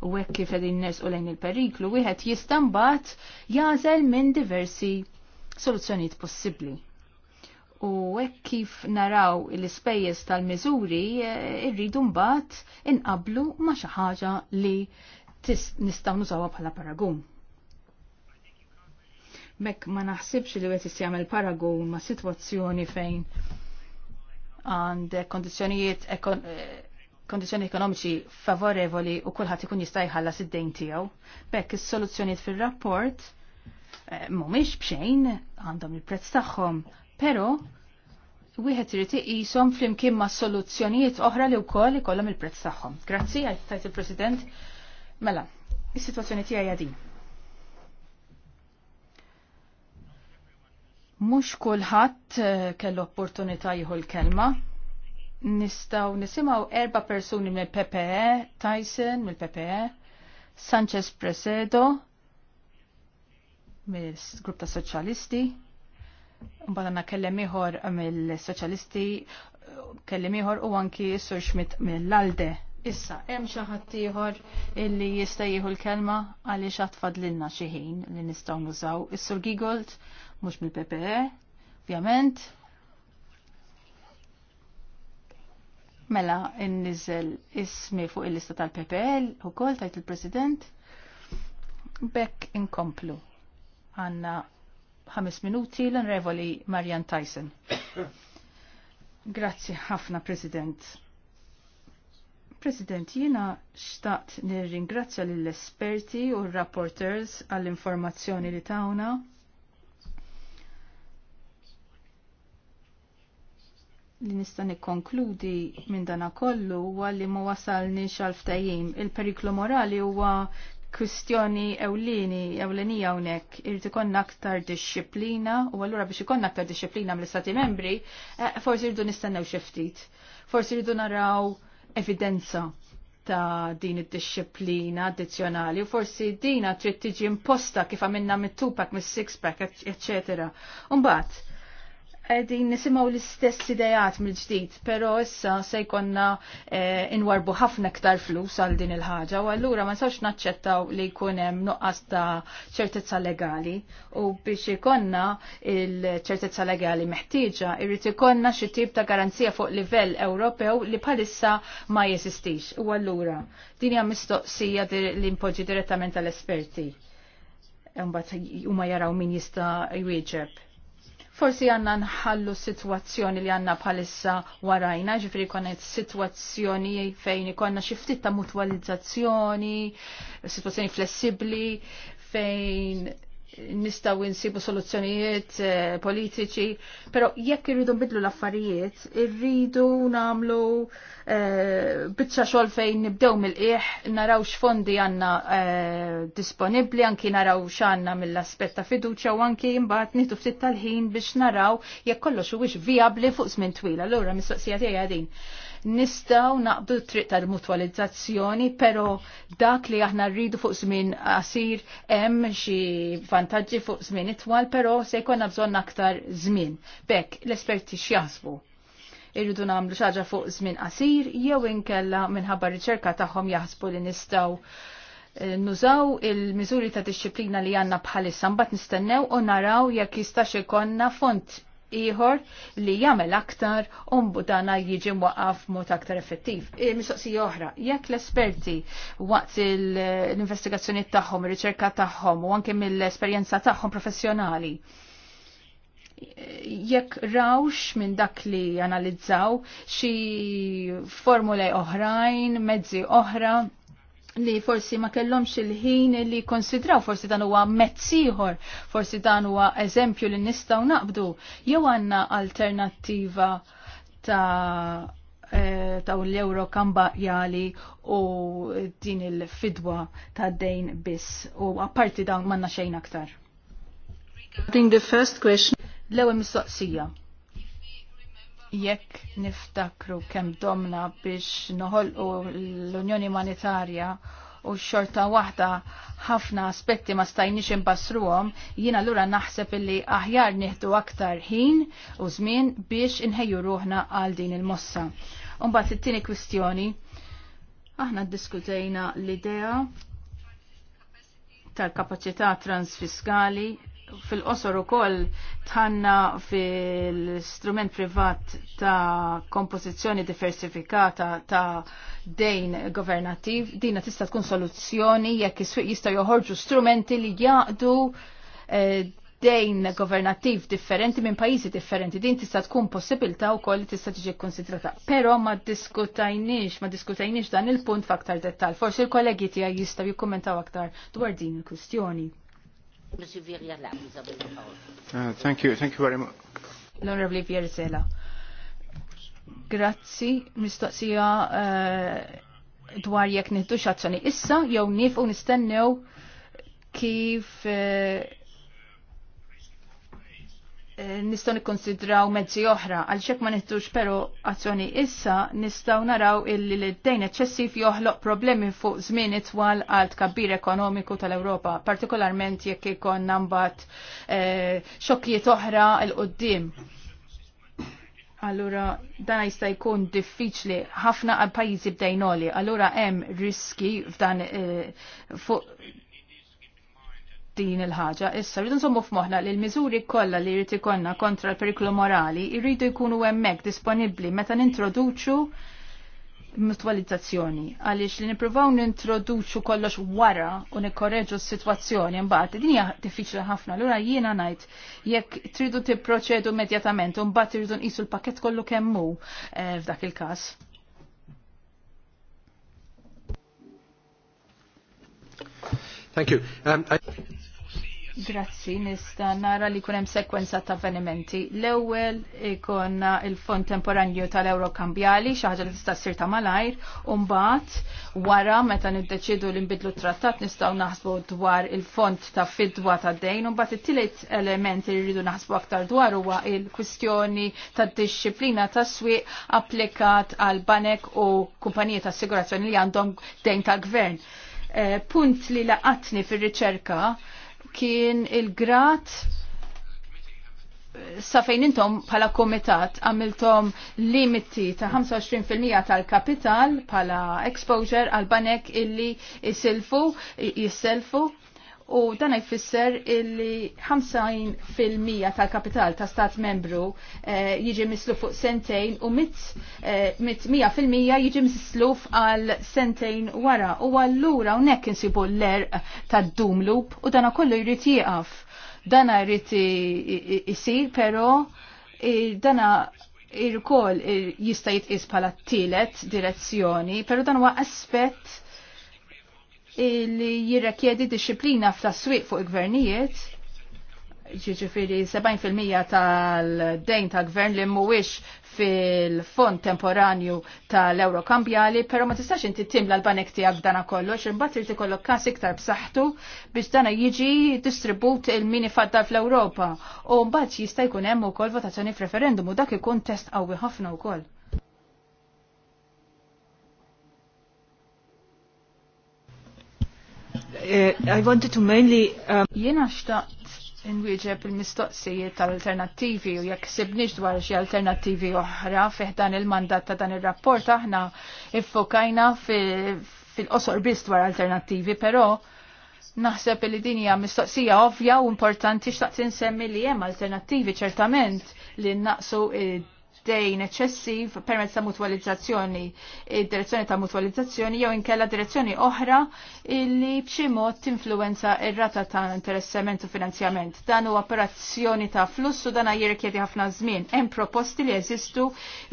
U hekk kif qegħdin nersqu lejn il-periklu wieħed jista' mbagħad jażel minn diversi soluzzjonijiet possibbli. U hekk kif naraw l-ispejjeż tal-miżuri eh, rridu mbagħad inqablu ma' xi ħaġa li nistgħu nużawha bħala paragun. Mek ma naħsibx li għet jisjamel paragon ma situazzjoni fejn għand kondizjonijiet eh, kondizjoni ekonomiċi favorevoli u kullħat ikun jista' jħallas id-dejn tiegħu. Bekk is-soluzzjonijiet fir-rapport eh, mhumiex bxejn għandhom il-prezz tagħhom, però wieħed irid iqishom flimkien ma' soluzzjonijiet oħra li wkoll ikollhom il-prezz tagħhom. Grazzi għal tajt il-President. Mela, is-sitwazzjoni tiegħi din. Mux kullħat eh, kell opportunità jieħu l-kelma. Nistaw nisimaw erba persuni mill PPE, Tyson mill PPE, Sanchez Presedo mill grupp ta' Soċjalisti, mbagħad għandna kellem ieħor mill-Soċjalisti, kellem ieħor u anki Sur Schmidt mill-Alde. Issa, hemm xi ħadd ieħor illi jista' jieħu l-kelma għaliex għad fadlilna xi ħin li nistgħu nużaw. Is-Sur Gigold mhux mill-PPE, ovvjament. Mela n-nizzel ismi fuq il-lista tal u e ukoll tajt il-President. Bekk inkomplu. Għanna ħames minuti l-Onorevoli Marian Tyson. Grazzi ħafna, President. President, jiena xtaqt nirringrazzja lill esperti u r-rapporters għall-informazzjoni li tawna li nista' nikkonkludi minn dana kollu huwa li ma wasalni għal Il-periklu morali huwa kwistjoni ewlini, ewlenija hawnhekk irid ikonna aktar disċiplina u allura biex ikonna aktar disċiplina mill-Istati Membri, eh, forsi rridu nistennew xi ftit. Forsi rridu naraw evidenza ta' din id-disċiplina addizzjonali u forsi dina trid tiġi imposta kif għamilna mit-tupak, mis-sixpack, eċċetera. Umbagħad, Għedin nisimaw l-istess idejat mill-ġdid, pero issa se eh, inwarbu ħafna ktar flus għal din il-ħaġa, u għallura ma nsawx naċċettaw li kunem nuqqas ta' ċertezza legali, u biex ikonna il-ċertezza legali meħtieġa, irrit ikonna xi tip ta' garanzija fuq livell Ewropew li bħalissa ma jesistix. U għallura, din hija mistoqsija li impoġġi direttament għall-esperti. Mbagħad huma jaraw min jista' jwieġeb Forsi għanna nħallu situazzjoni li għanna bħalissa warajna, ġifri konet situazzjoni fejn ikonna xiftit ta' mutualizzazzjoni, situazzjoni flessibli, fejn nistaw insibu soluzzjonijiet eh, politiċi, pero jekk irridu nbidlu l-affarijiet, irridu namlu e, eh, bitċa xol fejn nibdew mill qiegħ naraw x'fondi għanna eh, disponibbli, disponibli, anki naraw x'anna mill-aspett ta' fiduċja u anki mbagħad nieħdu ftit tal-ħin biex naraw jekk kollox huwiex viabli fuq żmien twil. Allura mistoqsija tiegħi din nistaw naqbdu triq tal-mutualizzazzjoni, pero dak li aħna rridu fuq żmien qasir hemm xi vantaġġi fuq żmien itwal, pero se jkollna bżonn aktar żmien. Bekk l-esperti x'jaħsbu irridu nagħmlu xi ħaġa fuq żmien qasir jew inkella minħabba riċerka tagħhom jaħsbu li nistgħu eh, nużaw il-miżuri ta' disċiplina li għanna bħalissa mbagħad nistennew u naraw jekk jistax ikonna font ieħor li jagħmel aktar u mbudana jiġi mwaqaf mod aktar effettiv. E, mistoqsija oħra, jekk l-esperti waqt l-investigazzjoni tagħhom, ir-riċerka tagħhom u anke mill-esperjenza tagħhom professjonali jekk rawx minn dak li analizzaw xi formule oħrajn, mezzi oħra li forsi ma kellhomx il-ħin li konsidraw forsi dan huwa mezziħor, forsi dan huwa eżempju li nistgħu naqbdu, jew għandna alternattiva ta' eh, ta' l-euro kambajali u din il-fidwa ta' dejn biss u apparti dawn manna xejn aktar. the first L-ewwel mistoqsija jekk niftakru kemm domna biex noħolqu l-Unjoni Monetarja u xorta waħda ħafna aspetti ma stajniex imbassruhom, jiena allura naħseb illi aħjar nieħdu aktar ħin u żmien biex inħejju ruħna għal din il-mossa. Umbagħad it-tieni kwistjoni, aħna ddiskutejna l-idea tal-kapaċità transfiskali fil-qosor ukoll tħanna fil-strument privat ta' kompożizzjoni diversifikata ta' dejn governattiv, dina tista' tkun soluzzjoni jekk jista' joħorġu strumenti li jaqdu eh, dejn governattiv differenti minn pajjiżi differenti. Din tista' tkun possibilità wkoll li tista' tiġi konsidrata. Però ma diskutajniex, ma diskutajniex dan il-punt f'aktar dettal. Forsi l-kollegi tiegħi jistgħu jikkummentaw aktar dwar din il-kwistjoni. Uh, thank you, thank you very much. L-Onorevoli Pierzella. Grazzi, mistoqsija uh, dwar jekk nittu xazzjoni issa jow nifu nistennew kif uh, Eh, nistgħu nikkonsidraw mezzi oħra għal xek ma nittux pero azzjoni issa nistgħu naraw illi l-dejn eċċessiv joħloq problemi fuq żmien itwal għal tkabbir ekonomiku tal-Ewropa, partikolarment jekk ikon nambat eh, xokkijiet oħra l qoddim Allura dan jista' jkun diffiċli ħafna għal pajjiżi bdejnoli, allura hemm riski f'dan eh, fuq din il-ħaġa. Issa rridu nżommu f'moħna li l-miżuri kollha li jrid ikollna kontra l-periklu morali jridu jkunu hemmhekk disponibbli meta nintroduċu mutualizzazzjoni għaliex li nippruvaw nintroduċu kollox wara u nikkorreġu s-sitwazzjoni mbagħad din hija diffiċli ħafna. Lura jiena ngħid jekk tridu tipproċedu immedjatament u mbagħad irridu nqisu l-pakett kollu kemm hu eh, f'dak il-każ. Thank you. Um, I... Grazzi, nista nara li kunem sekwenza ta' avvenimenti. L-ewel ikon il-Fond Temporanju tal-Euro Kambjali, xaħġa li tista' sir ta' malajr, umbat wara meta niddeċidu li nbidlu trattat nistaw naħsbu dwar il-Fond ta' fidwa ta' dejn, umbat it-tielet elementi li rridu naħsbu aktar dwar huwa il-kwistjoni ta' disċiplina ta' swieq applikat għal banek u kumpaniji ta' assigurazzjoni li għandhom dejn tal-gvern. Eh, punt li laqatni fir-riċerka kien il-grat sa fejn intom pala komitat għamiltom limiti ta' 25% tal-kapital pala exposure għal banek illi jisilfu, jiselfu u dan jfisser illi 50% tal-kapital ta' stat membru eh, jiġi mislu fuq sentejn u mit, 100% eh, jiġi mislu għal sentejn wara u għallura unnek insibu l ler ta' doom loop u dana kollu jrid jieqaf. Dana jrit jisir pero dana irkoll jista jitqis bħala t-tielet direzzjoni, pero dan huwa aspett li jirrekjedi disciplina f'taswiq fuq il-gvernijiet, ġiġifiri 70% tal-dejn ta' gvern li mhuwiex fil-fond temporanju tal-euro kambjali, pero ma tistax inti tim l-banek tiegħek dana kollox, imbagħad irid ikollok każ iktar b'saħħtu biex dana jiġi distribut il-mini fadda fl-Ewropa. U mbagħad jista' jkun hemm ukoll votazzjoni f'referendum u dak ikun test qawwi ħafna wkoll. Eh, I wanted to mainly... Um, Jena xtaqt inwieġeb il-mistoqsijiet tal-alternativi u jekk sibniġ dwar xi alternativi oħra fih dan il-mandat ta' dan ir-rapport aħna iffokajna fil-qosor biss dwar alternativi, però naħseb li din hija mistoqsija ovvja u importanti xtaqt insemmi li hemm alternattivi ċertament li naqsu dejn eċċessiv permezz ta' mutwalizzazzjoni, direzzjoni ta' mutwalizzazzjoni jew inkella direzzjoni oħra illi b'xi mod tinfluwenza r rata ta' interessament u finanzjament. Dan huwa operazzjoni ta' flussu dan jirrikjedi ħafna żmien. Hemm proposti li jeżistu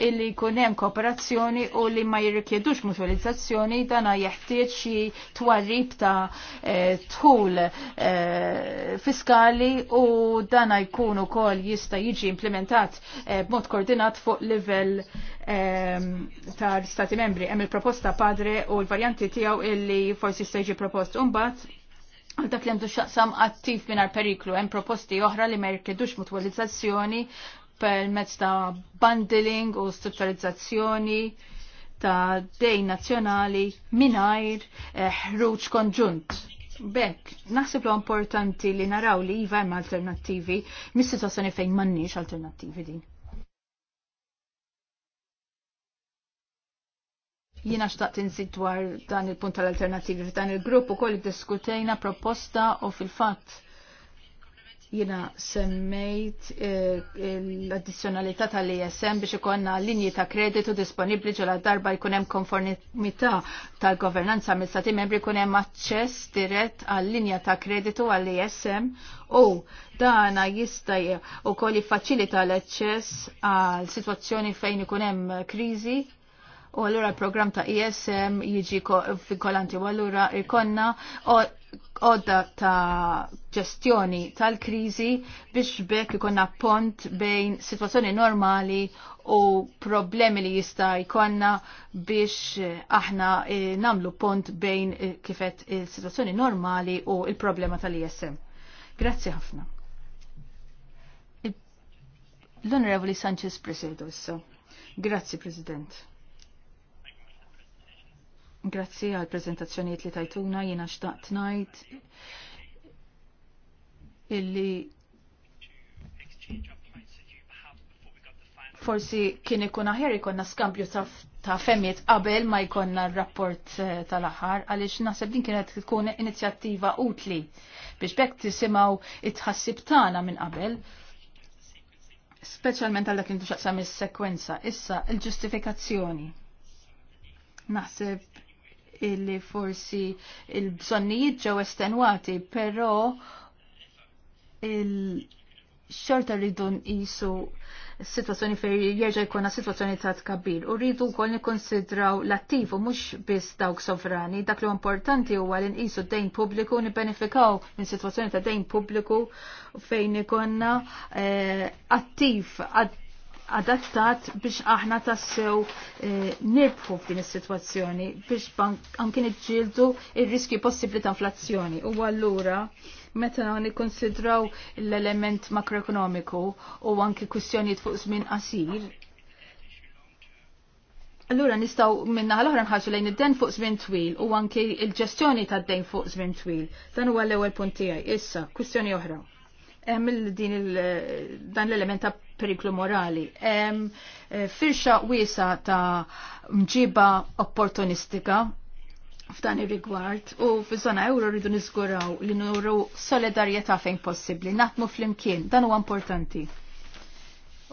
illi jkun hemm kooperazzjoni u li ma jirrikjedux mutwalizzazzjoni dan jeħtieġ xi twarrib ta' eh, tħul eh, fiskali u dan jkun ukoll jista' jiġi implementat eh, b'mod koordinat fuq livell ehm, ta' stati membri. Hemm il-proposta padre u l-varjanti tiegħu illi forsi jġi propost. Umbat, għal dak li għandu xaqsam attiv minar periklu, hemm proposti oħra li ma jirkedux mutualizzazzjoni permezz ta' bundling u strutturizzazzjoni ta' dej nazzjonali minajr eh, ħruġ eh, konġunt. Bek, naħseb importanti li naraw li jiva hemm alternattivi, mis-situazzjoni fejn m'għandniex alternattivi din. Jina xtaqt insit dwar dan il-punt tal-alternativi f'dan il-grupp u koll diskutejna proposta u fil-fatt jina semmejt eh, l-addizjonalità tal-ISM biex ikonna linji ta' kreditu disponibli ġola darba jkunem konformità tal-governanza amministrati membri jkunem aċċess dirett għal linja ta' kreditu għall-ISM u dana jista' u koll jiffaċilita l-aċċess għal situazzjoni fejn ikunem krizi u allura l-program ta' ISM e jiġi kolanti u allura ikonna odda ta' ġestjoni tal-krizi biex bekk ikonna pont bejn situazzjoni normali u problemi li jista' jkonna biex eh, aħna eh, namlu pont bejn eh, kifet il-situazzjoni normali u il-problema tal-ISM. Grazzi ħafna. L-Onorevoli Sanchez Presedo so. Grazzi, President. Grazzi għal prezentazzjoniet li tajtuna jiena xtaqt najt illi forsi kien ikun aħjar ikonna skambju ta', ta femmiet qabel ma jkonna r-rapport eh, tal-aħħar għaliex naħseb din kienet tkun inizjattiva utli biex bekk tisimgħu it-ħassib tagħna minn qabel speċjalment għal dak li xaqsam is-sekwenza issa il-ġustifikazzjoni naħseb illi forsi il-bżonnijiet ġew estenwati, però il-xorta rridu nqisu situazzjoni fejn jerġa' jkollna situazzjoni ta' tkabbir. U rridu wkoll nikkonsidraw l attivu u mhux biss dawk sovrani. Dak li importanti huwa li nqisu dejn pubbliku nibbenefikaw minn situazzjoni ta' dejn pubbliku fejn ikonna eh, attiv ad adattat biex aħna tassew eh, nirbħu f'din is-sitwazzjoni biex anke niġġieldu ir-riski possibbli ta' inflazzjoni. U allura meta nikkonsidraw l-element makroekonomiku u anke kwistjonijiet fuq żmien qasir, Allura minn naħa l-oħra nħarsu lejn id-den fuq żmien twil u anke il-ġestjoni tad-dejn fuq żmien twil. Dan huwa l-ewwel punt tiegħi. Issa, kwistjoni oħra hemm dan l-element ta' periklu morali. Hemm eh, firxa wiesa ta' mġiba opportunistika f'dan ir-rigward u f'żona euro rridu niżguraw li nuru solidarjetà fejn possibbli, naħdmu flimkien, dan huwa importanti.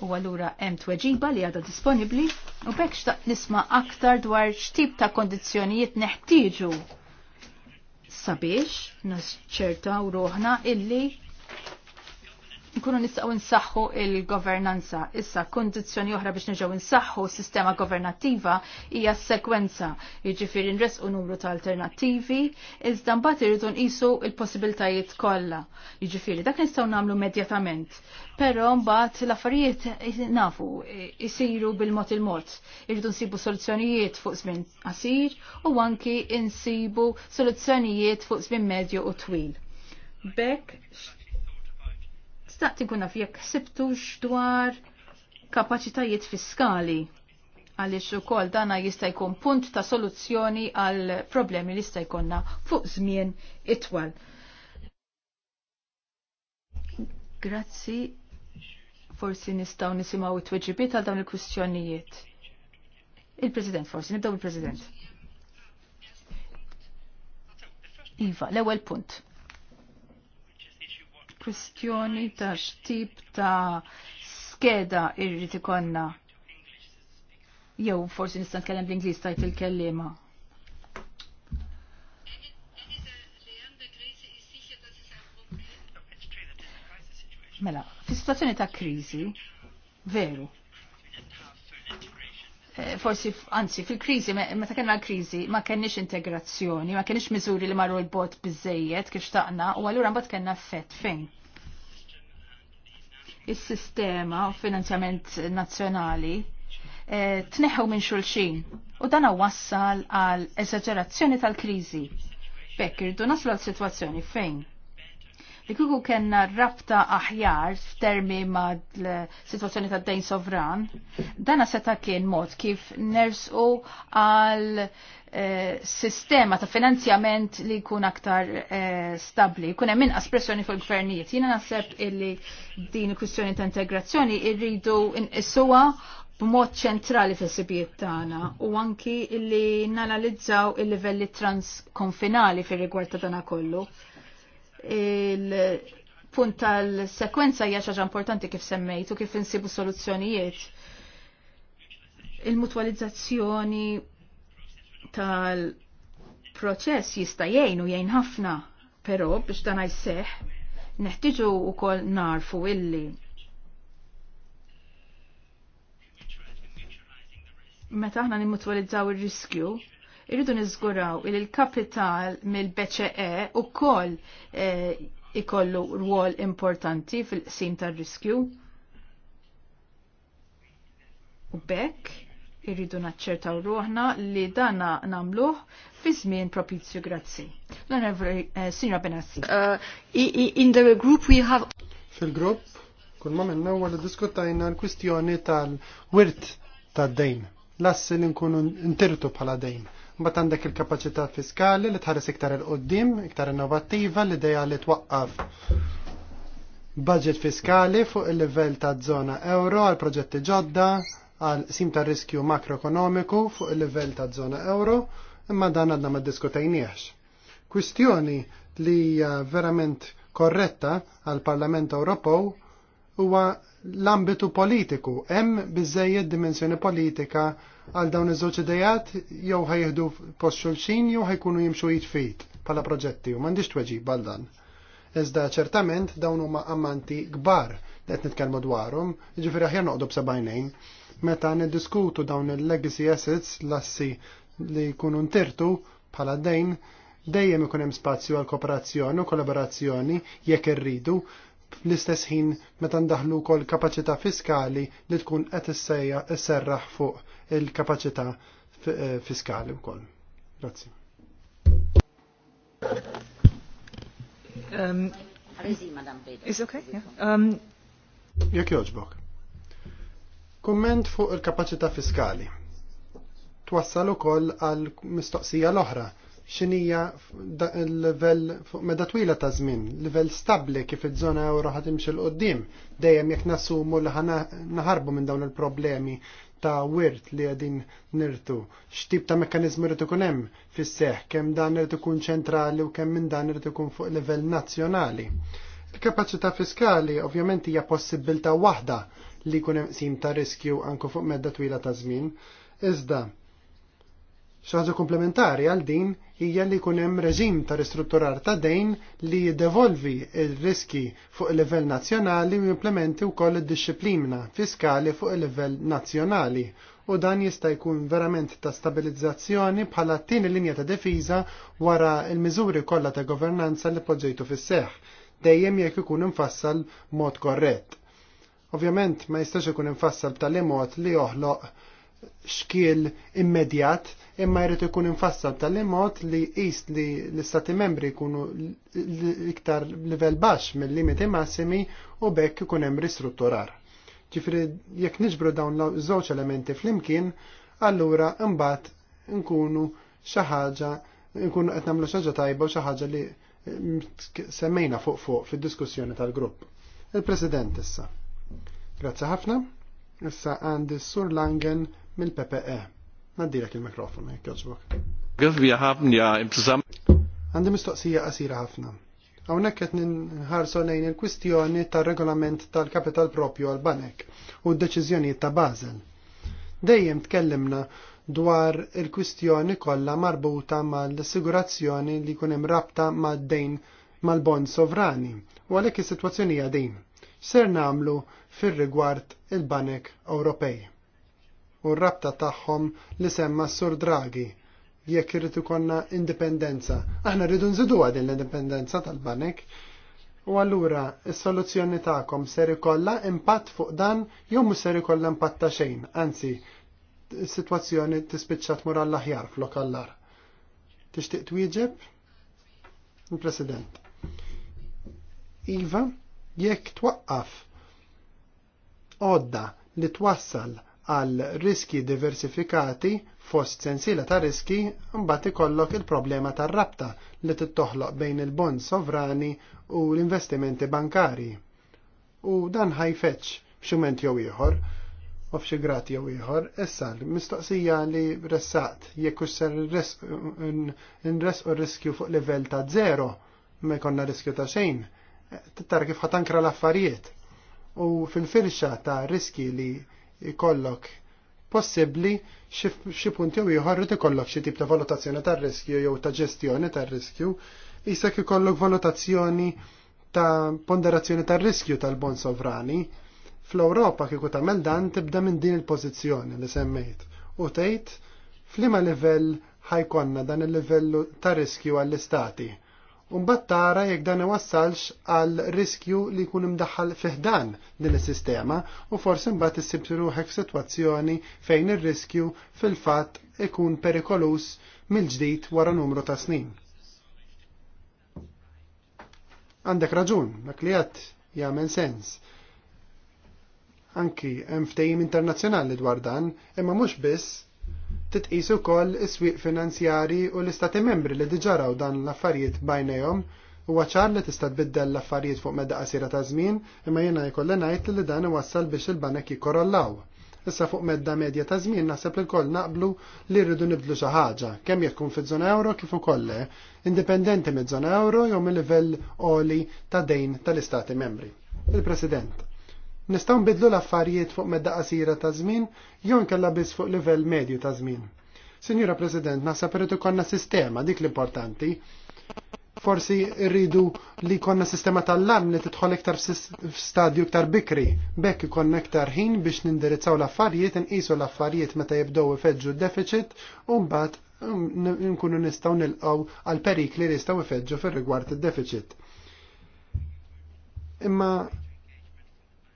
U allura hemm tweġiba li għadha disponibbli u bekk xtaq nisma' aktar dwar x'tip ta' kondizzjonijiet neħtieġu sabiex nasċertaw ruħna illi nkunu nistgħu nsaħħu il-governanza. Issa kundizzjoni oħra biex nerġgħu nsaħħu sistema governattiva hija s-sekwenza, jiġifieri nresqu numru ta' alternattivi, iżda mbagħad irridu nqisu l-possibiltajiet kollha. Jiġifieri dak nistgħu nagħmlu immedjatament. Però mbagħad l-affarijiet nafu isiru bil-mod il-mod. Irridu nsibu soluzzjonijiet fuq żmien qasir u anki insibu soluzzjonijiet fuq żmien medju u twil. Bekk Xtaqt inkun fjek sibtu dwar kapaċitajiet fiskali għaliex ukoll dana jista' jkun punt ta' soluzzjoni għal problemi li jista' jkollna fuq żmien itwal. Grazzi, forsi nistgħu nisimgħu it-tweġibiet għal dawn il-kwistjonijiet. Il-President forsi, nibdew il-President. Iva, l-ewwel punt kwistjoni ta' xtip ta' skeda irrid ikonna. Jew forsi nista' kellem bl inglis tajt il-kellima. Mela, fi situazzjoni ta' kriżi, veru, eh, forsi, anzi, fil-krizi, meta kena l-krizi, ma kenniex integrazzjoni, ma kenniex miżuri li marru l-bot bizzejiet, kif taqna, u għallura mbagħad kena fett, fejn? is-sistema finanzjament nazzjonali eh, tneħu minn xulxin u dan wassal għal eżagerazzjoni tal-kriżi. Bekk irdu naslu għal sitwazzjoni fejn Ikkuku kena rafta aħjar f'termi ma' l-situazzjoni ta' dejn sovran, dana seta' kien mod kif nersu għal eh, sistema ta' finanzjament li kun aktar eh, stabli, Kuna hemm aspressjoni pressjoni fuq il-gvernijiet. Jiena naħseb illi din il-kwistjoni ta' integrazzjoni irridu nqisuha b'mod ċentrali fis-sibijiet tagħna u anki illi nanalizzaw il-livelli transkonfinali fir-rigward ta' dana kollu il-punt tal-sekwenza hija xaġa importanti kif semmejt u kif insibu soluzzjonijiet. Il-mutwalizzazzjoni tal-proċess jista' jgħin u jgħin ħafna, però biex dan jseħħ neħtiġu wkoll narfu illi meta aħna nimmutwalizzaw ir-riskju, Irridu niżguraw il l-kapital mill-BCE u koll eh, ikollu rwol importanti fil sim tar-riskju. U bekk irridu naċċertaw ruħna li dana namluħ fi żmien propizju grazzi. L-onorevoli eh, Sinra Benassi. Eh, in the group we have Fil-grupp, kull ma minna għal diskutajna l-kwistjoni tal-wirt tad-dejn. Lassi li nkunu intirtu bħala dejn mbagħad għandek il-kapaċità fiskali li tħares iktar il-qoddim, iktar innovattiva li dejja li twaqqaf budget fiskali fuq il-livell ta' zona euro għal proġetti ġodda għal sim ta' riskju makroekonomiku fuq il-livell ta' zona euro, imma dan għadna ma diskutajniex. Kwistjoni li hija verament korretta għal Parlament Ewropew huwa l-ambitu politiku, hemm biżejjed dimensjoni politika għal dawn iż-żewġ idejat jew ħajjeħdu post xulxin jew ħajkunu jimxu jitfit bħala proġetti u m'għandix tweġib għal dan. Iżda ċertament dawn huma ammanti kbar li qed nitkellmu dwarhom, jiġifieri aħjar noqdu b'sebgħinejn. Meta niddiskutu dawn il-legacy assets lassi li jkunu ntirtu bħala dejn, dejjem ikun hemm spazju għal kooperazzjoni u kollaborazzjoni jekk irridu fl-istess ħin meta ndaħlu kol kapacità fiskali li tkun qed isserraħ fuq il-kapacità eh, fiskali wkoll. Grazzi. Um, is okay? Yeah. Um, Jek joġbok. Komment fuq il-kapacità fiskali. Twassal ukoll għal mistoqsija l-oħra xinija l-level fuq meda twila ta' żmien, level stabli kif iż-żona euro ħad imxil qoddim, dejjem jekk nassumu li naħarbu minn dawn il-problemi ta' wirt li għadin nirtu. X'tip ta' mekkanizmu rrid ikun hemm fis-seħ, kemm dan rritu ikun ċentrali u kemm minn dan rritu ikun fuq level nazzjonali. Il-kapaċità fiskali ovvjament hija possibilità waħda li jkun hemm sim ta' riskju anku fuq medda twila ta' żmien, iżda Xaħġa komplementari għal din hija li jkun hemm reġim ta' ristrutturar ta' dejn li jiddevolvi il-riski fuq il-livell nazzjonali u u wkoll id-disciplina fiskali fuq il-livell nazzjonali u dan jista' jkun verament ta' stabilizzazzjoni bħala t-tieni linja ta' defiża wara l-miżuri kollha ta' governanza li poġġejtu fis-seħħ dejjem jekk ikun infassal mod korrett. Ovvjament ma jistax ikun infassal b'tali mod li joħloq xkiel immedjat imma jrid ikun infassal tal-imot li jist li l-istati membri jkunu iktar livell baxx mill-limiti massimi u bekk ikun hemm ristrutturar. Ġifri jekk niġbru dawn żewġ elementi flimkien, allura imbagħad nkunu xi ħaġa nkunu qed nagħmlu xi tajba u xi ħaġa li mm, semmejna fuq fuq fid-diskussjoni tal-grupp. Il-President issa. Grazzi ħafna. Issa għandi Sur Langen mill-PPE. Naddilek il-mikrofon, jekk joġbok. Għazbi ħabn ja imtizam. Għandi mistoqsija għasira ħafna. Hawnhekk qed ninħarsu lejn il-kwistjoni tar-regolament tal-kapital propju għal banek u d-deċiżjonijiet ta' Bazel. Dejjem tkellimna dwar il-kwistjoni kollha marbuta mal-assigurazzjoni li jkun hemm rabta mad-dejn mal-bond sovrani u għalhekk is-sitwazzjoni għadin. din. Ser nagħmlu fir-rigward il-banek Ewropej u r-rabta tagħhom li semma s-Sur Draghi jekk irrid ikonna indipendenza. Aħna rridu nżidu din l-indipendenza tal-banek. U allura, is-soluzzjoni tagħkom ser ikollha impatt fuq dan jew mhux ser ikollha impatt ta' xejn, anzi, is-sitwazzjoni tispiċċa tmur għall-aħjar flok allar. Tixtieq twieġeb? Il-President. Iva, jekk twaqqaf għodda li twassal għal riski diversifikati fost sensiela ta' riski mbagħad ikollok il-problema tar-rabta li tittoħloq bejn il-bond sovrani u l-investimenti bankari. U dan ħajfetx xument jew ieħor u f'xi grati jew ieħor, issa l-mistoqsija li ressaqt jekk ser nresqu r-riskju fuq livell ta' zero ma jkollna riskju ta' xejn, tittar kif ħatankra l-affarijiet. U fil-firxa ta' riski li ikollok possibbli xi punti jew ieħor ikollok xi tip ta' valutazzjoni tar-riskju jew ta' ġestjoni tar-riskju, isek ikollok valutazzjoni ta' ponderazzjoni tar-riskju tal-bond sovrani. Fl-Ewropa kieku tagħmel dan tibda minn din il-pożizzjoni li semmejt u tgħid f'liema livell ħajkonna dan il livellu ta' riskju għall-istati Umbat tara jekk dan iwassalx għal riskju li jkun imdaħħal fiħdan din is-sistema u forsi mbagħad issib ruħek sitwazzjoni fejn ir-riskju fil-fatt ikun perikolus mill-ġdid wara numru ta' snin. Għandek raġun, dak li qed jagħmel sens. Anki hemm ftehim internazzjonali dwar dan, imma mhux biss titqisu ukoll is-swieq finanzjari u l-istati membri li diġaraw dan l-affarijiet bajnejhom huwa ċar li tista' tbiddel l-affarijiet fuq medda qasira ta' żmien, imma jiena jkolli ngħid li dan iwassal biex il-banek jikorollaw. Issa fuq medda medja ta' żmien naħseb li kol naqblu li rridu nibdlu xi ħaġa, kemm jekk fi żona euro kif ukoll indipendenti miż-żona euro jew mill-livell oli ta' dejn tal-istati membri. Il-President. Nistgħu nbidlu l-affarijiet fuq medda qasira ta' żmien jew nkella biss fuq livell medju ta' żmien. Sinjura President, naħseb irid ikollna sistema dik l-importanti. Forsi rridu li konna sistema tal-larm li tidħol iktar f'stadju iktar bikri. Bekk ikonna iktar ħin biex nindirizzaw l-affarijiet, nqisu l-affarijiet meta jibdew ifeġġu d-deficit u mbagħad um, nkunu nistgħu nilqgħu għal perikli li jistgħu ifeġġu fir rigward id deficit Imma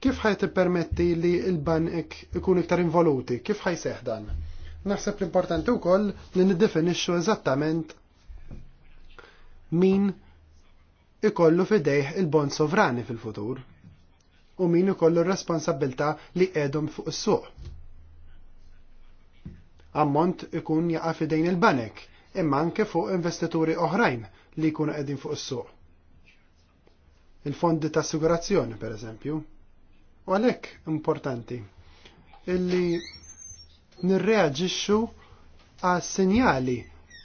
Kif ħaj permetti li l ban ikun iktar involuti? Kif ħaj seħdan? Naħseb l-importanti u koll li niddefinixxu eżattament min ikollu fidejh il-bond sovrani fil-futur u min ikollu r-responsabilta li edhom fuq is-suq. Ammont ikun jaqa fidejn il-banek, imma anke fuq investituri oħrajn li jkunu qegħdin fuq is-suq. Il-fondi ta' assigurazzjoni, per eżempju. U għalhekk importanti illi nirreaġixxu għas sinjali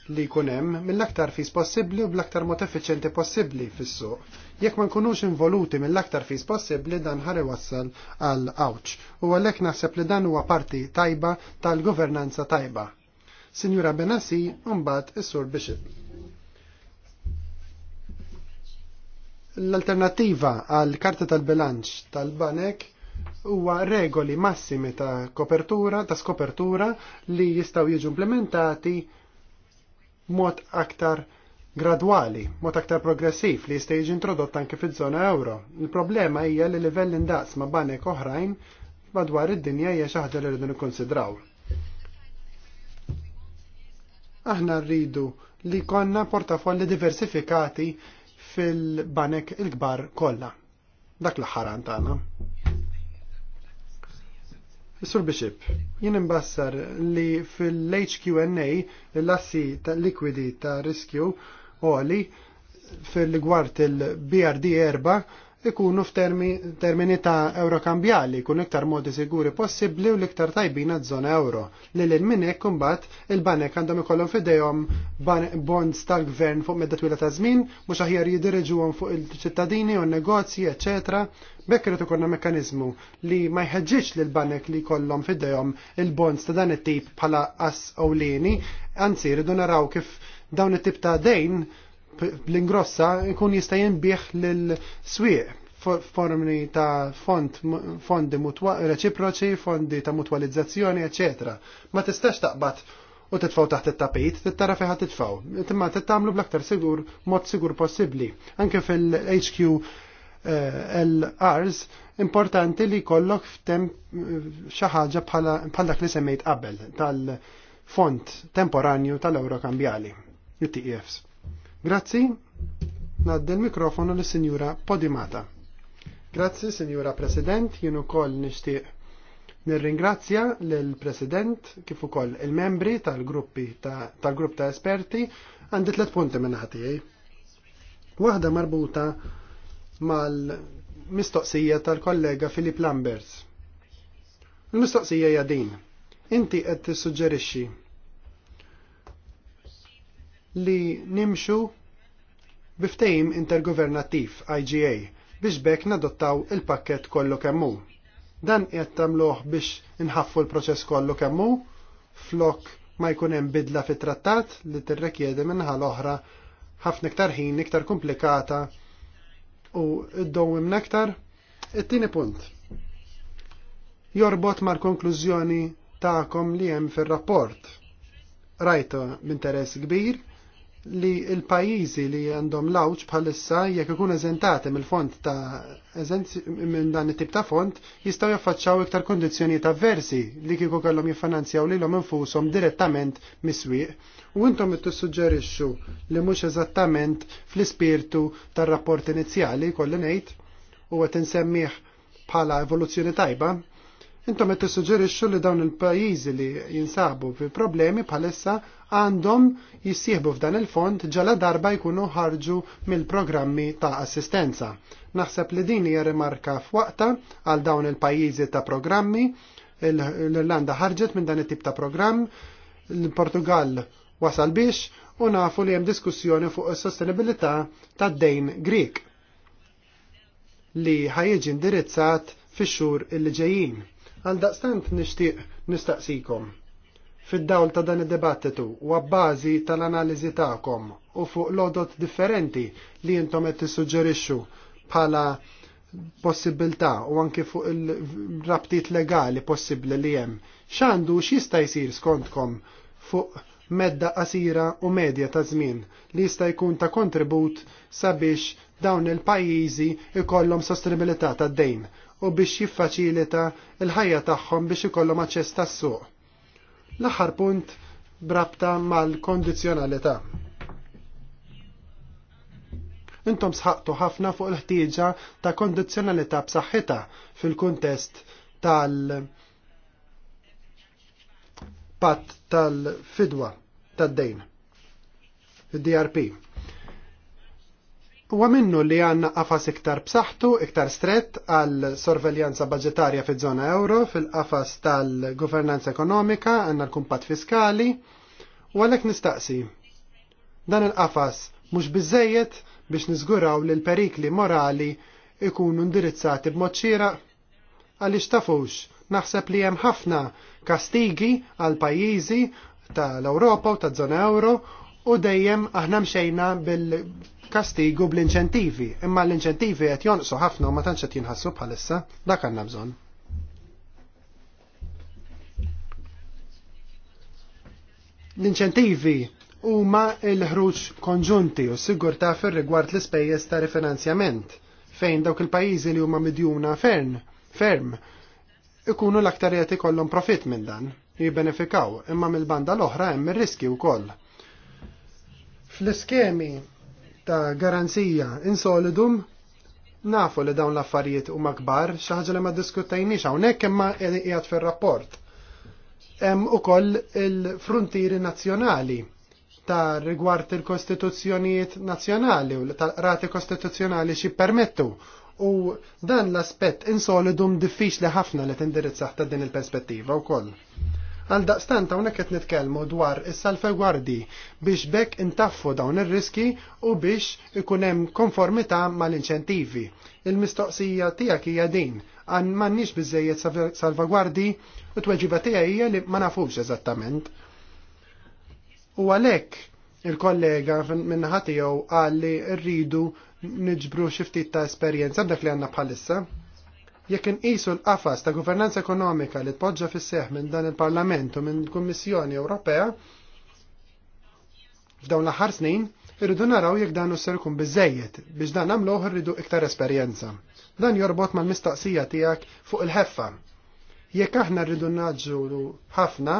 li jkun hemm mill-aktar fis possibbli u bl-aktar mod effiċjenti possibbli fis-suq. Jekk ma nkunux involuti mill-aktar fis possibbli dan ħar wassal għal awċ. U għalhekk naħseb li dan huwa parti tajba tal-governanza tajba. Sinjura Benassi, mbagħad is-sur Bixib. L-alternativa għal karta tal-bilanċ tal-banek huwa regoli massimi ta' kopertura, ta' skopertura li jistaw jiġu implementati mod aktar gradwali, mod aktar progressiv li jista' jiġi introdott anke fiż-żona euro. Il-problema hija li livell indaqs ma' banek oħrajn madwar id-dinja hija xi ħaġa li rridu nikkonsidraw. Aħna rridu li konna portafolli diversifikati fil-banek il-kbar kollha. Dak l-ħaran tagħna. Sur Bishop, jien imbassar li fil-HQNA l-assi ta' liquidi ta' riskju oli fil-gwart il-BRD erba' ikunu f'termini ta' euro kambjali, ikunu iktar modi siguri possibli u l-iktar tajbina t-zona euro. Li l-minnek kumbat il-banek għandhom ikollhom fidejhom bonds tal-gvern fuq medda twila ta' żmien, mhux aħjar jidiriġuhom fuq il-ċittadini u n-negozji, ecc. Bekk irid ikolna mekkaniżmu li ma jħeġġiex lil banek li jkollhom fidejhom il-bonds ta' dan it-tip bħala ass ewlieni, anzi rridu naraw kif dawn it-tip ta' dejn bl-ingrossa ikun jista' jinbih lill-swieq formi ta' fond, fondi reċiproċi, fondi ta' mutwalizzazzjoni, eccetera. Ma tistax taqbad u titfaw taħt it-tapit, tittara fiħa titfaw. Timma tittamlu bl-aktar sigur, mod sigur possibli. Anke fil-HQ eh, L-Ars, importanti li kollok f'tem xaħġa bħal dak li semmejt qabel tal-font temporanju tal-euro kambjali, it Grazzi, nadde l-mikrofonu l-Sinjura Podimata. Grazzi, Sinjura President, jien ukoll nixtieq Nirringrazzja l-President kif ukoll il-membri tal-gruppi tal-grupp ta' esperti għandi tliet punti minn ħatijaj. Waħda marbuta mal-mistoqsija tal-kollega Filip Lambers. Il-mistoqsija hija din. Inti qed tissuġġerixxi li nimxu biftejim intergovernattiv IGA biex bekk nadottaw il-pakket kollu kemmu. Dan qed tagħmluh biex inħaffu l-proċess kollu kemmu flok ma jkun hemm bidla fit-trattat li tirrekjedi minħa l-oħra ħafna iktar ħin, iktar komplikata u id-dowim nektar. It-tieni punt. Jorbot mal-konklużjoni ta'kom li hemm fir-rapport. Rajta b'interess kbir, li l-pajjiżi li għandhom lawċ bħalissa jekk ikun eżentati mill-fond ta' minn dan it-tip ta' fond jistgħu jaffaċċaw iktar kondizzjonijiet avversi li kieku kellhom jiffinanzjaw lilhom infushom direttament mis-swieq u intom tissuġġerixxu li mhux eżattament fl-ispirtu tar-rapport inizjali kolli ngħid u qed insemmih bħala evoluzzjoni tajba intom qed tissuġġerixxu li dawn il-pajjiżi li jinsabu fi problemi bħalissa għandhom jissieħbu f'dan il-fond ġala darba jkunu ħarġu mill-programmi ta' assistenza. Naħseb li din hija rimarka f'waqta għal dawn il-pajjiżi ta' programmi, l-Irlanda ħarġet minn dan it-tip ta' programm, l-Portugal wasal biex u nafu li hemm diskussjoni fuq is-sostenibilità tad-dejn Grik li ħajjiġi indirizzat fix-xhur il-ġejjin. Għal daqstant nixtieq nistaqsikom fid-dawl ta' dan id-debattitu u għabbażi tal-analiżi tagħkom u fuq lodot differenti li jintom qed tissuġġerixxu bħala possibilità u anki fuq il-rabtiet legali possibbli li hemm. X'għandu x'jista' jsir skontkom fuq medda qasira u medja ta' żmien li jista' jkun ta' kontribut sabiex dawn il-pajjiżi ikollhom sostenibilità tad-dejn u biex jiffaċilita l-ħajja tagħhom biex ikollhom aċċess tas-suq. L-aħħar punt brabta mal-kondizjonalità. Intom sħaqtu ħafna fuq il-ħtieġa ta' kondizjonalità b'saħħitha fil-kuntest tal- pat tal-fidwa tad-dejn, il drp Huwa minnu li għanna qafas iktar b'saħħtu, iktar strett għal sorveljanza budgetarja fi żona euro fil-qafas tal-governanza ekonomika, għanna l-kumpat fiskali, u għalhekk nistaqsi. Dan il-qafas mhux biżejjed biex niżguraw li l-perikli morali ikunu indirizzati b'mod xieraq għaliex tafux naħseb li hemm ħafna kastigi għal pajjiżi tal-Ewropa u taż-żona euro u dejjem aħna mxejna bil kastigu bl-inċentivi, imma l-inċentivi qed jonqsu ħafna u ma tantx qed jinħassu bħalissa, dak għandna bżonn. L-inċentivi huma l-ħruġ konġunti u s-sigurta' fir-rigward l-ispejjeż ta' rifinanzjament fejn dawk il-pajjiżi li huma midjuna ferm, ferm ikunu l-aktar jagħti kollhom profit minn dan, jibbenefikaw, imma mill-banda l-oħra hemm ir-riski wkoll. Fl-iskemi ta' garanzija insolidum nafu li dawn l-affarijiet huma kbar xi ħaġa li ma diskutajniex hawnhekk imma qiegħed fir-rapport. Hemm ukoll il frontiri nazzjonali ta' rigward il-kostituzzjonijiet nazzjonali u tal-rati kostituzzjonali xi permettu u dan l-aspett insolidum diffiċli ħafna li tindirizzaħ ta' din il-perspettiva wkoll. Għal ta' hawnhekk qed nitkellmu dwar is-salvaguardi biex bekk intaffu dawn ir-riski u biex ikun hemm konformità mal-inċentivi. Il-mistoqsija tiegħek hija din, għan m'għandniex biżejjed salvagwardi u tweġiba tiegħi hija li ma nafux eżattament. U għalhekk il-kollega minn ħatijow għalli rridu niġbru xi ftit ta' esperjenza b'dak li għandna bħalissa. Jekk inqisu l-qafas ta' governanza ekonomika li tpoġġa fis-seħ minn dan il-Parlament u minn il-Kummissjoni Ewropea f'dawn l-aħħar snin, irridu naraw jekk dan ser ikun biżejjed biex dan nagħmluh irridu iktar esperjenza. Dan jorbot mal-mistaqsija tiegħek fuq il-ħeffa. Jekk aħna rridu naġġu ħafna,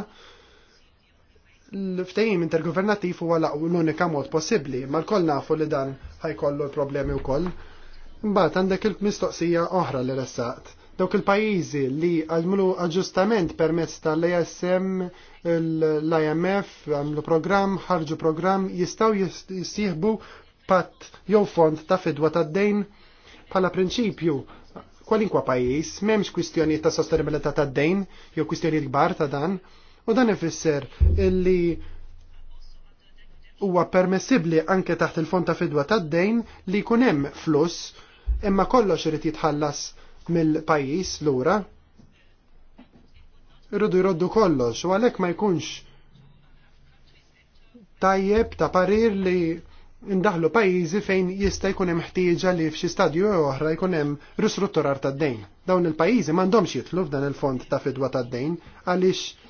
l-ftejim intergovernativ huwa l-unika mod possibbli, ma l-koll nafu li dan ħajkollu l problemi wkoll. Mbagħad għandek il-mistoqsija oħra li ressaqt. Dawk il-pajjiżi li għamlu aġġustament permezz tal-ASM, l-IMF, għamlu programm, ħarġu programm, jistgħu jissieħbu pat jew fond ta' fidwa tad dejn bħala prinċipju kwalinkwa pajjiż m'hemmx kwistjoni ta' sostenibilità ta' dejn jew kwistjoni kbar ta' dan, u dan ifisser illi huwa permessibbli anke taħt il-fond ta' fidwa ta' dejn li jkun hemm flus imma kollox irid jitħallas mill-pajjiż lura. Irridu jroddu kollox u għalhekk ma jkunx tajjeb ta' parir li ndaħlu pajjiżi fejn jista' jkun hemm ħtieġa li f'xi stadju oħra jkun hemm ristrutturar tad-dejn. Dawn il-pajjiżi m'għandhomx jitlu f'dan il-fond ta' fidwa tad-dejn għaliex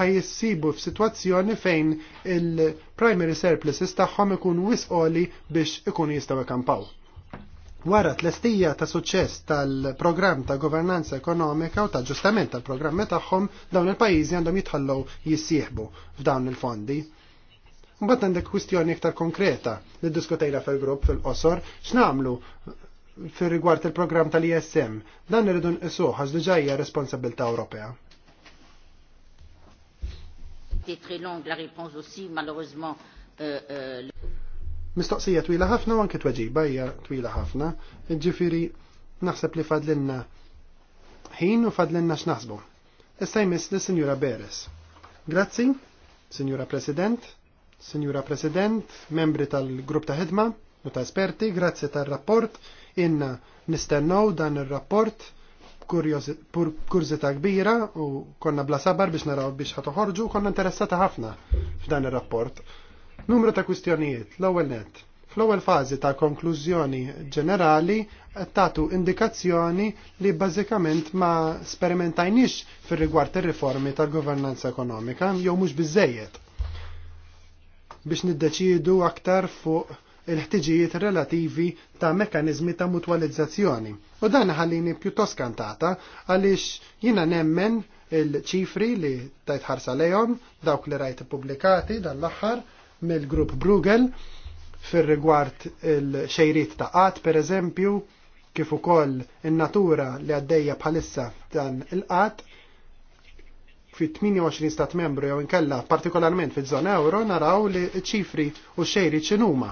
ħajissibu f'sitwazzjoni fejn il-primary surpluses tagħhom ikun wisqoli biex ikun jistgħu ikampaw. Wara tlestija ta' suċċess tal-programm ta' governanza ekonomika u ta' ġustament tal-programmi tagħhom dawn il-pajjiżi għandhom jitħallew jissieħbu f'dawn il-fondi. Mbagħad għandek kwistjoni iktar konkreta li diskutejna fil-grupp fil-qosor x'namlu fir rigward il-programm tal-ISM. Dan irridu nqisu għax diġà hija responsabilità Ewropea. Très longue la réponse aussi malheureusement euh, euh, Mistoqsija twila ħafna u anke tweġiba hija twila ħafna, ġifiri naħseb li fadlinna ħin u fadlinna x'naħsbu. Issa jmiss li Sinjura Beres. Grazzi, Sinjura President, Sinjura President, membri tal-grupp ta' ħidma u ta' esperti, grazzi tal-rapport, inna nistennow dan il-rapport kurzita kbira u konna bla sabar biex naraw biex ħatoħorġu, konna interessata ħafna f'dan il-rapport. Numru ta' kwistjonijiet, l-ewwel net. Fl-ewwel fażi ta' konklużjoni ġenerali qed tagħtu indikazzjoni li bażikament ma sperimentajniex fir-rigward ir-riformi tal-governanza ekonomika jew mhux biżejjed biex niddeċiedu aktar fuq il-ħtiġijiet relativi ta' mekanizmi ta' mutualizzazzjoni. U dan ħallini pjuttost kantata għaliex jina nemmen il-ċifri li tajtħarsa lejhom dawk li rajt pubblikati dan l-aħħar mill-grupp Bruegel fir-rigward il-xejrit ta' qat per eżempju kif ukoll in-natura li għaddejja bħalissa dan il-qat fi 28 stat membru jew inkella partikolarment fiż-żona euro naraw li ċifri u xejri ċinuma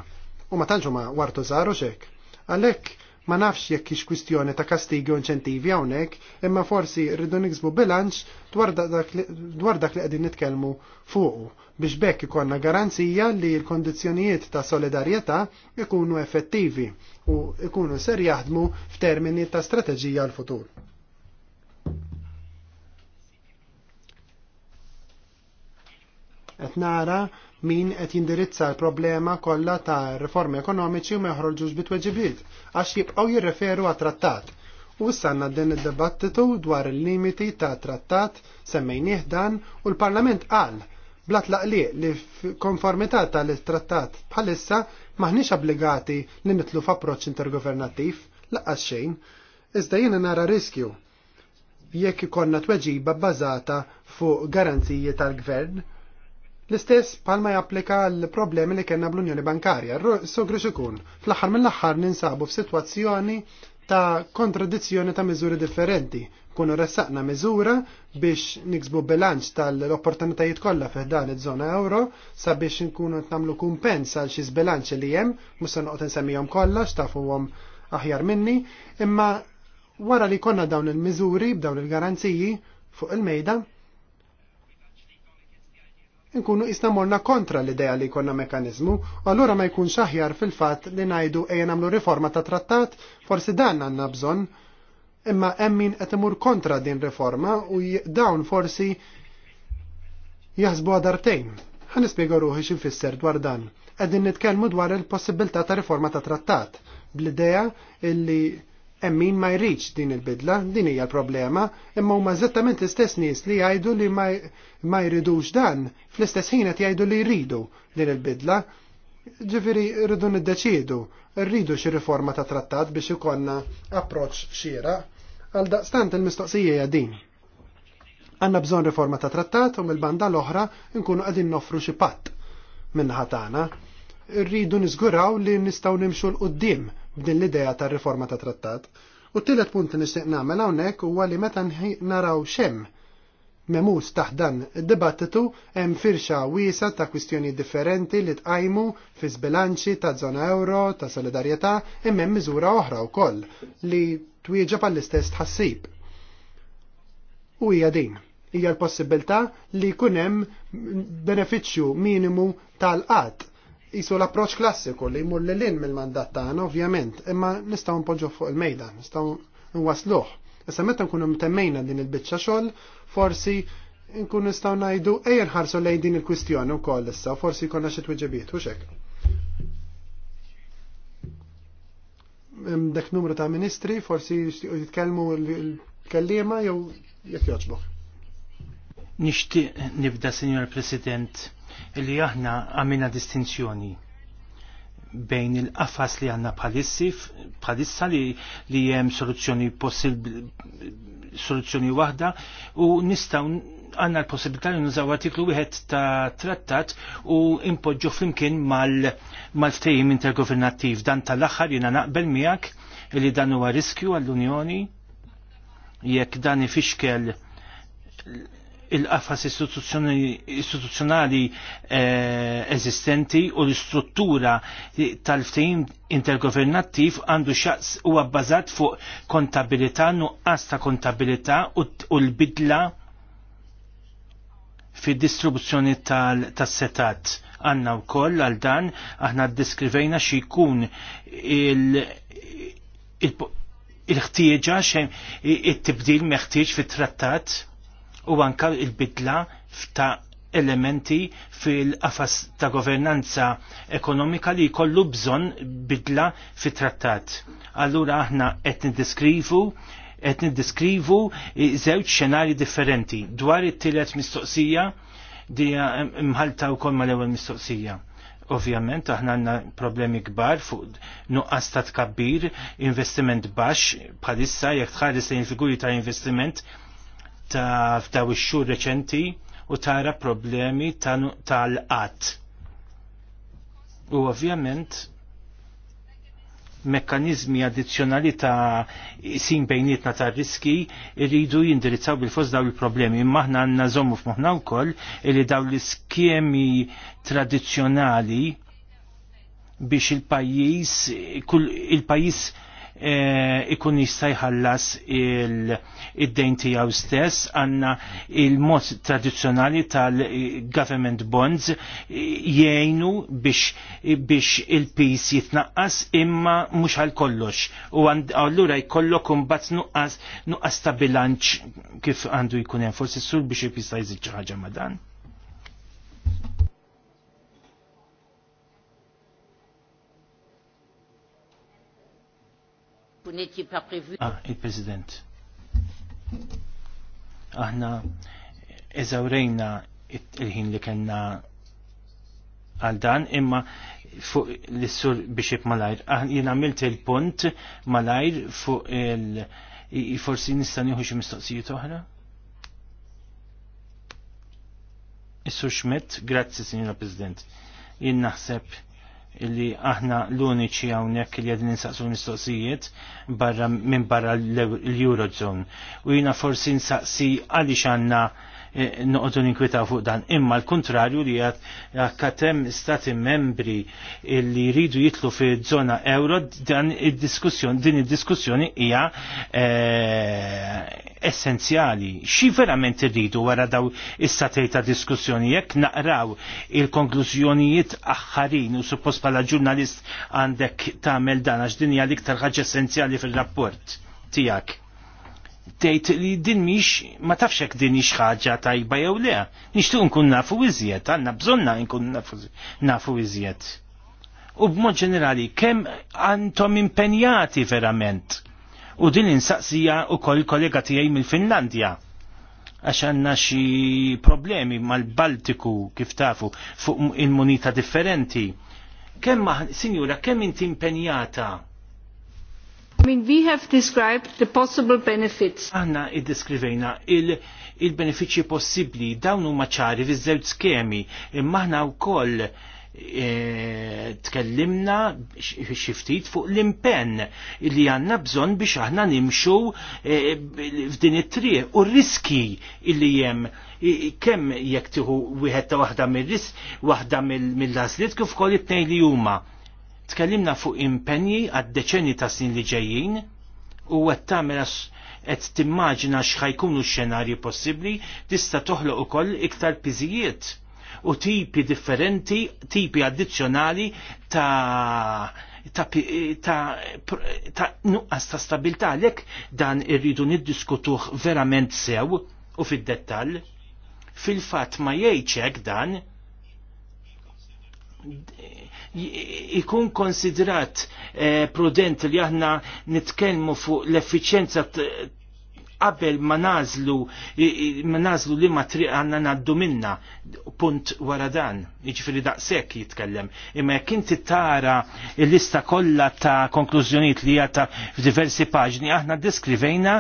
u ma tantx huma wartu żaru xek. Għalhekk Ma nafx jekk ix kwistjoni ta' kastigi u inċentivi hawnhekk, imma forsi rridu niksbu bilanċ dwar dak li qegħdin nitkellmu fuqu biex bekk ikonna garanzija li l kondizjonijiet ta' solidarjetà ikunu effettivi u ikunu ser jaħdmu f'termini ta' strateġija l-futur. qed nara min qed jindirizza l-problema kollha ta' riformi ekonomiċi u ma joħroġux bitweġibiet għax jibqgħu jirreferu għat trattat. U issa għandna din id-dibattitu dwar il-limiti ta' trattat semmejnieh dan u l-Parlament qal blat laqli li konformità tal-trattat bħalissa maħniex obbligati li nitlu f'approċċ intergovernattiv laqqas xejn, iżda jiena nara riskju jekk ikonna tweġiba bbażata fuq garanziji tal-gvern L-istess palma japplika l-problemi li kena bl-Unjoni Bankarja. Sogri xikun, fl-axar mill-axar ninsabu f-situazzjoni ta' kontradizzjoni ta' miżuri differenti. Kunu ressaqna miżura biex niksbu bilanċ tal-opportunitajiet kollha f'dan dan iż-żona euro sabiex nkunu namlu kumpens għal xi bilanċ li hemm, mhux se noqgħod insemmihom kollha x'tafuhom aħjar minni, imma wara li konna dawn il-miżuri b'dawn il-garanziji fuq il-mejda, nkunu istamorna morna kontra l-idea li jkollna mekanizmu, u allura ma jkunx aħjar fil-fatt li ngħidu ejja nagħmlu riforma ta' trattat, forsi dan għandna bżonn, imma hemm min qed imur kontra din riforma u dawn forsi jaħsbu għadartejn. Ħanispjega ruħi fisser dwar dan. Qegħdin nitkellmu dwar il-possibilità ta' riforma ta' trattat bl-idea illi hemm min ma jriċ din il-bidla, din hija l-problema, imma huma eżattament l-istess nies li jgħidu li ma jridux dan, fl-istess ħin qed jgħidu li jridu din il-bidla. Ġifieri rridu niddeċiedu, rridu xi riforma ta' trattat biex ikollna approċċ xiera għal daqstant il-mistoqsija hija din. Għandna bżonn riforma ta' trattat u mill-banda l-oħra nkunu qegħdin noffru xi patt minn ħatana. Rridu niżguraw li nistgħu nimxu l-qudiem Din l-idea ta' riforma ta' trattat. U t-tielet punt li nixtieq nagħmel hawnhekk huwa li meta naraw xem memus dan id-dibattitu hemm firxa wiesa ta' kwistjoni differenti li tqajmu fi zbilanċi ta' zona euro, ta' solidarjetà, imma hemm miżura oħra wkoll li twieġeb għall-istess tħassib. U hija din, hija l-possibilità li jkun hemm benefiċċju minimu tal-qatt Isu l-approċ klassiku li jmur l-lin mill-mandat tagħna ovvjament, imma nistgħu npoġġu fuq il-mejda, nistgħu nwasluh. Issa meta nkunu mtemmejna din il-biċċa xogħol, forsi nkun nistgħu ngħidu ejja nħarsu lejn din il-kwistjoni wkoll issa, forsi jkollna xi tweġibiet u xek. Dak numru ta' ministri, forsi jitkellmu l-kellima jew jekk joġbok. Nixtieq nibda, Senjor President, illi aħna għamilna distinzjoni bejn il-qafas li għanna bħalissa li li jem soluzzjoni soluzzjoni wahda u nistaw għanna l-possibilità li nużaw artiklu wieħed ta' trattat u impoġġu flimkien mal-tejjim intergovernattiv. Dan tal-aħħar jiena naqbel miegħek li dan huwa riskju għall-Unjoni jekk dan ifixkel il-qafas istituzzjonali eh, eżistenti u l-istruttura tal-ftehim intergovernattiv għandu xaqs u għabbażat fuq kontabilità, nuqqas ta' kontabilità u l-bidla fid distribuzzjoni tal-setat. Għanna u koll għal dan aħna diskrivejna xikun il- il-ħtieġa xem il tibdil meħtieġ fit-trattat u anka il-bidla ta' elementi fil-qafas ta' governanza ekonomika li jkollu bżon bidla fit-trattat. Allura aħna qed niddiskrivu qed niddiskrivu żewġ xenarji differenti dwar it-tielet mistoqsija di mħalta wkoll mal-ewwel mistoqsija ovvjament aħna għandna problemi kbar fuq nuqqas ta' tkabbir, investiment baxx bħalissa jekk tħares lejn il-figuri ta' investiment ta' f'daw ix-xhur reċenti u tara problemi tal-qatt. U ovvjament mekkanizmi addizzjonali ta' sin bejnietna ta' riski irridu jindirizzaw bil-fos daw il-problemi. Imma aħna għandna żommu f'moħħna wkoll li daw l-iskemi tradizzjonali biex il-pajjiż il-pajjiż E, ikun jista' jħallas id-dejn tiegħu stess għandna il-mod tradizzjonali tal-government bonds jgħinu biex il-pis jitnaqqas imma mhux għal kollox u allura jkollok imbagħad nuqqas nuqqas ta' bilanċ kif għandu jkun hemm forsi s-sur biex jista' jżid xi ħaġa ma' dan. n'étiez pas prévu. Ah, il-President. Aħna eżawrejna il-ħin li kellna għal dan imma fuq l-sur biex malajr. Ah, jien għamilt il-punt malajr fuq il- forsi nista' nieħu xi mistoqsijiet oħra? Is-Sur Schmidt, grazzi Signora President. Jien naħseb illi aħna l-uniċi hawnhekk li qegħdin ninsaqsu mistoqsijiet minn barra l-Eurozone. U jiena forsi nsaqsi għaliex għandna E, noqogħdu ninkwitaw fuq dan. Imma l-kontrarju li għakatem stati membri li jridu jitlu fi zona euro dan id-diskussjoni din id-diskussjoni hija e, essenzjali. Xi verament irridu wara daw is-satej ta' diskussjoni jekk naqraw il-konklużjonijiet aħħarin u suppost bħala ġurnalist għandek tagħmel dan għax din hija l-iktar ħaġa essenzjali fir-rapport tiegħek tgħid li din miex ma tafxek din hix ħaġa tajba jew le. Nixtieq nkun nafu iżjed, għandna bżonna nkun nafu iżjed. U b'mod ġenerali, kemm għandhom impenjati verament. U din insaqsija u koll kollega tiegħi mill-Finlandja għax għanna xi problemi mal-Baltiku kif tafu fuq il-munita differenti. Kemm sinjura kemm inti impenjata mean, we have described the possible benefits. Anna id-deskrivejna il-benefiċi il possibli dawn huma ċari fiż-żewġ skemi imma aħna wkoll e, tkellimna xi ftit fuq l-impenn li għandna bżonn biex aħna nimxu e, f'din it-triq u riski li hemm. kemm jekk tieħu wieħed ta' waħda mir risk waħda mill-għażliet kif ukoll it-tnejn li huma Tkellimna fuq impenji għad deċenni ta' snin li ġejjin u għed tamela qed timmaġina x'ħajkunu xenarji possibbli tista' toħloq ukoll iktar pizijiet u tipi differenti, tipi addizzjonali ta' ta' ta' nuqqas ta' stabilta' lek dan irridu niddiskutuh verament sew u fid-dettall. Fil-fatt ma jgħidx dan ikun konsidrat eh, prudent li aħna nitkellmu fuq l-effiċenza qabel ma nażlu ma nażlu li ma triq għandna ngħaddu minna punt wara dan. Jiġifieri daqshekk jitkellem. Imma jekk inti tara l-lista kollha ta' konklużjonijiet li jata f'diversi paġni aħna diskrivejna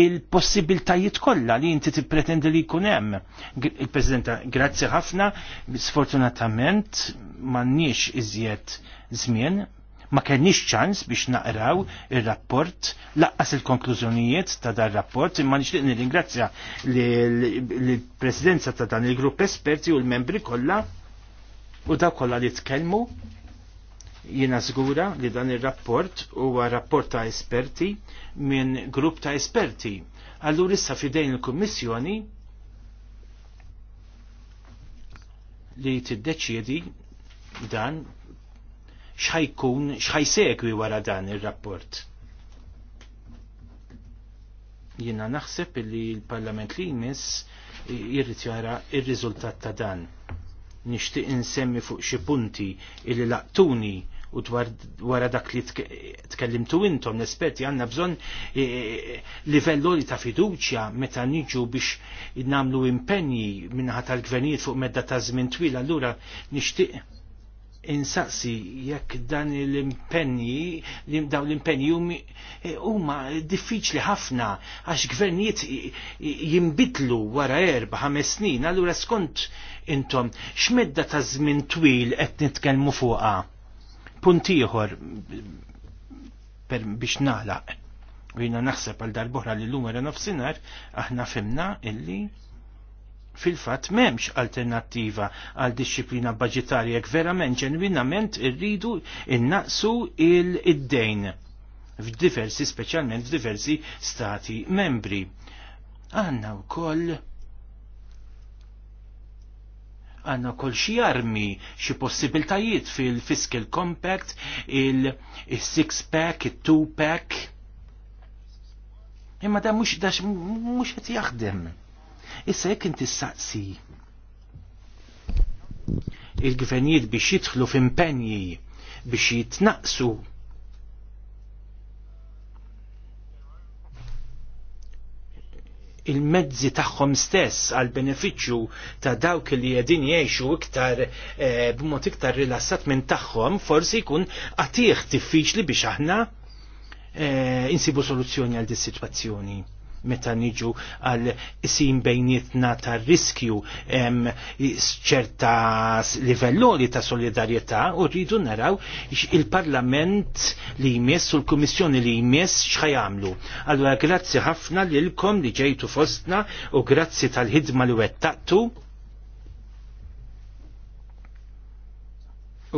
il-possibiltajiet kollha li inti tippretendi li jkun hemm. Il-Presidenta, grazzi ħafna, sfortunatament m'għandniex iżjed żmien, ma kenniex ċans biex naqraw ir-rapport, laqqas il-konklużjonijiet ta' dan rapport imma nixtieq nirringrazzja l-presidenza ta' dan il-grupp esperti u l-membri kollha u daw kollha li tkellmu jiena żgura li dan ir-rapport huwa rapport ta' esperti minn grupp ta' esperti. Allura issa fidejn il-Kummissjoni li tiddeċiedi dan xħajkun, xħajsegwi wara dan il-rapport. Jina naħseb li l-Parlament li jmiss jirrit jara il-riżultat ta' dan. Nishtiq insemmi fuq xi punti illi laqtuni u wara dak li tkellimtu intom l-esperti għanna bżon e, e, livelloli ta' fiduċja meta niġu biex namlu impenji minnaħat tal-gvernijiet fuq medda ta' żmien twil allura nixtieq insaqsi jekk dan l-impenji, daw l-impenji eh, huma diffiċli ħafna għax gvernijiet jimbitlu wara erba ħames snin, allura skont intom x'medda ta' żmien twil qed nitkellmu fuqha. Punt ieħor biex nagħlaq. U jiena naħseb għal darbohra li l-lumera nofsinhar aħna fimna illi fil-fat memx alternativa għal disċiplina budgetarja jekk verament ġenwinament irridu innaqsu il-dejn f'diversi, speċjalment f'diversi stati membri. Għanna u koll għanna kol xi armi, xi possibiltajiet fil-fiscal compact, il-six pack, il-two pack. Imma da mux, da mux jaħdem. Issa jekk inti saqsi il-gvernijiet biex jidħlu f'impenji biex jitnaqsu il-mezzi tagħhom stess għal beneficju ta' dawk li qegħdin jgħixu iktar e, b'mod iktar rilassat minn tagħhom forsi jkun qatih diffiċli biex aħna e, insibu soluzzjoni għal dis-sitwazzjoni meta niġu għal sin bejnietna ta' riskju ċerta livelloli ta' solidarieta u rridu naraw il-Parlament li jmiss u l-Kummissjoni li jmiss xħajamlu. Allora grazzi ħafna lilkom li ġejtu fostna u grazzi tal-ħidma li wettaqtu.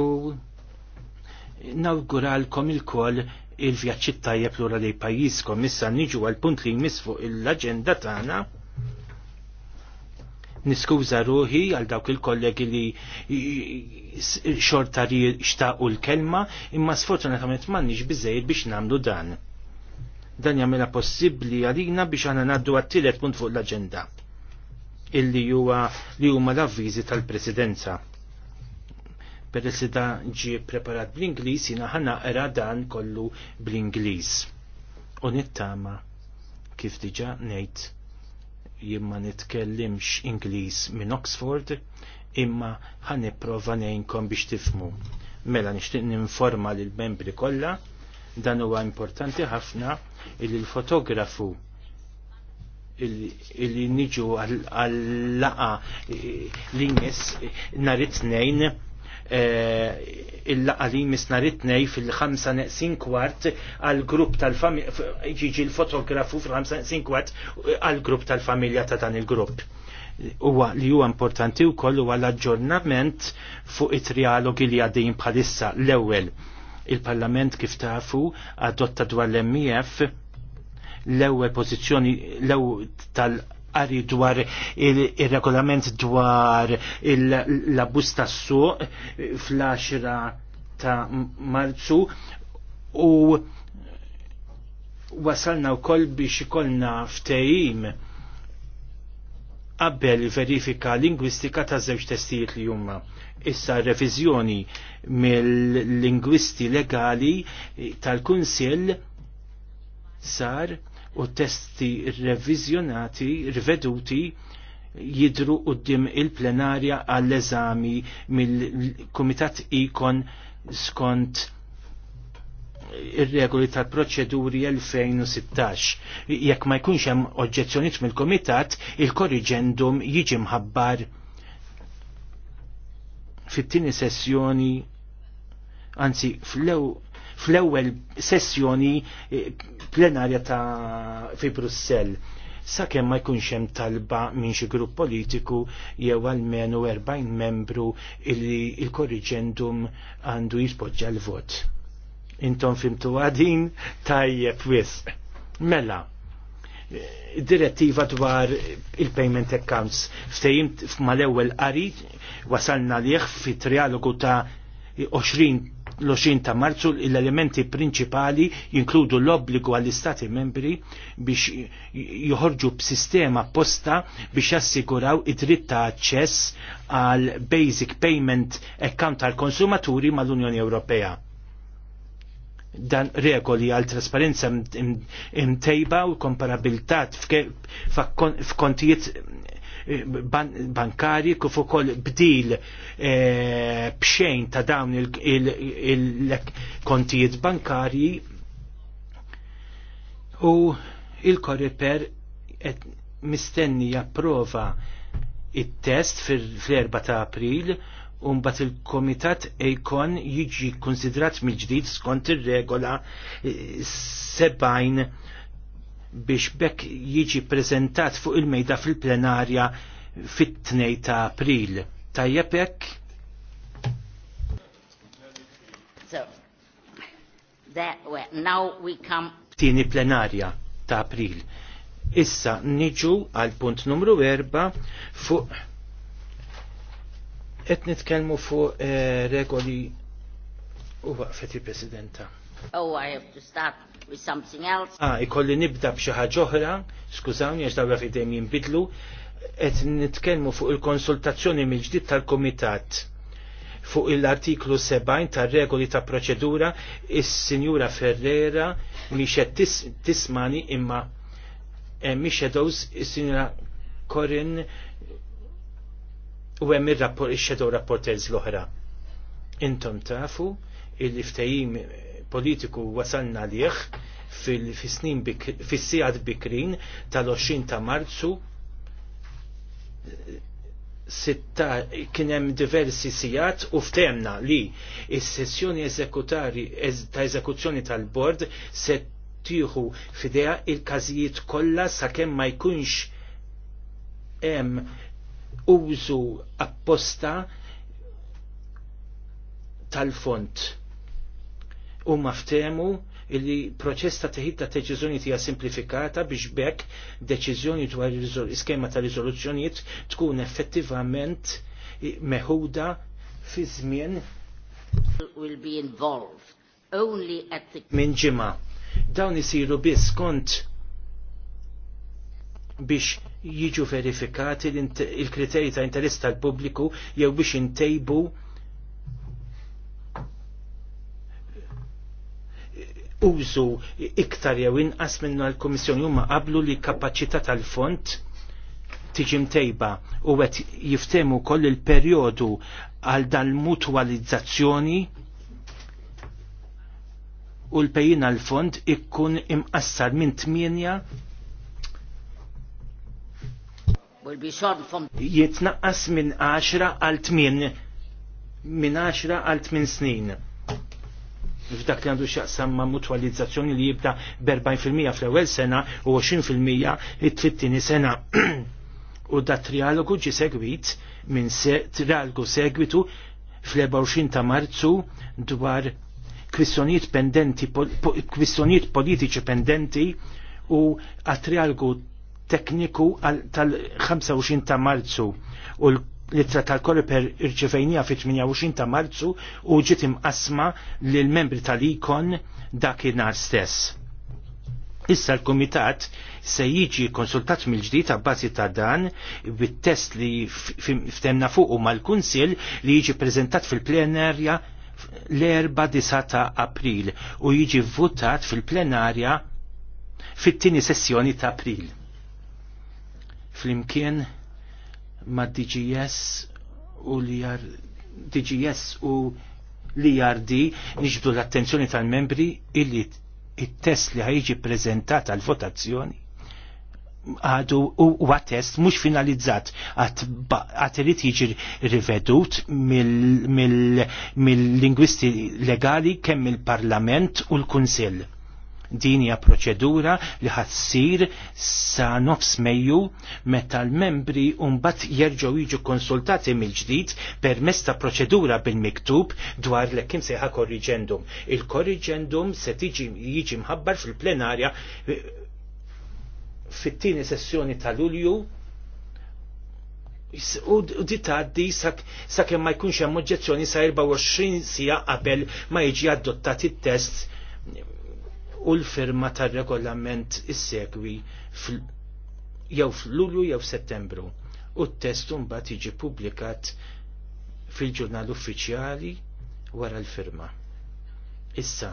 U nawguralkom il-koll il-vjaċċi tajjeb lura li pajjiżkom issa niġu għal punt li jmiss fuq l-aġenda tagħna. Niskuża ruħi għal dawk il-kollegi li xorta xtaqu l-kelma, imma sfortunatament m'għandniex biżejjed biex nagħmlu dan. Dan jagħmilha possibbli għalina biex għana ngħaddu għat-tielet punt fuq l-aġenda illi huwa li huma l-avviżi tal-Presidenza per li dan ġie preparat bl-Ingliż jiena era dan kollu bl-Ingliż. U nittama kif diġa ngħid jien ma nitkellimx Ingliż minn Oxford imma ħan nipprova ngħinkom biex tifmu. Mela nixtieq ninforma lill membri kollha dan huwa importanti ħafna il l-fotografu il niġu għall-laqa eh, l ingis eh, nhar it-tnejn Eh, il-laqali misnar itnej fil-5 neqsin kwart għal-grupp tal-familja, ġiġi l-fotografu fil-5 neqsin kwart eh, għal-grupp tal-familja ta' dan il-grupp. Uwa li huwa importanti u koll huwa l-aġġornament fuq it-trialogi li għaddejn bħalissa l-ewwel. Il-Parlament kif tafu adotta dwar l-MIF l-ewwel pożizzjoni l-ewwel tal- għari dwar il-regolament il dwar l labus ta' suq fl-10 ta' marzu u wasalna wkoll biex ikollna ftehim qabel verifika lingwistika ta' żewġ testijiet li huma. Issa reviżjoni mill-lingwisti legali tal-Kunsill sar u testi revizjonati, riveduti jidru dim il-plenarja għall-eżami mill-Kumitat Ikon skont ir-regoli tal-proċeduri 2016. Jekk ma jkunx hemm oġġezzjonijiet mill-Kumitat, il-korriġendum jiġi mħabbar fit-tieni sessjoni anzi fl-ewwel fl-ewwel sessjoni eh, plenarja ta' fi Brussell sakemm ma jkunx hemm talba minn xi grupp politiku jew almenu 40 membru illi il-korriġendum għandu jispoġġa l-vot. Intom fimtu għadin tajjeb wisq. Mela, eh, direttiva dwar il-payment accounts. Ftejim mal ewwel qari wasalna liħ fit trialogu ta' 20 l-20 ta' marzu l-elementi prinċipali jinkludu l-obbligu għall-istati membri biex joħorġu b'sistema posta biex jassiguraw id-dritt ta' aċċess għal Basic Payment Account tal konsumaturi mal-Unjoni Ewropea. Dan regoli għal trasparenza imtejba u komparabilitat f'kontijiet bankari kif ukoll bdil eh, bxejn ta' dawn il-kontijiet bankari u il-koriper mistenni japprova it-test fil-4 ta' april bat il-komitat ejkon jiġi konsidrat mill-ġdid skont ir-regola 70 eh, biex bekk jiġi prezentat fuq il-mejda fil-plenarja fit-2 ta' april. Tajjeb hekk? So, that way, now we come... Tini plenarja ta' april. Issa niġu għal punt numru 4 fuq qed nitkellmu fuq eh, regoli u waqfet il-Presidenta. Oh, I have to start with something else. Ah, ikolli nibda b'xi ħaġa oħra, skużawni għax dawra fidejn jinbidlu, qed nitkellmu fuq il-konsultazzjoni mill-ġdid tal-Kumitat fuq l-artiklu 70 tar-regoli ta' proċedura is-Sinjura Ferrera mhix qed tismani imma eh, mhix edows is-Sinjura Corin u hemm ir-rapport ix-shadow rapporters l-oħra. Intom tafu il-ftehim politiku wasalna liħ fil-snin fil-sijad bikrin tal-20 ta' marzu sitta kienem diversi sijat u ftemna li il sessjoni ta' eżekuzzjoni tal-bord se tieħu fidea il-każijiet kollha sakemm ma jkunx hemm użu apposta tal-font u maftemu illi proċess ta' teħid ta' deċiżjoni hija simplifikata biex bekk deċiżjoni dwar iskema ta' riżoluzzjonijiet tkun effettivament meħuda fi żmien will be involved only at the min ġimgħa. Dawn isiru biss kont biex jiġu verifikati il-kriterji ta' interess tal-pubbliku jew biex intejbu użu iktar jew inqas minnu għall-Kummissjoni huma qablu li kapaċità tal-fond tiġi mtejba u għet jiftemu koll il-perjodu għal dal-mutwalizzazzjoni u l pejjina għal-fond ikkun imqassar minn tminja jitnaqqas minn 10 għal 8 minn 10 għal 8 snin f'dak li għandu xaqsam ma' mutualizzazzjoni li jibda b-40% fl-ewwel sena u 20% it-tlittini sena. (clears throat) u da trialogu ġi segwit minn se, trialogu segwitu fl-24 ta' marzu dwar kwistjonijiet pendenti, kwistjonijiet politiċi pendenti u għat trialgu tekniku tal-25 ta' marzu u l l-ittra tal-koriper irċivejnija fit-28 ta' marzu u ġiet imqasma lill-membri tal-ikon dakinhar stess. Issa l-Komitat se jiġi konsultat mill-ġdid ta' bażi ta' dan bit-test li ftemna u mal-Kunsil li jiġi prezentat fil-plenarja l-4 ta' april u jiġi votat fil-plenarja fit-tieni sessjoni ta' april. Flimkien ma' DGS u li jar DGS u li jardi nixbdu l-attenzjoni tal-membri illi il-test li ħajġi prezentat għal votazzjoni għadu u għat-test mux finalizzat għat li tiġi rivedut mill-lingwisti legali kemm il-parlament u l-kunsill. Din hija proċedura li ħassir sa nofs Mejju meta l-membri mbagħad jerġgħu jiġu konsultati mill-ġdid permezz ta' proċedura bil-miktub dwar li kim sejħa korriġendum. Il-korriġendum se tiġi jiġi mħabbar fil-plenarja eh, fit-tieni sessjoni ta' Lulju u di taddi sa' ma jkunx hemm oġġezzjoni sa' 24 sija qabel ma jiġi adottat it-test u l-firma tar-regolament is-segwi jew f'Lulju jew Settembru u t-test mbagħad jiġi pubblikat fil-ġurnal uffiċjali wara l-firma. Issa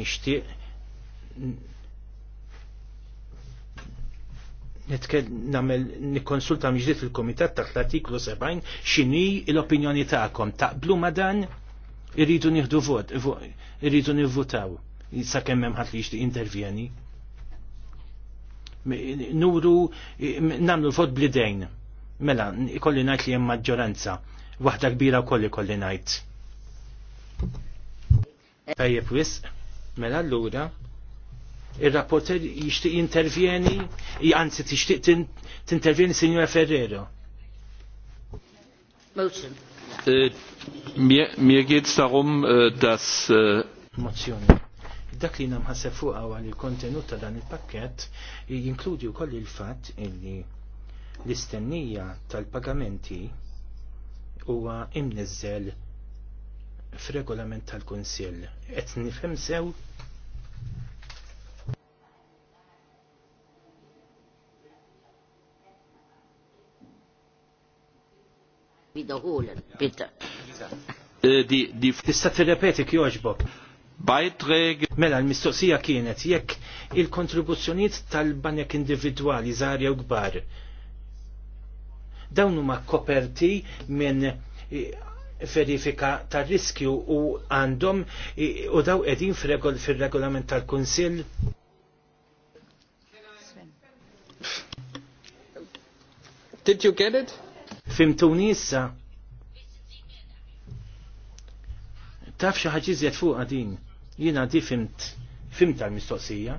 nixtieq nagħmel nikkonsulta mġdiet il kumitat taħt l-artiklu 70 x'inhi l-opinjoni tagħkom taqblu ma dan irridu nieħdu vot, irridu nivvutaw jissa kemmem hemm ħadd li jixtieq intervjeni. Nuru nagħmlu l-vot blidejn. Mela, ikolli ngħid li hemm maġġoranza. Waħda kbira wkoll ikolli ngħid. Tajjeb wisq, mela allura il-rapporter jishtiq intervjeni, anzi tishtiq t-intervjeni Signora Ferrero. Motion. Uh, mir es darum, uh, dass... Uh, Motion. Dak li namħaseb fuq għal il-kontenut ta' dan il-pakket jinkludi wkoll il-fatt illi l-istennija tal-pagamenti huwa imnizzel f'regolament tal-Kunsill. Qed nifhem sew bidoħulen, eh, di, Tista' tirrepeti kjoġbok. Beiträge. Mela l-mistoqsija kienet jekk il-kontribuzzjonijiet tal-banek individwali żgħar jew kbar dawn huma koperti minn eh, verifika tar riskju u għandhom eh, u daw qegħdin fir-regolament tal-Kunsill. Did you get it? Fimtuni issa. Taf xi ħaġiżjed fuq din Jina di fimt, fimt tal-mistoqsija.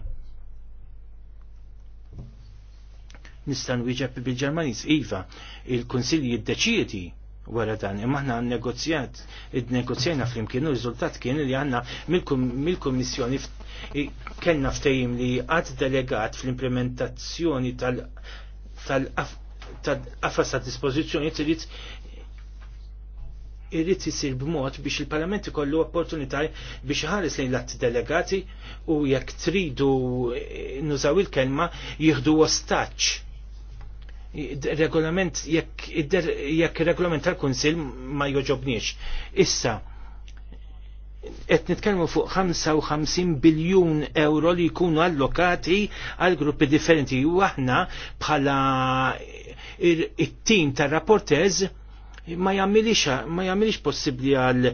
Nistan wieġeb bil-Ġermaniż iva, il-Kunsill jiddeċiedi wara dan, imma aħna negozjat, id-negozjajna flimkien u riżultat kien li għanna mill-Kummissjoni kellna ftejim li għad delegat fl-implementazzjoni tal-qafas tal, tal, tal, irrid isir b'mod biex il-Parlament ikollu opportunità biex ħares lejn l-att delegati u jekk tridu eh, nużaw il-kelma jieħdu ostaċ. Regolament jekk regolament tal-Kunsill ma joġobniex. Issa, qed nitkellmu fuq 55 biljun euro li jkunu allokati għal gruppi differenti u aħna bħala it-tim tar-rapportez ma ma jammilix possibbli għal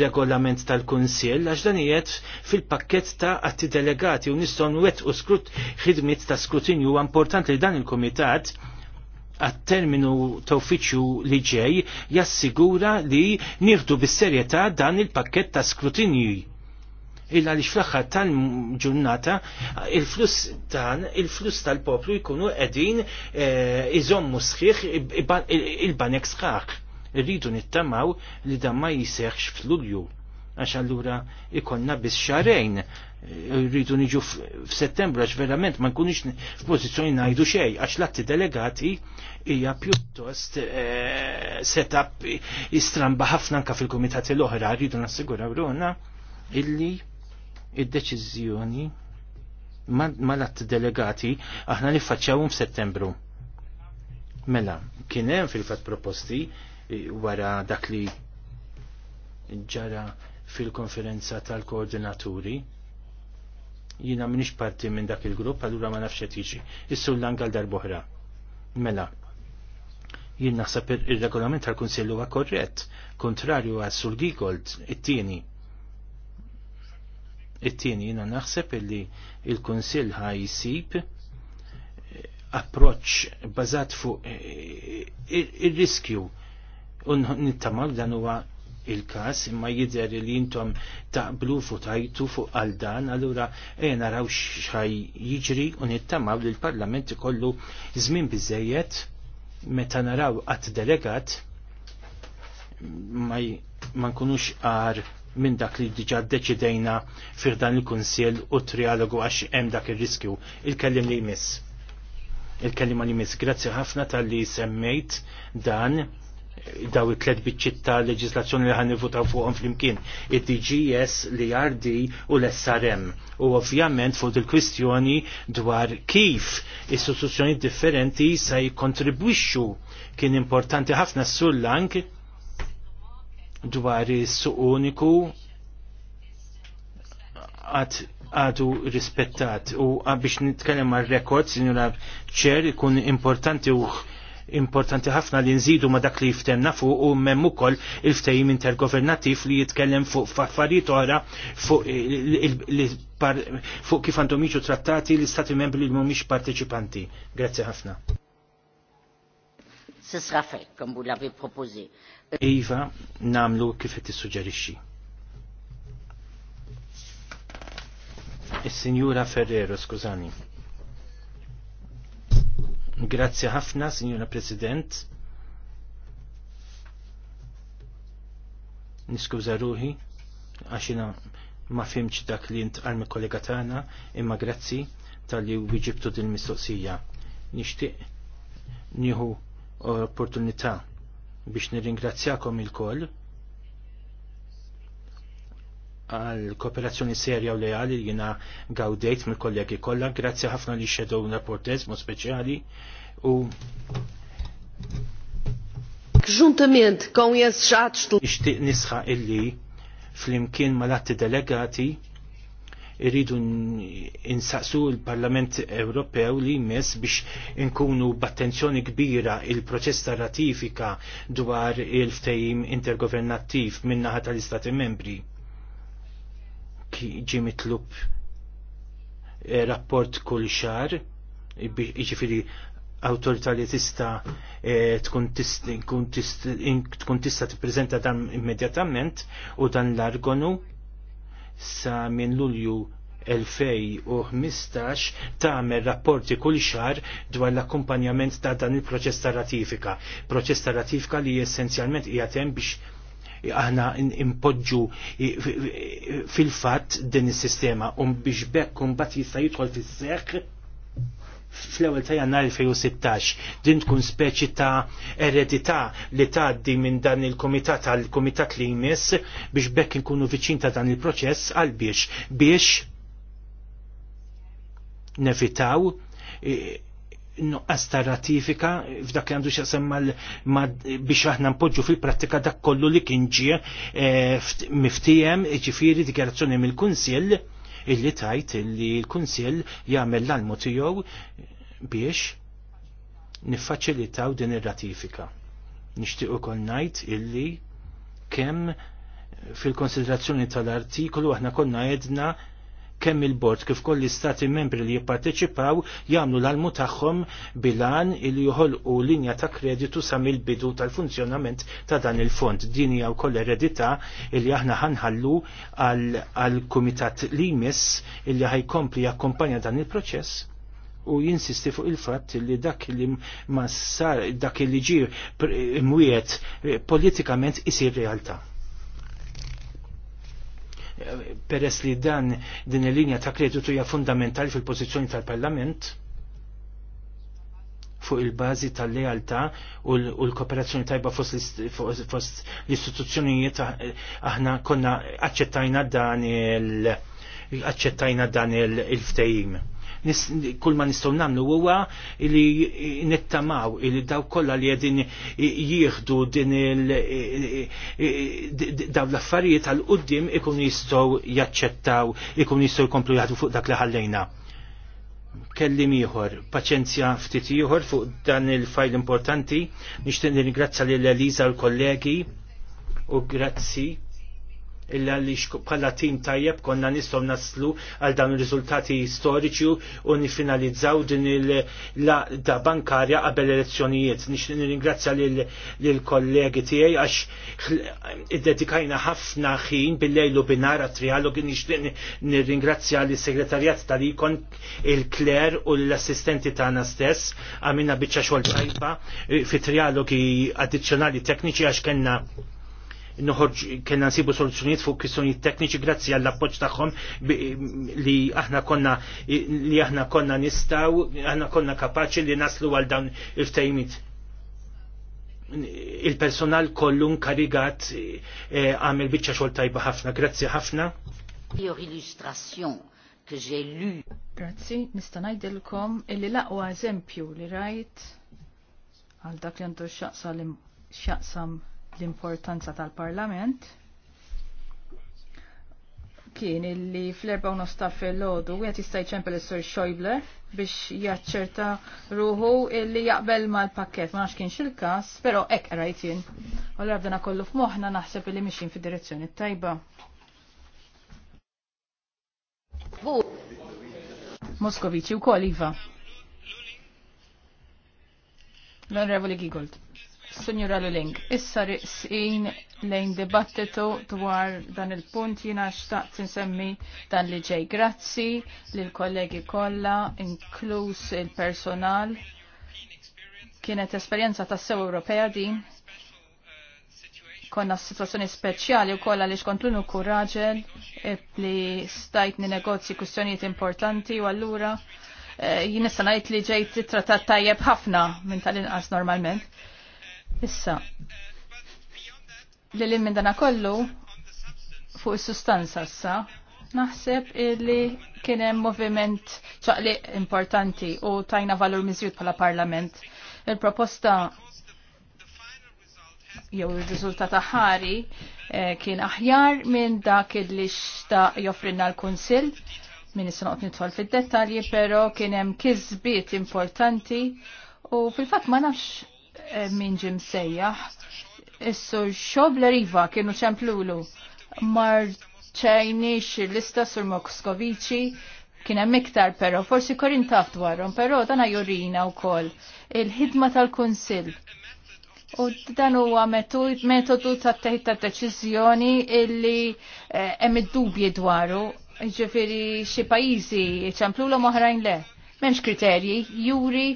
regolament tal-Kunsill għax dan jiet fil-pakkett ta' atti delegati u nistgħu u skrut xidmit ta' skrutinju huwa importanti li dan il-kumitat għat-terminu ta' uffiċju li ġej jassigura li nieħdu bis-serjetà dan il-pakkett ta' skrutinju illa li fl-axħar tal-ġurnata il-flus tan, il-flus tal-poplu jkunu edin eh, iżommu sħiħ il-banek sħaħ. Irridu nittamaw li dan ma jisseħx f'Lulju għax allura ikonna bis xarejn rridu niġu f'Settembru għax verament ma nkunix f'pożizzjoni ngħidu xejn għax l-atti delegati hija pjuttost eh, setup istramba ħafna anka fil-kumitati l-oħra rridu nassiguraw ruħna illi id-deċiżjoni ma l-atti delegati aħna f f'Settembru. Mela, kien hemm fil-fatt proposti Eh, wara dak li ġara fil-konferenza tal-koordinaturi. Jina minix parti minn dak il-grupp, għallura ma nafxet iġi. Issu l-angal darboħra. Mela, jien naħseb il-regolament tal-Kunsill huwa korrett, kontrarju għal sul Gigold, it-tieni. It-tieni jiena naħseb illi il-Kunsill jisib eh, approċ bazat fuq eh, ir-riskju un nittamal dan huwa il-kas imma jidher li jintom taqblu fu tajtu fuq għal dan allura ejja naraw xaj jiġri u nittamaw li l-Parlament ikollu żmien biżejjed meta naraw qatt delegat ma nkunux għar minn dak li diġa deċidejna fir dan il-kunsil u trialogu għax hemm dak ir-riskju. Il-kellim li jmiss. il kellima li jmiss. Grazzi ħafna tal-li semmejt dan daw it-tlet biċċiet ta' leġislazzjoni li ħan nivutaw fuqhom flimkien, id-DGS, l-IRD e u l-SRM. U ovvjament fuq il-kwistjoni dwar kif istituzzjoni differenti se jikkontribwixxu kien importanti ħafna s-sullank dwar is-suq uniku għadu rispettat u għabix nitkellem għal rekord, sinjura ċer, ikun importanti u importanti ħafna li nżidu ma dak li jiftenna fuq u memm ukoll il-ftehim intergovernattiv li jitkellem fuq affarijiet oħra fuq fuq kif għandhom jiġu trattati l-istati membri li mhumiex parteċipanti. Grazzi ħafna. Sis fek, kom bu lavi propozi. Iva, namlu kif tissuġġerixxi. Il-Signora Ferrero, skużani. Grazzi ħafna, Signora President. Niskuża ruħi għaxina ma fimċ dak li jint għalmi kollega tagħna, imma grazzi tal-li wieġibtu din mistoqsija. Nixtieq nieħu opportunità biex nirringrazzjakom il-koll għal kooperazzjoni serja u leali li jina gawdejt mill kollegi kollha. Grazzi ħafna li xedow rapportez mod speċjali u Juntament kon jes xaċtu. Ixtiq nisħa illi fl-imkien mal-atti delegati irridu insaqsu l-Parlament Ewropew li jmess biex inkunu b'attenzjoni kbira il-proċess ta' ratifika dwar il-ftejim intergovernattiv minnaħa tal-Istati membri ġi mitlub eh, rapport kull xar, iġifiri autorità li tista eh, tkun tista tippreżenta dan immedjatament u dan l-argonu sa minn Lulju 2015 tagħmel rapporti kull xar dwar l-akkumpanjament ta' dan il-proċess ta' ratifika. Proċess ta' ratifika li essenzjalment hija biex aħna impoġġu fil-fatt din is-sistema u biex bekk bat jista' jidħol fis-seħħ fl-ewwel ta' jannar 2016 din tkun speċi ta' eredità li tgħaddi minn dan il-kumitat għal kumitat li jmiss biex bekk inkunu viċin ta' dan il-proċess għal biex biex nevitaw nuqqas ta' ratifika f'dak li għandu xaqsam biex aħna npoġġu fil-prattika dak kollu li kien ġie eh, miftijem ġifiri dikjarazzjoni mill-Kunsill illi tajt illi l-Kunsill jagħmel l-almu tiegħu biex niffaċilitaw din ir-ratifika. Nixtieq ukoll ngħid illi kemm fil-konsiderazzjoni tal-artikolu aħna konna jedna kemm il-bord kif koll l-istati membri li jipparteċipaw jagħmlu l-almu tagħhom bilan il joħolqu linja ta' kreditu sa mill-bidu tal-funzjonament ta' dan il-fond. Din hija wkoll eredità li aħna ħanħallu għal-kumitat li jmiss illi ħajkompli jakkompanja dan il-proċess u jinsisti fuq il-fatt li dak li ma sar dak li ġi mwiet eh, politikament isir realtà peress li dan din il-linja ta' kreditu hija fundamentali fil-pożizzjoni tal-Parlament fuq il-bażi tal-lealtà u l-kooperazzjoni tajba fost l-istituzzjonijiet ah, aħna konna aċċettajna dan il-aċċettajna dan il-ftehim kull ma nistgħu nagħmlu huwa li nittamaw li daw kollha li qegħdin jieħdu din daw l-affarijiet għal qudiem ikun jistgħu jaċċettaw, ikun jistgħu jkomplu jaħdu fuq dak li ħallejna. Kellim ieħor, paċenzja ftit ieħor fuq dan il-fajl importanti, nixtieq nirringrazzja lil Eliza l-kollegi u grazzi illa li bħala tim tajjeb konna nistgħu naslu għal dan ir-riżultati storiċi u nifinalizzaw din il da bankarja qabel elezzjonijiet. Nixtieq nirringrazzja lill-kollegi tiegħi għax id-dedikajna ħafna ħin bil-lejlu binar għat-trialog nixtieq nirringrazzja lis-segretarjat tal-ikon il-Kler u l-assistenti tagħna stess għamilna biċċa xogħol tajba eh, fi trialogi addizzjonali tekniċi għax kellna noħorġ kena nsibu soluzzjoniet fuq kwistjonijiet tekniċi grazzi għall appoġġ tagħhom li aħna konna li aħna konna nistaw, aħna konna kapaċi li naslu għal dawn il-ftejmit il-personal kollu nkarigat eh, għamil bieċa xol tajba ħafna. Grazzi ħafna. Jor illustrazzjon ke ġe lu. Grazzi, nistanajdilkom illi laqwa eżempju li rajt għal dak li għandu xaqsam l-importanza tal-Parlament kien illi fl-erba u nosta fil-lodu għet jistaj ċempel il-Sir Schäuble biex jaċċerta ruħu illi jaqbel ma l-pakket, ma nafx kien xil-kas, pero ek rajtin. U l-rabdana kollu moħna naħseb illi miexin fi direzzjoni tajba. Moskovici u koliva. Iva. l onrevoli Gigold. Signora Luling, issa riqsin lejn dibattitu dwar dan il-punt jina xtaqt nsemmi dan li ġej. Grazzi lill kollegi kollha, inkluż il-personal. Kienet esperjenza tas sew Ewropea din. Konna situazzjoni speċjali u kolla li xkontlunu kuraġel li stajt negozji kustjonijiet importanti u allura eh, jinissa najt li ġejt trattat tajjeb ħafna minn tal-inqas normalment Issa, li l-min dana kollu fuq il-sustanza issa, naħseb li kienem moviment ċaqli importanti u tajna valur mizjut pala parlament. Il-proposta jew il rizultat ħari eh, kien aħjar minn dak li xta joffrinna l-Kunsill minn is-sanqot nidħol fid-dettalji, però kien hemm kisbiet importanti u fil-fatt ma nafx Eh, minn ġim sejjaħ. Issu l riva kienu ċemplulu. Marċajni xil lista sur Moskovici kien hemm iktar però forsi korin taf dwarhom, però dan jurina wkoll il-ħidma tal-Kunsill. U dan huwa metodu ta' teħid ta' deċiżjoni illi eh, hemm id-dubji dwaru, ġifieri xi pajjiżi ċemplulhom oħrajn le. M'hemmx kriterji, juri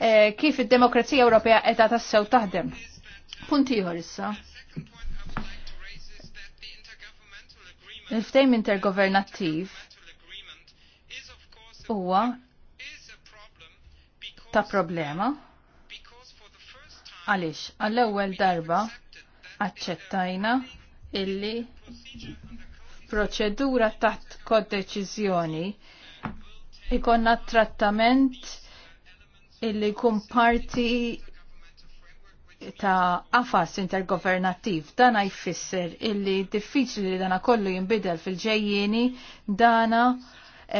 Eh, kif id-demokrazija Ewropea qed tassew taħdem. Punt ieħor issa. Il-ftejm intergovernattiv huwa ta' problema għaliex għall-ewwel darba aċċettajna illi proċedura taħt kod deċiżjoni ikonna trattament illi jkun parti ta' afas intergovernattiv dana jfisser illi diffiċli li dana kollu jinbidel fil ġejjini dana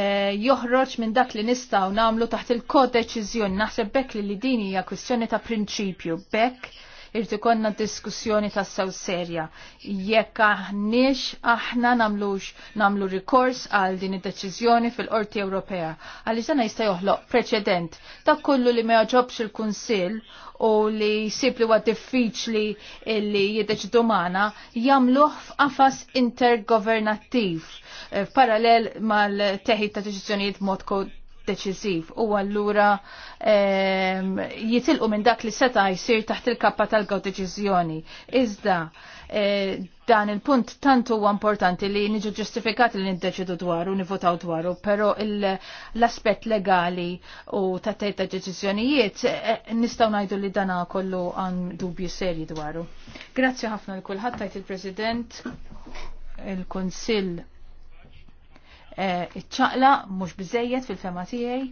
eh, joħroġ minn dak li nistaw namlu taħt il-kodeċiżjoni naħseb bekk li, li din hija kwistjoni ta' prinċipju bekk irti konna diskussjoni ta' sew serja. Jekk aħniex aħna namlux namlu rikors għal din id-deċiżjoni fil-Qorti Ewropea. Għaliex dan jista' joħloq preċedent ta' kullu li ma joġobx il-Kunsill u li sib li huwa diffiċli li jiddeċidu magħna jagħmluh f'qafas intergovernattiv eh, parallel mal-teħid ta' deċiżjonijiet mod deċiżiv u allura ehm, jitilqu minn dak li seta' jsir taħt il-kappa tal-gaw deċiżjoni. Iżda eh, dan il-punt tant huwa importanti li niġu ġustifikati li niddeċidu dwaru, nivotaw dwaru, però l-aspett legali u ta' tejt ta' deċiżjonijiet eh, nistgħu ngħidu li dana kollu għan dubju serji dwaru. Grazzi ħafna l-kulħadd tajt il-President il-Kunsill Eh, iċċaqla mhux biżejjed fil-fema tiegħi.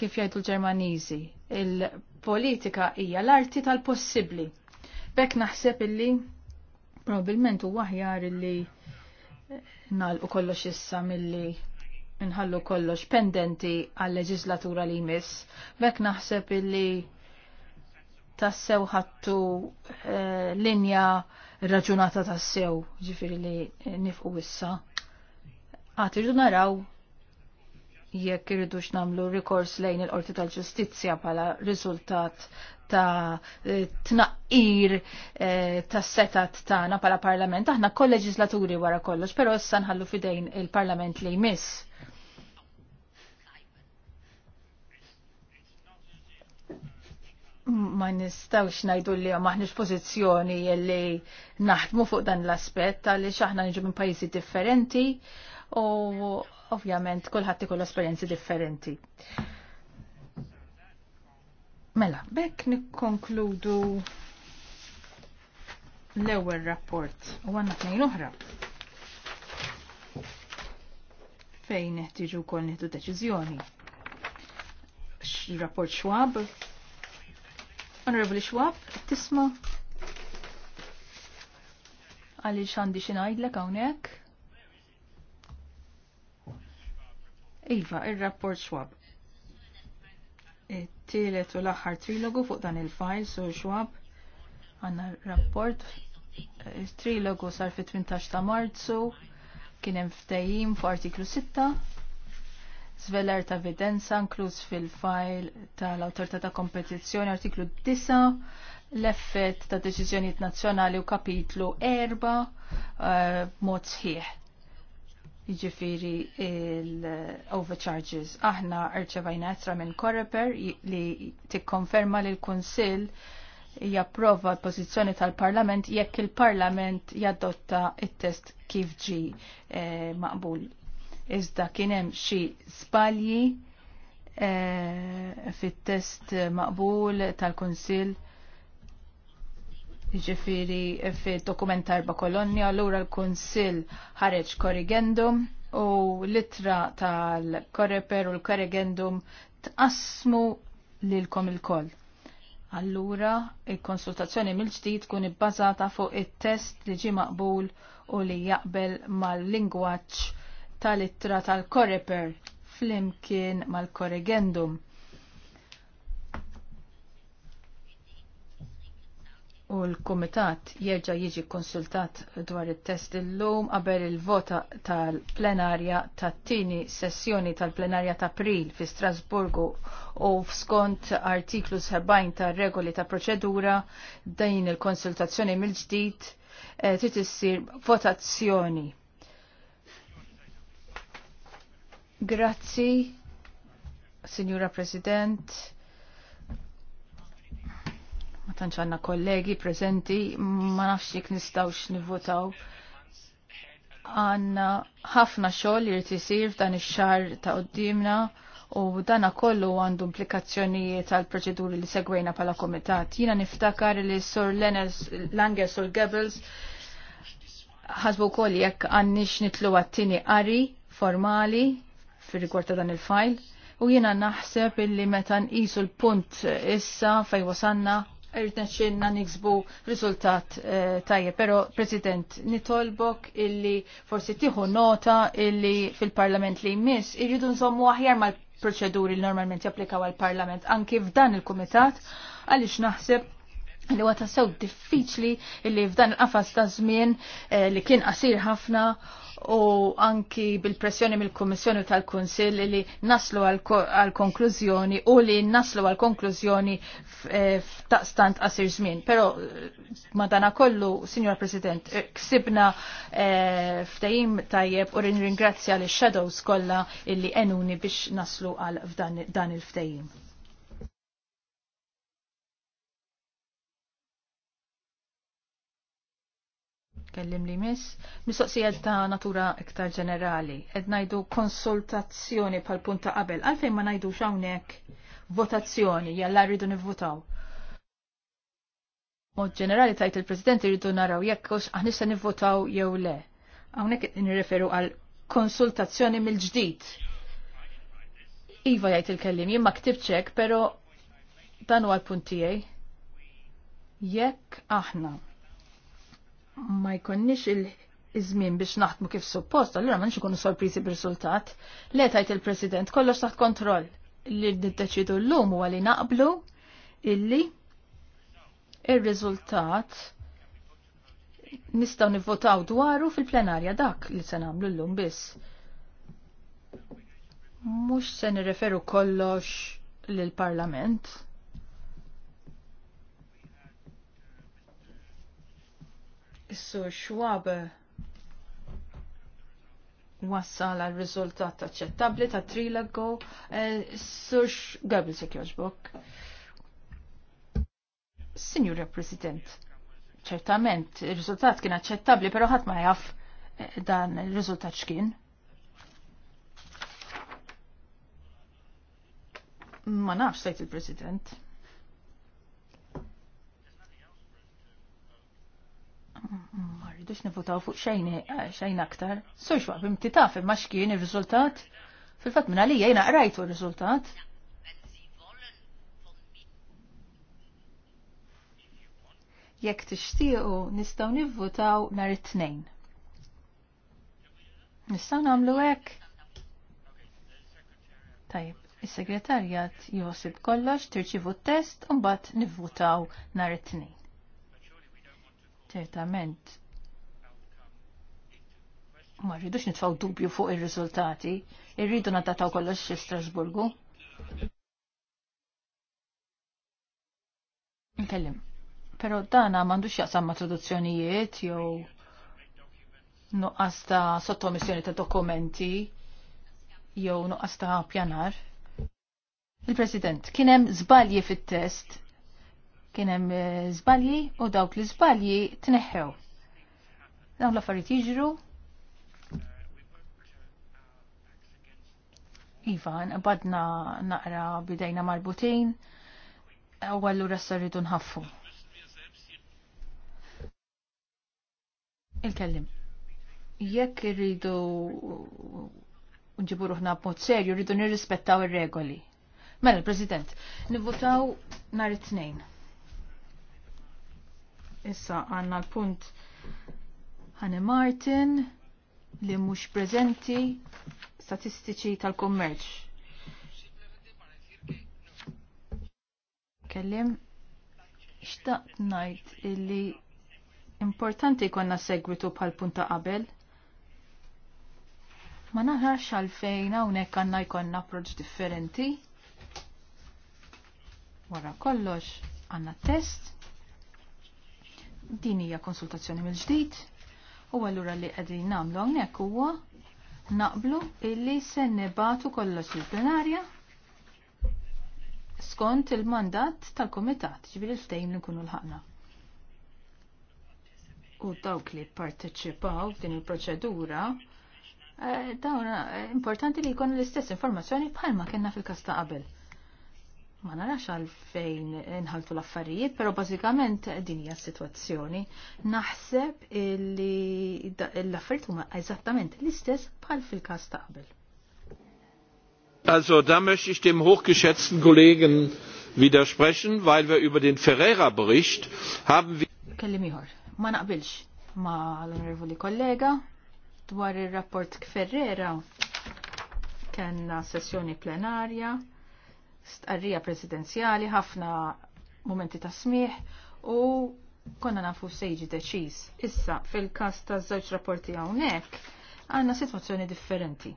Kif jgħidu l-Ġermaniżi, il-politika hija l-arti tal-possibbli. Bekk naħseb illi probabbilment huwa aħjar illi nagħlqu kollox issa milli nħallu kollox pendenti għal leġislatura li jmiss. Bekk naħseb illi tassew ħattu eh, linja raġunata tassew ġifiri li nifqu issa. Għat irridu naraw jekk irridu namlu rikors lejn il-qorti tal-ġustizzja pala riżultat ta' tnaqqir eh, ta' setat tagħna pala parlament. Aħna kolleġislaturi wara kollox, però issa nħallu fidejn il-parlament li jmiss ma nistawx najdu li maħniġ pozizjoni jelli naħdmu fuq dan l-aspet għalli xaħna nġu minn pajjiżi differenti u ovvjament kullħat ikollu esperjenzi differenti. Mela, bekk nikkonkludu l-ewwel rapport u għandna tnejn oħra. Fejn neħtieġu wkoll nieħdu deċiżjoni. Rapport Schwab Honorable Schwab, tisma? Għalli xandi xinajdlek għawnek? Iva, il-rapport Schwab. It-tielet u l-axħar trilogu fuq dan il-fajl su Schwab. Għanna rapport. Il-trilogu sar fit-18 ta' marzu. Kien hemm ftehim fuq artiklu 6 Zveller ta' evidenza inkluż fil-fajl tal-Awtorità ta' Kompetizzjoni artiklu 9 l-effett ta' deċiżjonijiet nazzjonali u kapitlu 4 eh, mod sħiħ jiġifieri l overcharges Aħna rċevajna etra minn Koreper li tikkonferma li l-Konsil japprova l-pozizjoni tal-Parlament jekk il-Parlament jadotta il-test kif ġi eh, maqbul iżda kien hemm xi żbalji eh, fit-test maqbul tal-Kunsill ġifiri fil-dokument tarba kolonja, l-ura l-Konsil ħareġ korrigendum u litra tal-Koreper u l-korrigendum tqasmu lilkom il-koll. Allura, il-konsultazzjoni mill-ġdid kun ibbażata fuq it-test li ġi maqbul u li jaqbel mal-lingwaċ tal-ittra tal-Koreper flimkien mal-Korrigendum. U l-Kumitat jerġa' jiġi konsultat dwar it-test illum qabel il-vota tal-plenarja tat-tieni sessjoni tal-plenarja ta' April fi Strasburgu u skont artiklu 70 tar-regoli ta' proċedura din il-konsultazzjoni mill-ġdid eh, trid issir votazzjoni Grazzi, Signora President. Ma tantx għandna kollegi prezenti, ma nafx jekk nistgħux nivvotaw. Għanna ħafna xogħol li jrid isir f'dan ix-xahar ta' qudiemna u dana kollu għandu implikazzjonijiet tal proċeduri li segwejna pala komitat. Jina niftakar li Sir Lenners Langer Sir Goebbels ħasbu koll jekk għannix nitlu għattini qari formali fil rigward ta' dan il-fajl u jiena naħseb illi meta nqisu l-punt issa fej wasanna irrid nexxinna niksbu riżultat eh, tajjeb, però President nitolbok illi forsi tieħu nota illi fil-Parlament li jmiss irridu nżommu aħjar mal-proċeduri li normalment japplikaw għal-Parlament anki f'dan il-Kumitat għaliex naħseb li għata sew diffiċli illi f'dan il-qafas ta' żmien eh, li kien qasir ħafna u anki bil-pressjoni mill-Kummissjoni tal-Kunsill li naslu għal-konklużjoni u li naslu għal-konklużjoni eh, f'taqstant qasir żmien. Però eh, madana kollu, Signor President, eh, ksibna ftajim tajjeb u ringrazzja li shadows kollha illi enuni biex naslu għal dan il-ftajim. kellim li miss, mistoqsija ta' natura iktar ġenerali, ed najdu konsultazzjoni pal punta qabel, għalfejn ma najdu xawnek votazzjoni, jalla rridu nivvotaw. Mod ġenerali tajt il presidenti rridu naraw jekk għax aħnista nivvotaw jew le. Għawnek nirreferu għal konsultazzjoni mill-ġdid. Iva jgħid il-kellim, jimma ma ktibċek, pero dan huwa l-puntijaj. Jekk aħna ma jkonniex il-żmien biex naħdmu kif suppost, allura ma ikunu sorpriżi bir Le tajt il-President kollox taħt kontroll li d-deċidu l-lum huwa li naqblu illi ir-riżultat nistgħu nivvotaw dwaru fil-plenarja dak li se nagħmlu llum biss. Mhux se nirreferu kollox lill-Parlament Issu sur Schwab wassal għal riżultat aċċettabbli ta' trilogo eh, sur Gabel se jogħġbok. Signora President, ċertament ir-riżultat kien aċċettabbli, però ħadd ma jaf eh, dan ir-riżultat x'kien. Ma nafx sejt il-President. Marridux rridux fuq xejn xejn aktar. Sur xwaq bimti taf imma x'kien ir-riżultat? Fil-fatt minn għalija jiena qrajtu r-riżultat. Jekk tixtiequ nistgħu nivvutaw nhar it-tnejn. Nistgħu nagħmlu hekk? Tajib, is-segretarjat jħossib kollox tirċivu t-test u mbagħad nivvutaw nhar it-tnejn ċertament ma rridux nitfaw dubju fuq ir-riżultati, irridu nadataw kollox fi Strasburgu. Nkellim. Pero dan m'għandux jaqsam ma' traduzzjonijiet jew nuqqas ta' sottomissjoni ta' dokumenti jew nuqqas ta' pjanar. Il-President, kien hemm żbalji fit-test Kien hemm eh, żbalji u dawk li żbalji tneħħew. Dawn l-affarijiet jiġru Iva, badna naqra bidejna marbutin, u għallura s nħaffu. Il-kellim. Jekk irridu nġibu ruħna b'mod serju, rridu nirrispettaw ir-regoli. Mela, President, nivvotaw nhar it-tnejn. Issa għanna l-punt Hanne Martin li mhux prezenti statistiċi tal-kommerċ. Kellim, xtaqt najt illi importanti konna segwitu bħal punta qabel. Ma naħrax għalfejn hawnhekk għandna jkollna approċ differenti. Wara kollox għandna test Din hija konsultazzjoni mill-ġdid u allura li qegħdin nagħmlu hawnhekk huwa naqblu illi se nibatu kollha il-plenarja skont il-mandat tal-komitat ġbir il-ftejn li nkunu l ħana U dawk li parteċipaw f'din il-proċedura eh, dawn eh, importanti li jkunu l-istess informazzjoni bħalma kienna fil kasta qabel ma narax għalfejn nħaltu l-affarijiet, pero bażikament din hija s-sitwazzjoni. Naħseb li l-affarijiet huma eżattament l-istess bħal fil-każ ta' qabel. Also, da möchte ich dem hochgeschätzten Kollegen widersprechen, weil wir über den Ferreira-Bericht haben wir... Kellim iħor, ma naqbilx ma l-onorevoli kollega dwar il-rapport Ferreira kenna sessjoni plenarja stqarrija presidenzjali, ħafna momenti ta' smieħ u konna nafu sejġi deċiż. Issa, fil-kas ta' żewġ rapporti hawnhekk, għandna sitwazzjoni differenti.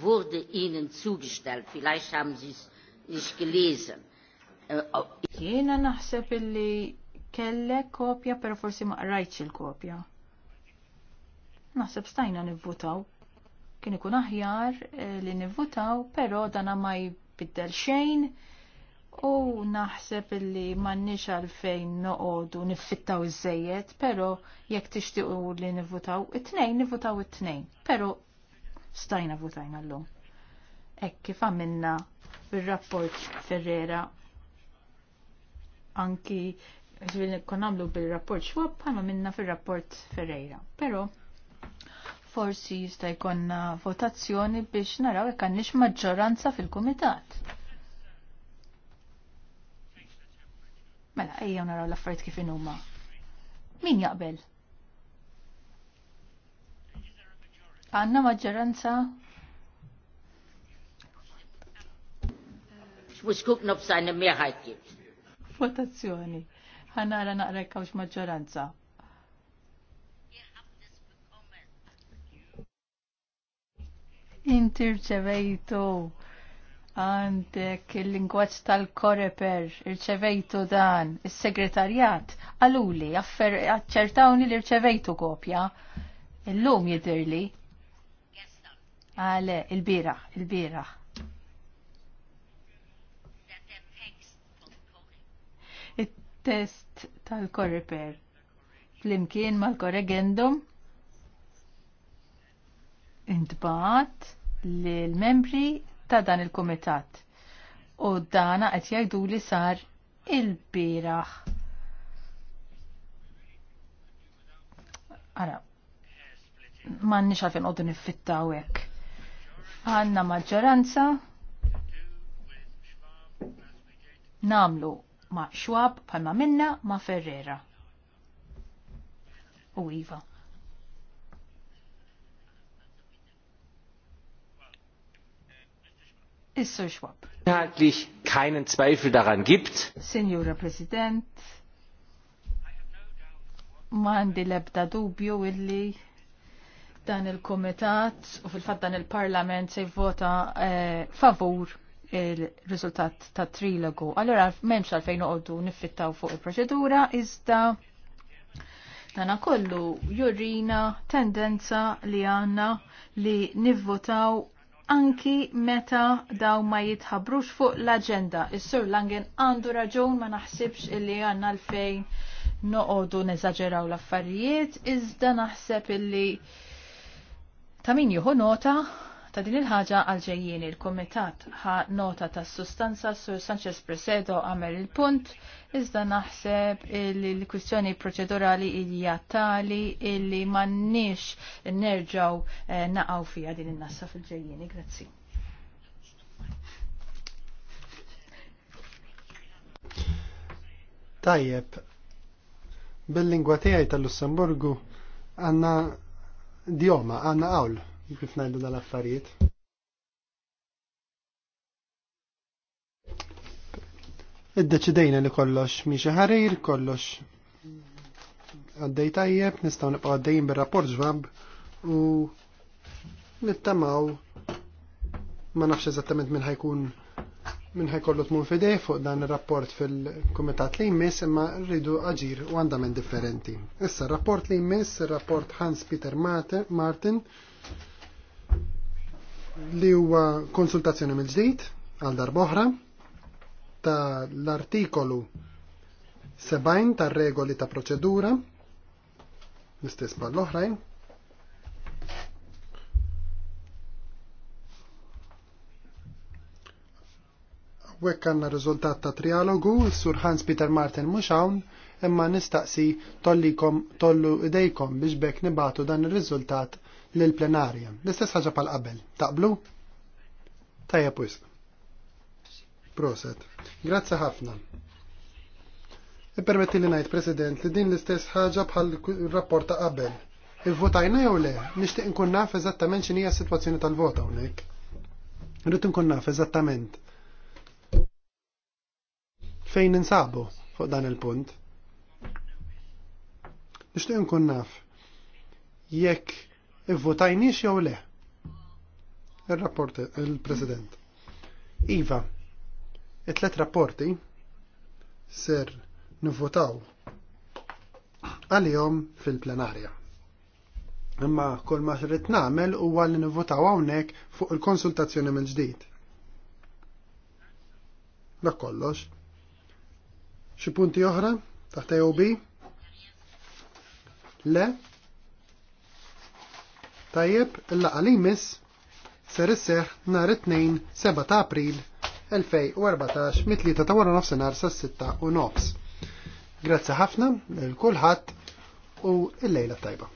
Wurde Ihnen zugestellt, vielleicht haben Sie es nicht gelesen. Äh, Jiena naħseb illi kellek kopja, pero forsi ma qrajtx il-kopja. Naħseb stajna nivvutaw kien ikun aħjar eh, li nivvutaw, pero dana ma jbiddel xejn u naħseb li mannix għalfejn noqodu niffittaw iż-żejjed, pero jekk tixtiequ li nivvutaw it-tnejn, nivvutaw it-tnejn, pero stajna votajna l-lum. Ek kif għamilna bil-rapport Ferrera anki kon għamlu bil-rapport xwab għamilna fil-rapport Ferreira. Pero forsi jista' jkollna votazzjoni biex naraw jekk għandniex maġġoranza fil-kumitat. Mela, ejja naraw l-affarijiet kif huma. Min jaqbel? Għanna maġġoranza mux kuk nobsajna mieħat Votazzjoni. Ħanara naqra kawx maġġoranza. Inti rċevejtu għandek il-lingwaċ tal-koreper, irċevejtu dan, il-segretarjat, għaluli, għacċertawni l rċevejtu kopja, il-lum jidirli, għale, il-bira, il-bira. Il-test tal-koreper, fl-imkien mal-korregendum, intbat l-membri ta' dan il-komitat. U dana qed jgħidu li sar il-biraħ. Ara, man nix għalfin għoddu nifitta għek. Għanna maġġoranza namlu ma' xwab palma minna ma' Ferrera. U Iva. Is-Sur Schwab. Inhaltlich keinen Zweifel daran gibt. Signora President, ma għandi lebda dubju illi dan il-komitat u fil-fat dan il-parlament se vota eh, favur il-rizultat ta' trilogu. Allora, memx għalfejn uqoddu nifittaw fuq il-proċedura, iżda dana kollu jurina tendenza li għanna li nivvotaw anki meta daw ma jitħabrux fuq l-agenda. Is-sur Langen għandu raġun ma naħsibx illi għanna l-fejn noqodu neżagġeraw l-affarijiet, iżda naħseb illi ta' min juhu nota ta' din il-ħaġa għalġejjien il-Komitat ħa nota ta' sustanza sur Sanchez Presedo għamel il-punt iżda naħseb il-kwistjoni proċedurali hija tali illi m'għandniex nerġgħu eh, naqgħu fiha din in-nassa fil-ġejjieni. Grazzi. Tajjeb, bil-lingwa tiegħi tal-Lussemburgu għandna dioma, għandna qawl kif ngħidu dal-affarijiet. Iddeċidejna li kollox miexi ħarir, kollox għaddej tajjeb, nistgħu nibqa' għaddejjin bir-rapport ġvab u nittamaw ma nafx eżattament minn ħajkun minn ħajkollu tmun fidej fuq dan ir-rapport fil-kumitat li jmiss imma rridu aġir u għandament differenti. Issa rapport li jmiss, rapport Hans Peter Martin, li huwa konsultazzjoni mill-ġdid għal darboħra ta' l-artikolu 70 ta' regoli ta' proċedura l-istess bħal l-oħrajn. Wek għanna riżultat ta' trialogu, s-sur Hans Peter Martin mhux imma nistaqsi tollikom tollu idejkom biex bekk nibatu dan ir-riżultat lill-plenarja. L-istess ħaġa pal qabel. Taqblu? Tajja pwis. Proset. Grazzi ħafna. Ippermetti li ngħid President li din l-istess ħaġa bħal rapport ta' qabel. Il-votajna jew le, nixtieq nkun naf eżattament x'inhi s-sitwazzjoni tal-vota hawnhekk. Irrid nkun naf eżattament fejn ninsabu fuq dan il-punt. Nishtiq nkun naf jekk Ivvotajniex jew le? Il-rapport, il-President. Iva, it-tlet rapporti ser nivvotaw għalihom fil-plenarja. Imma kull ma rrid nagħmel huwa li nivvotaw hawnhekk fuq il-konsultazzjoni mill-ġdid. Dak kollox. Xi punti oħra taħt Le, Tajjeb, il għalimis, li jmiss ser isseħ nhar it-tnejn 7 ta' April 2014 mitli ta' ta' wara nar sas-6 u nofs. Grazzi ħafna lil kulħadd u il lejla tajba.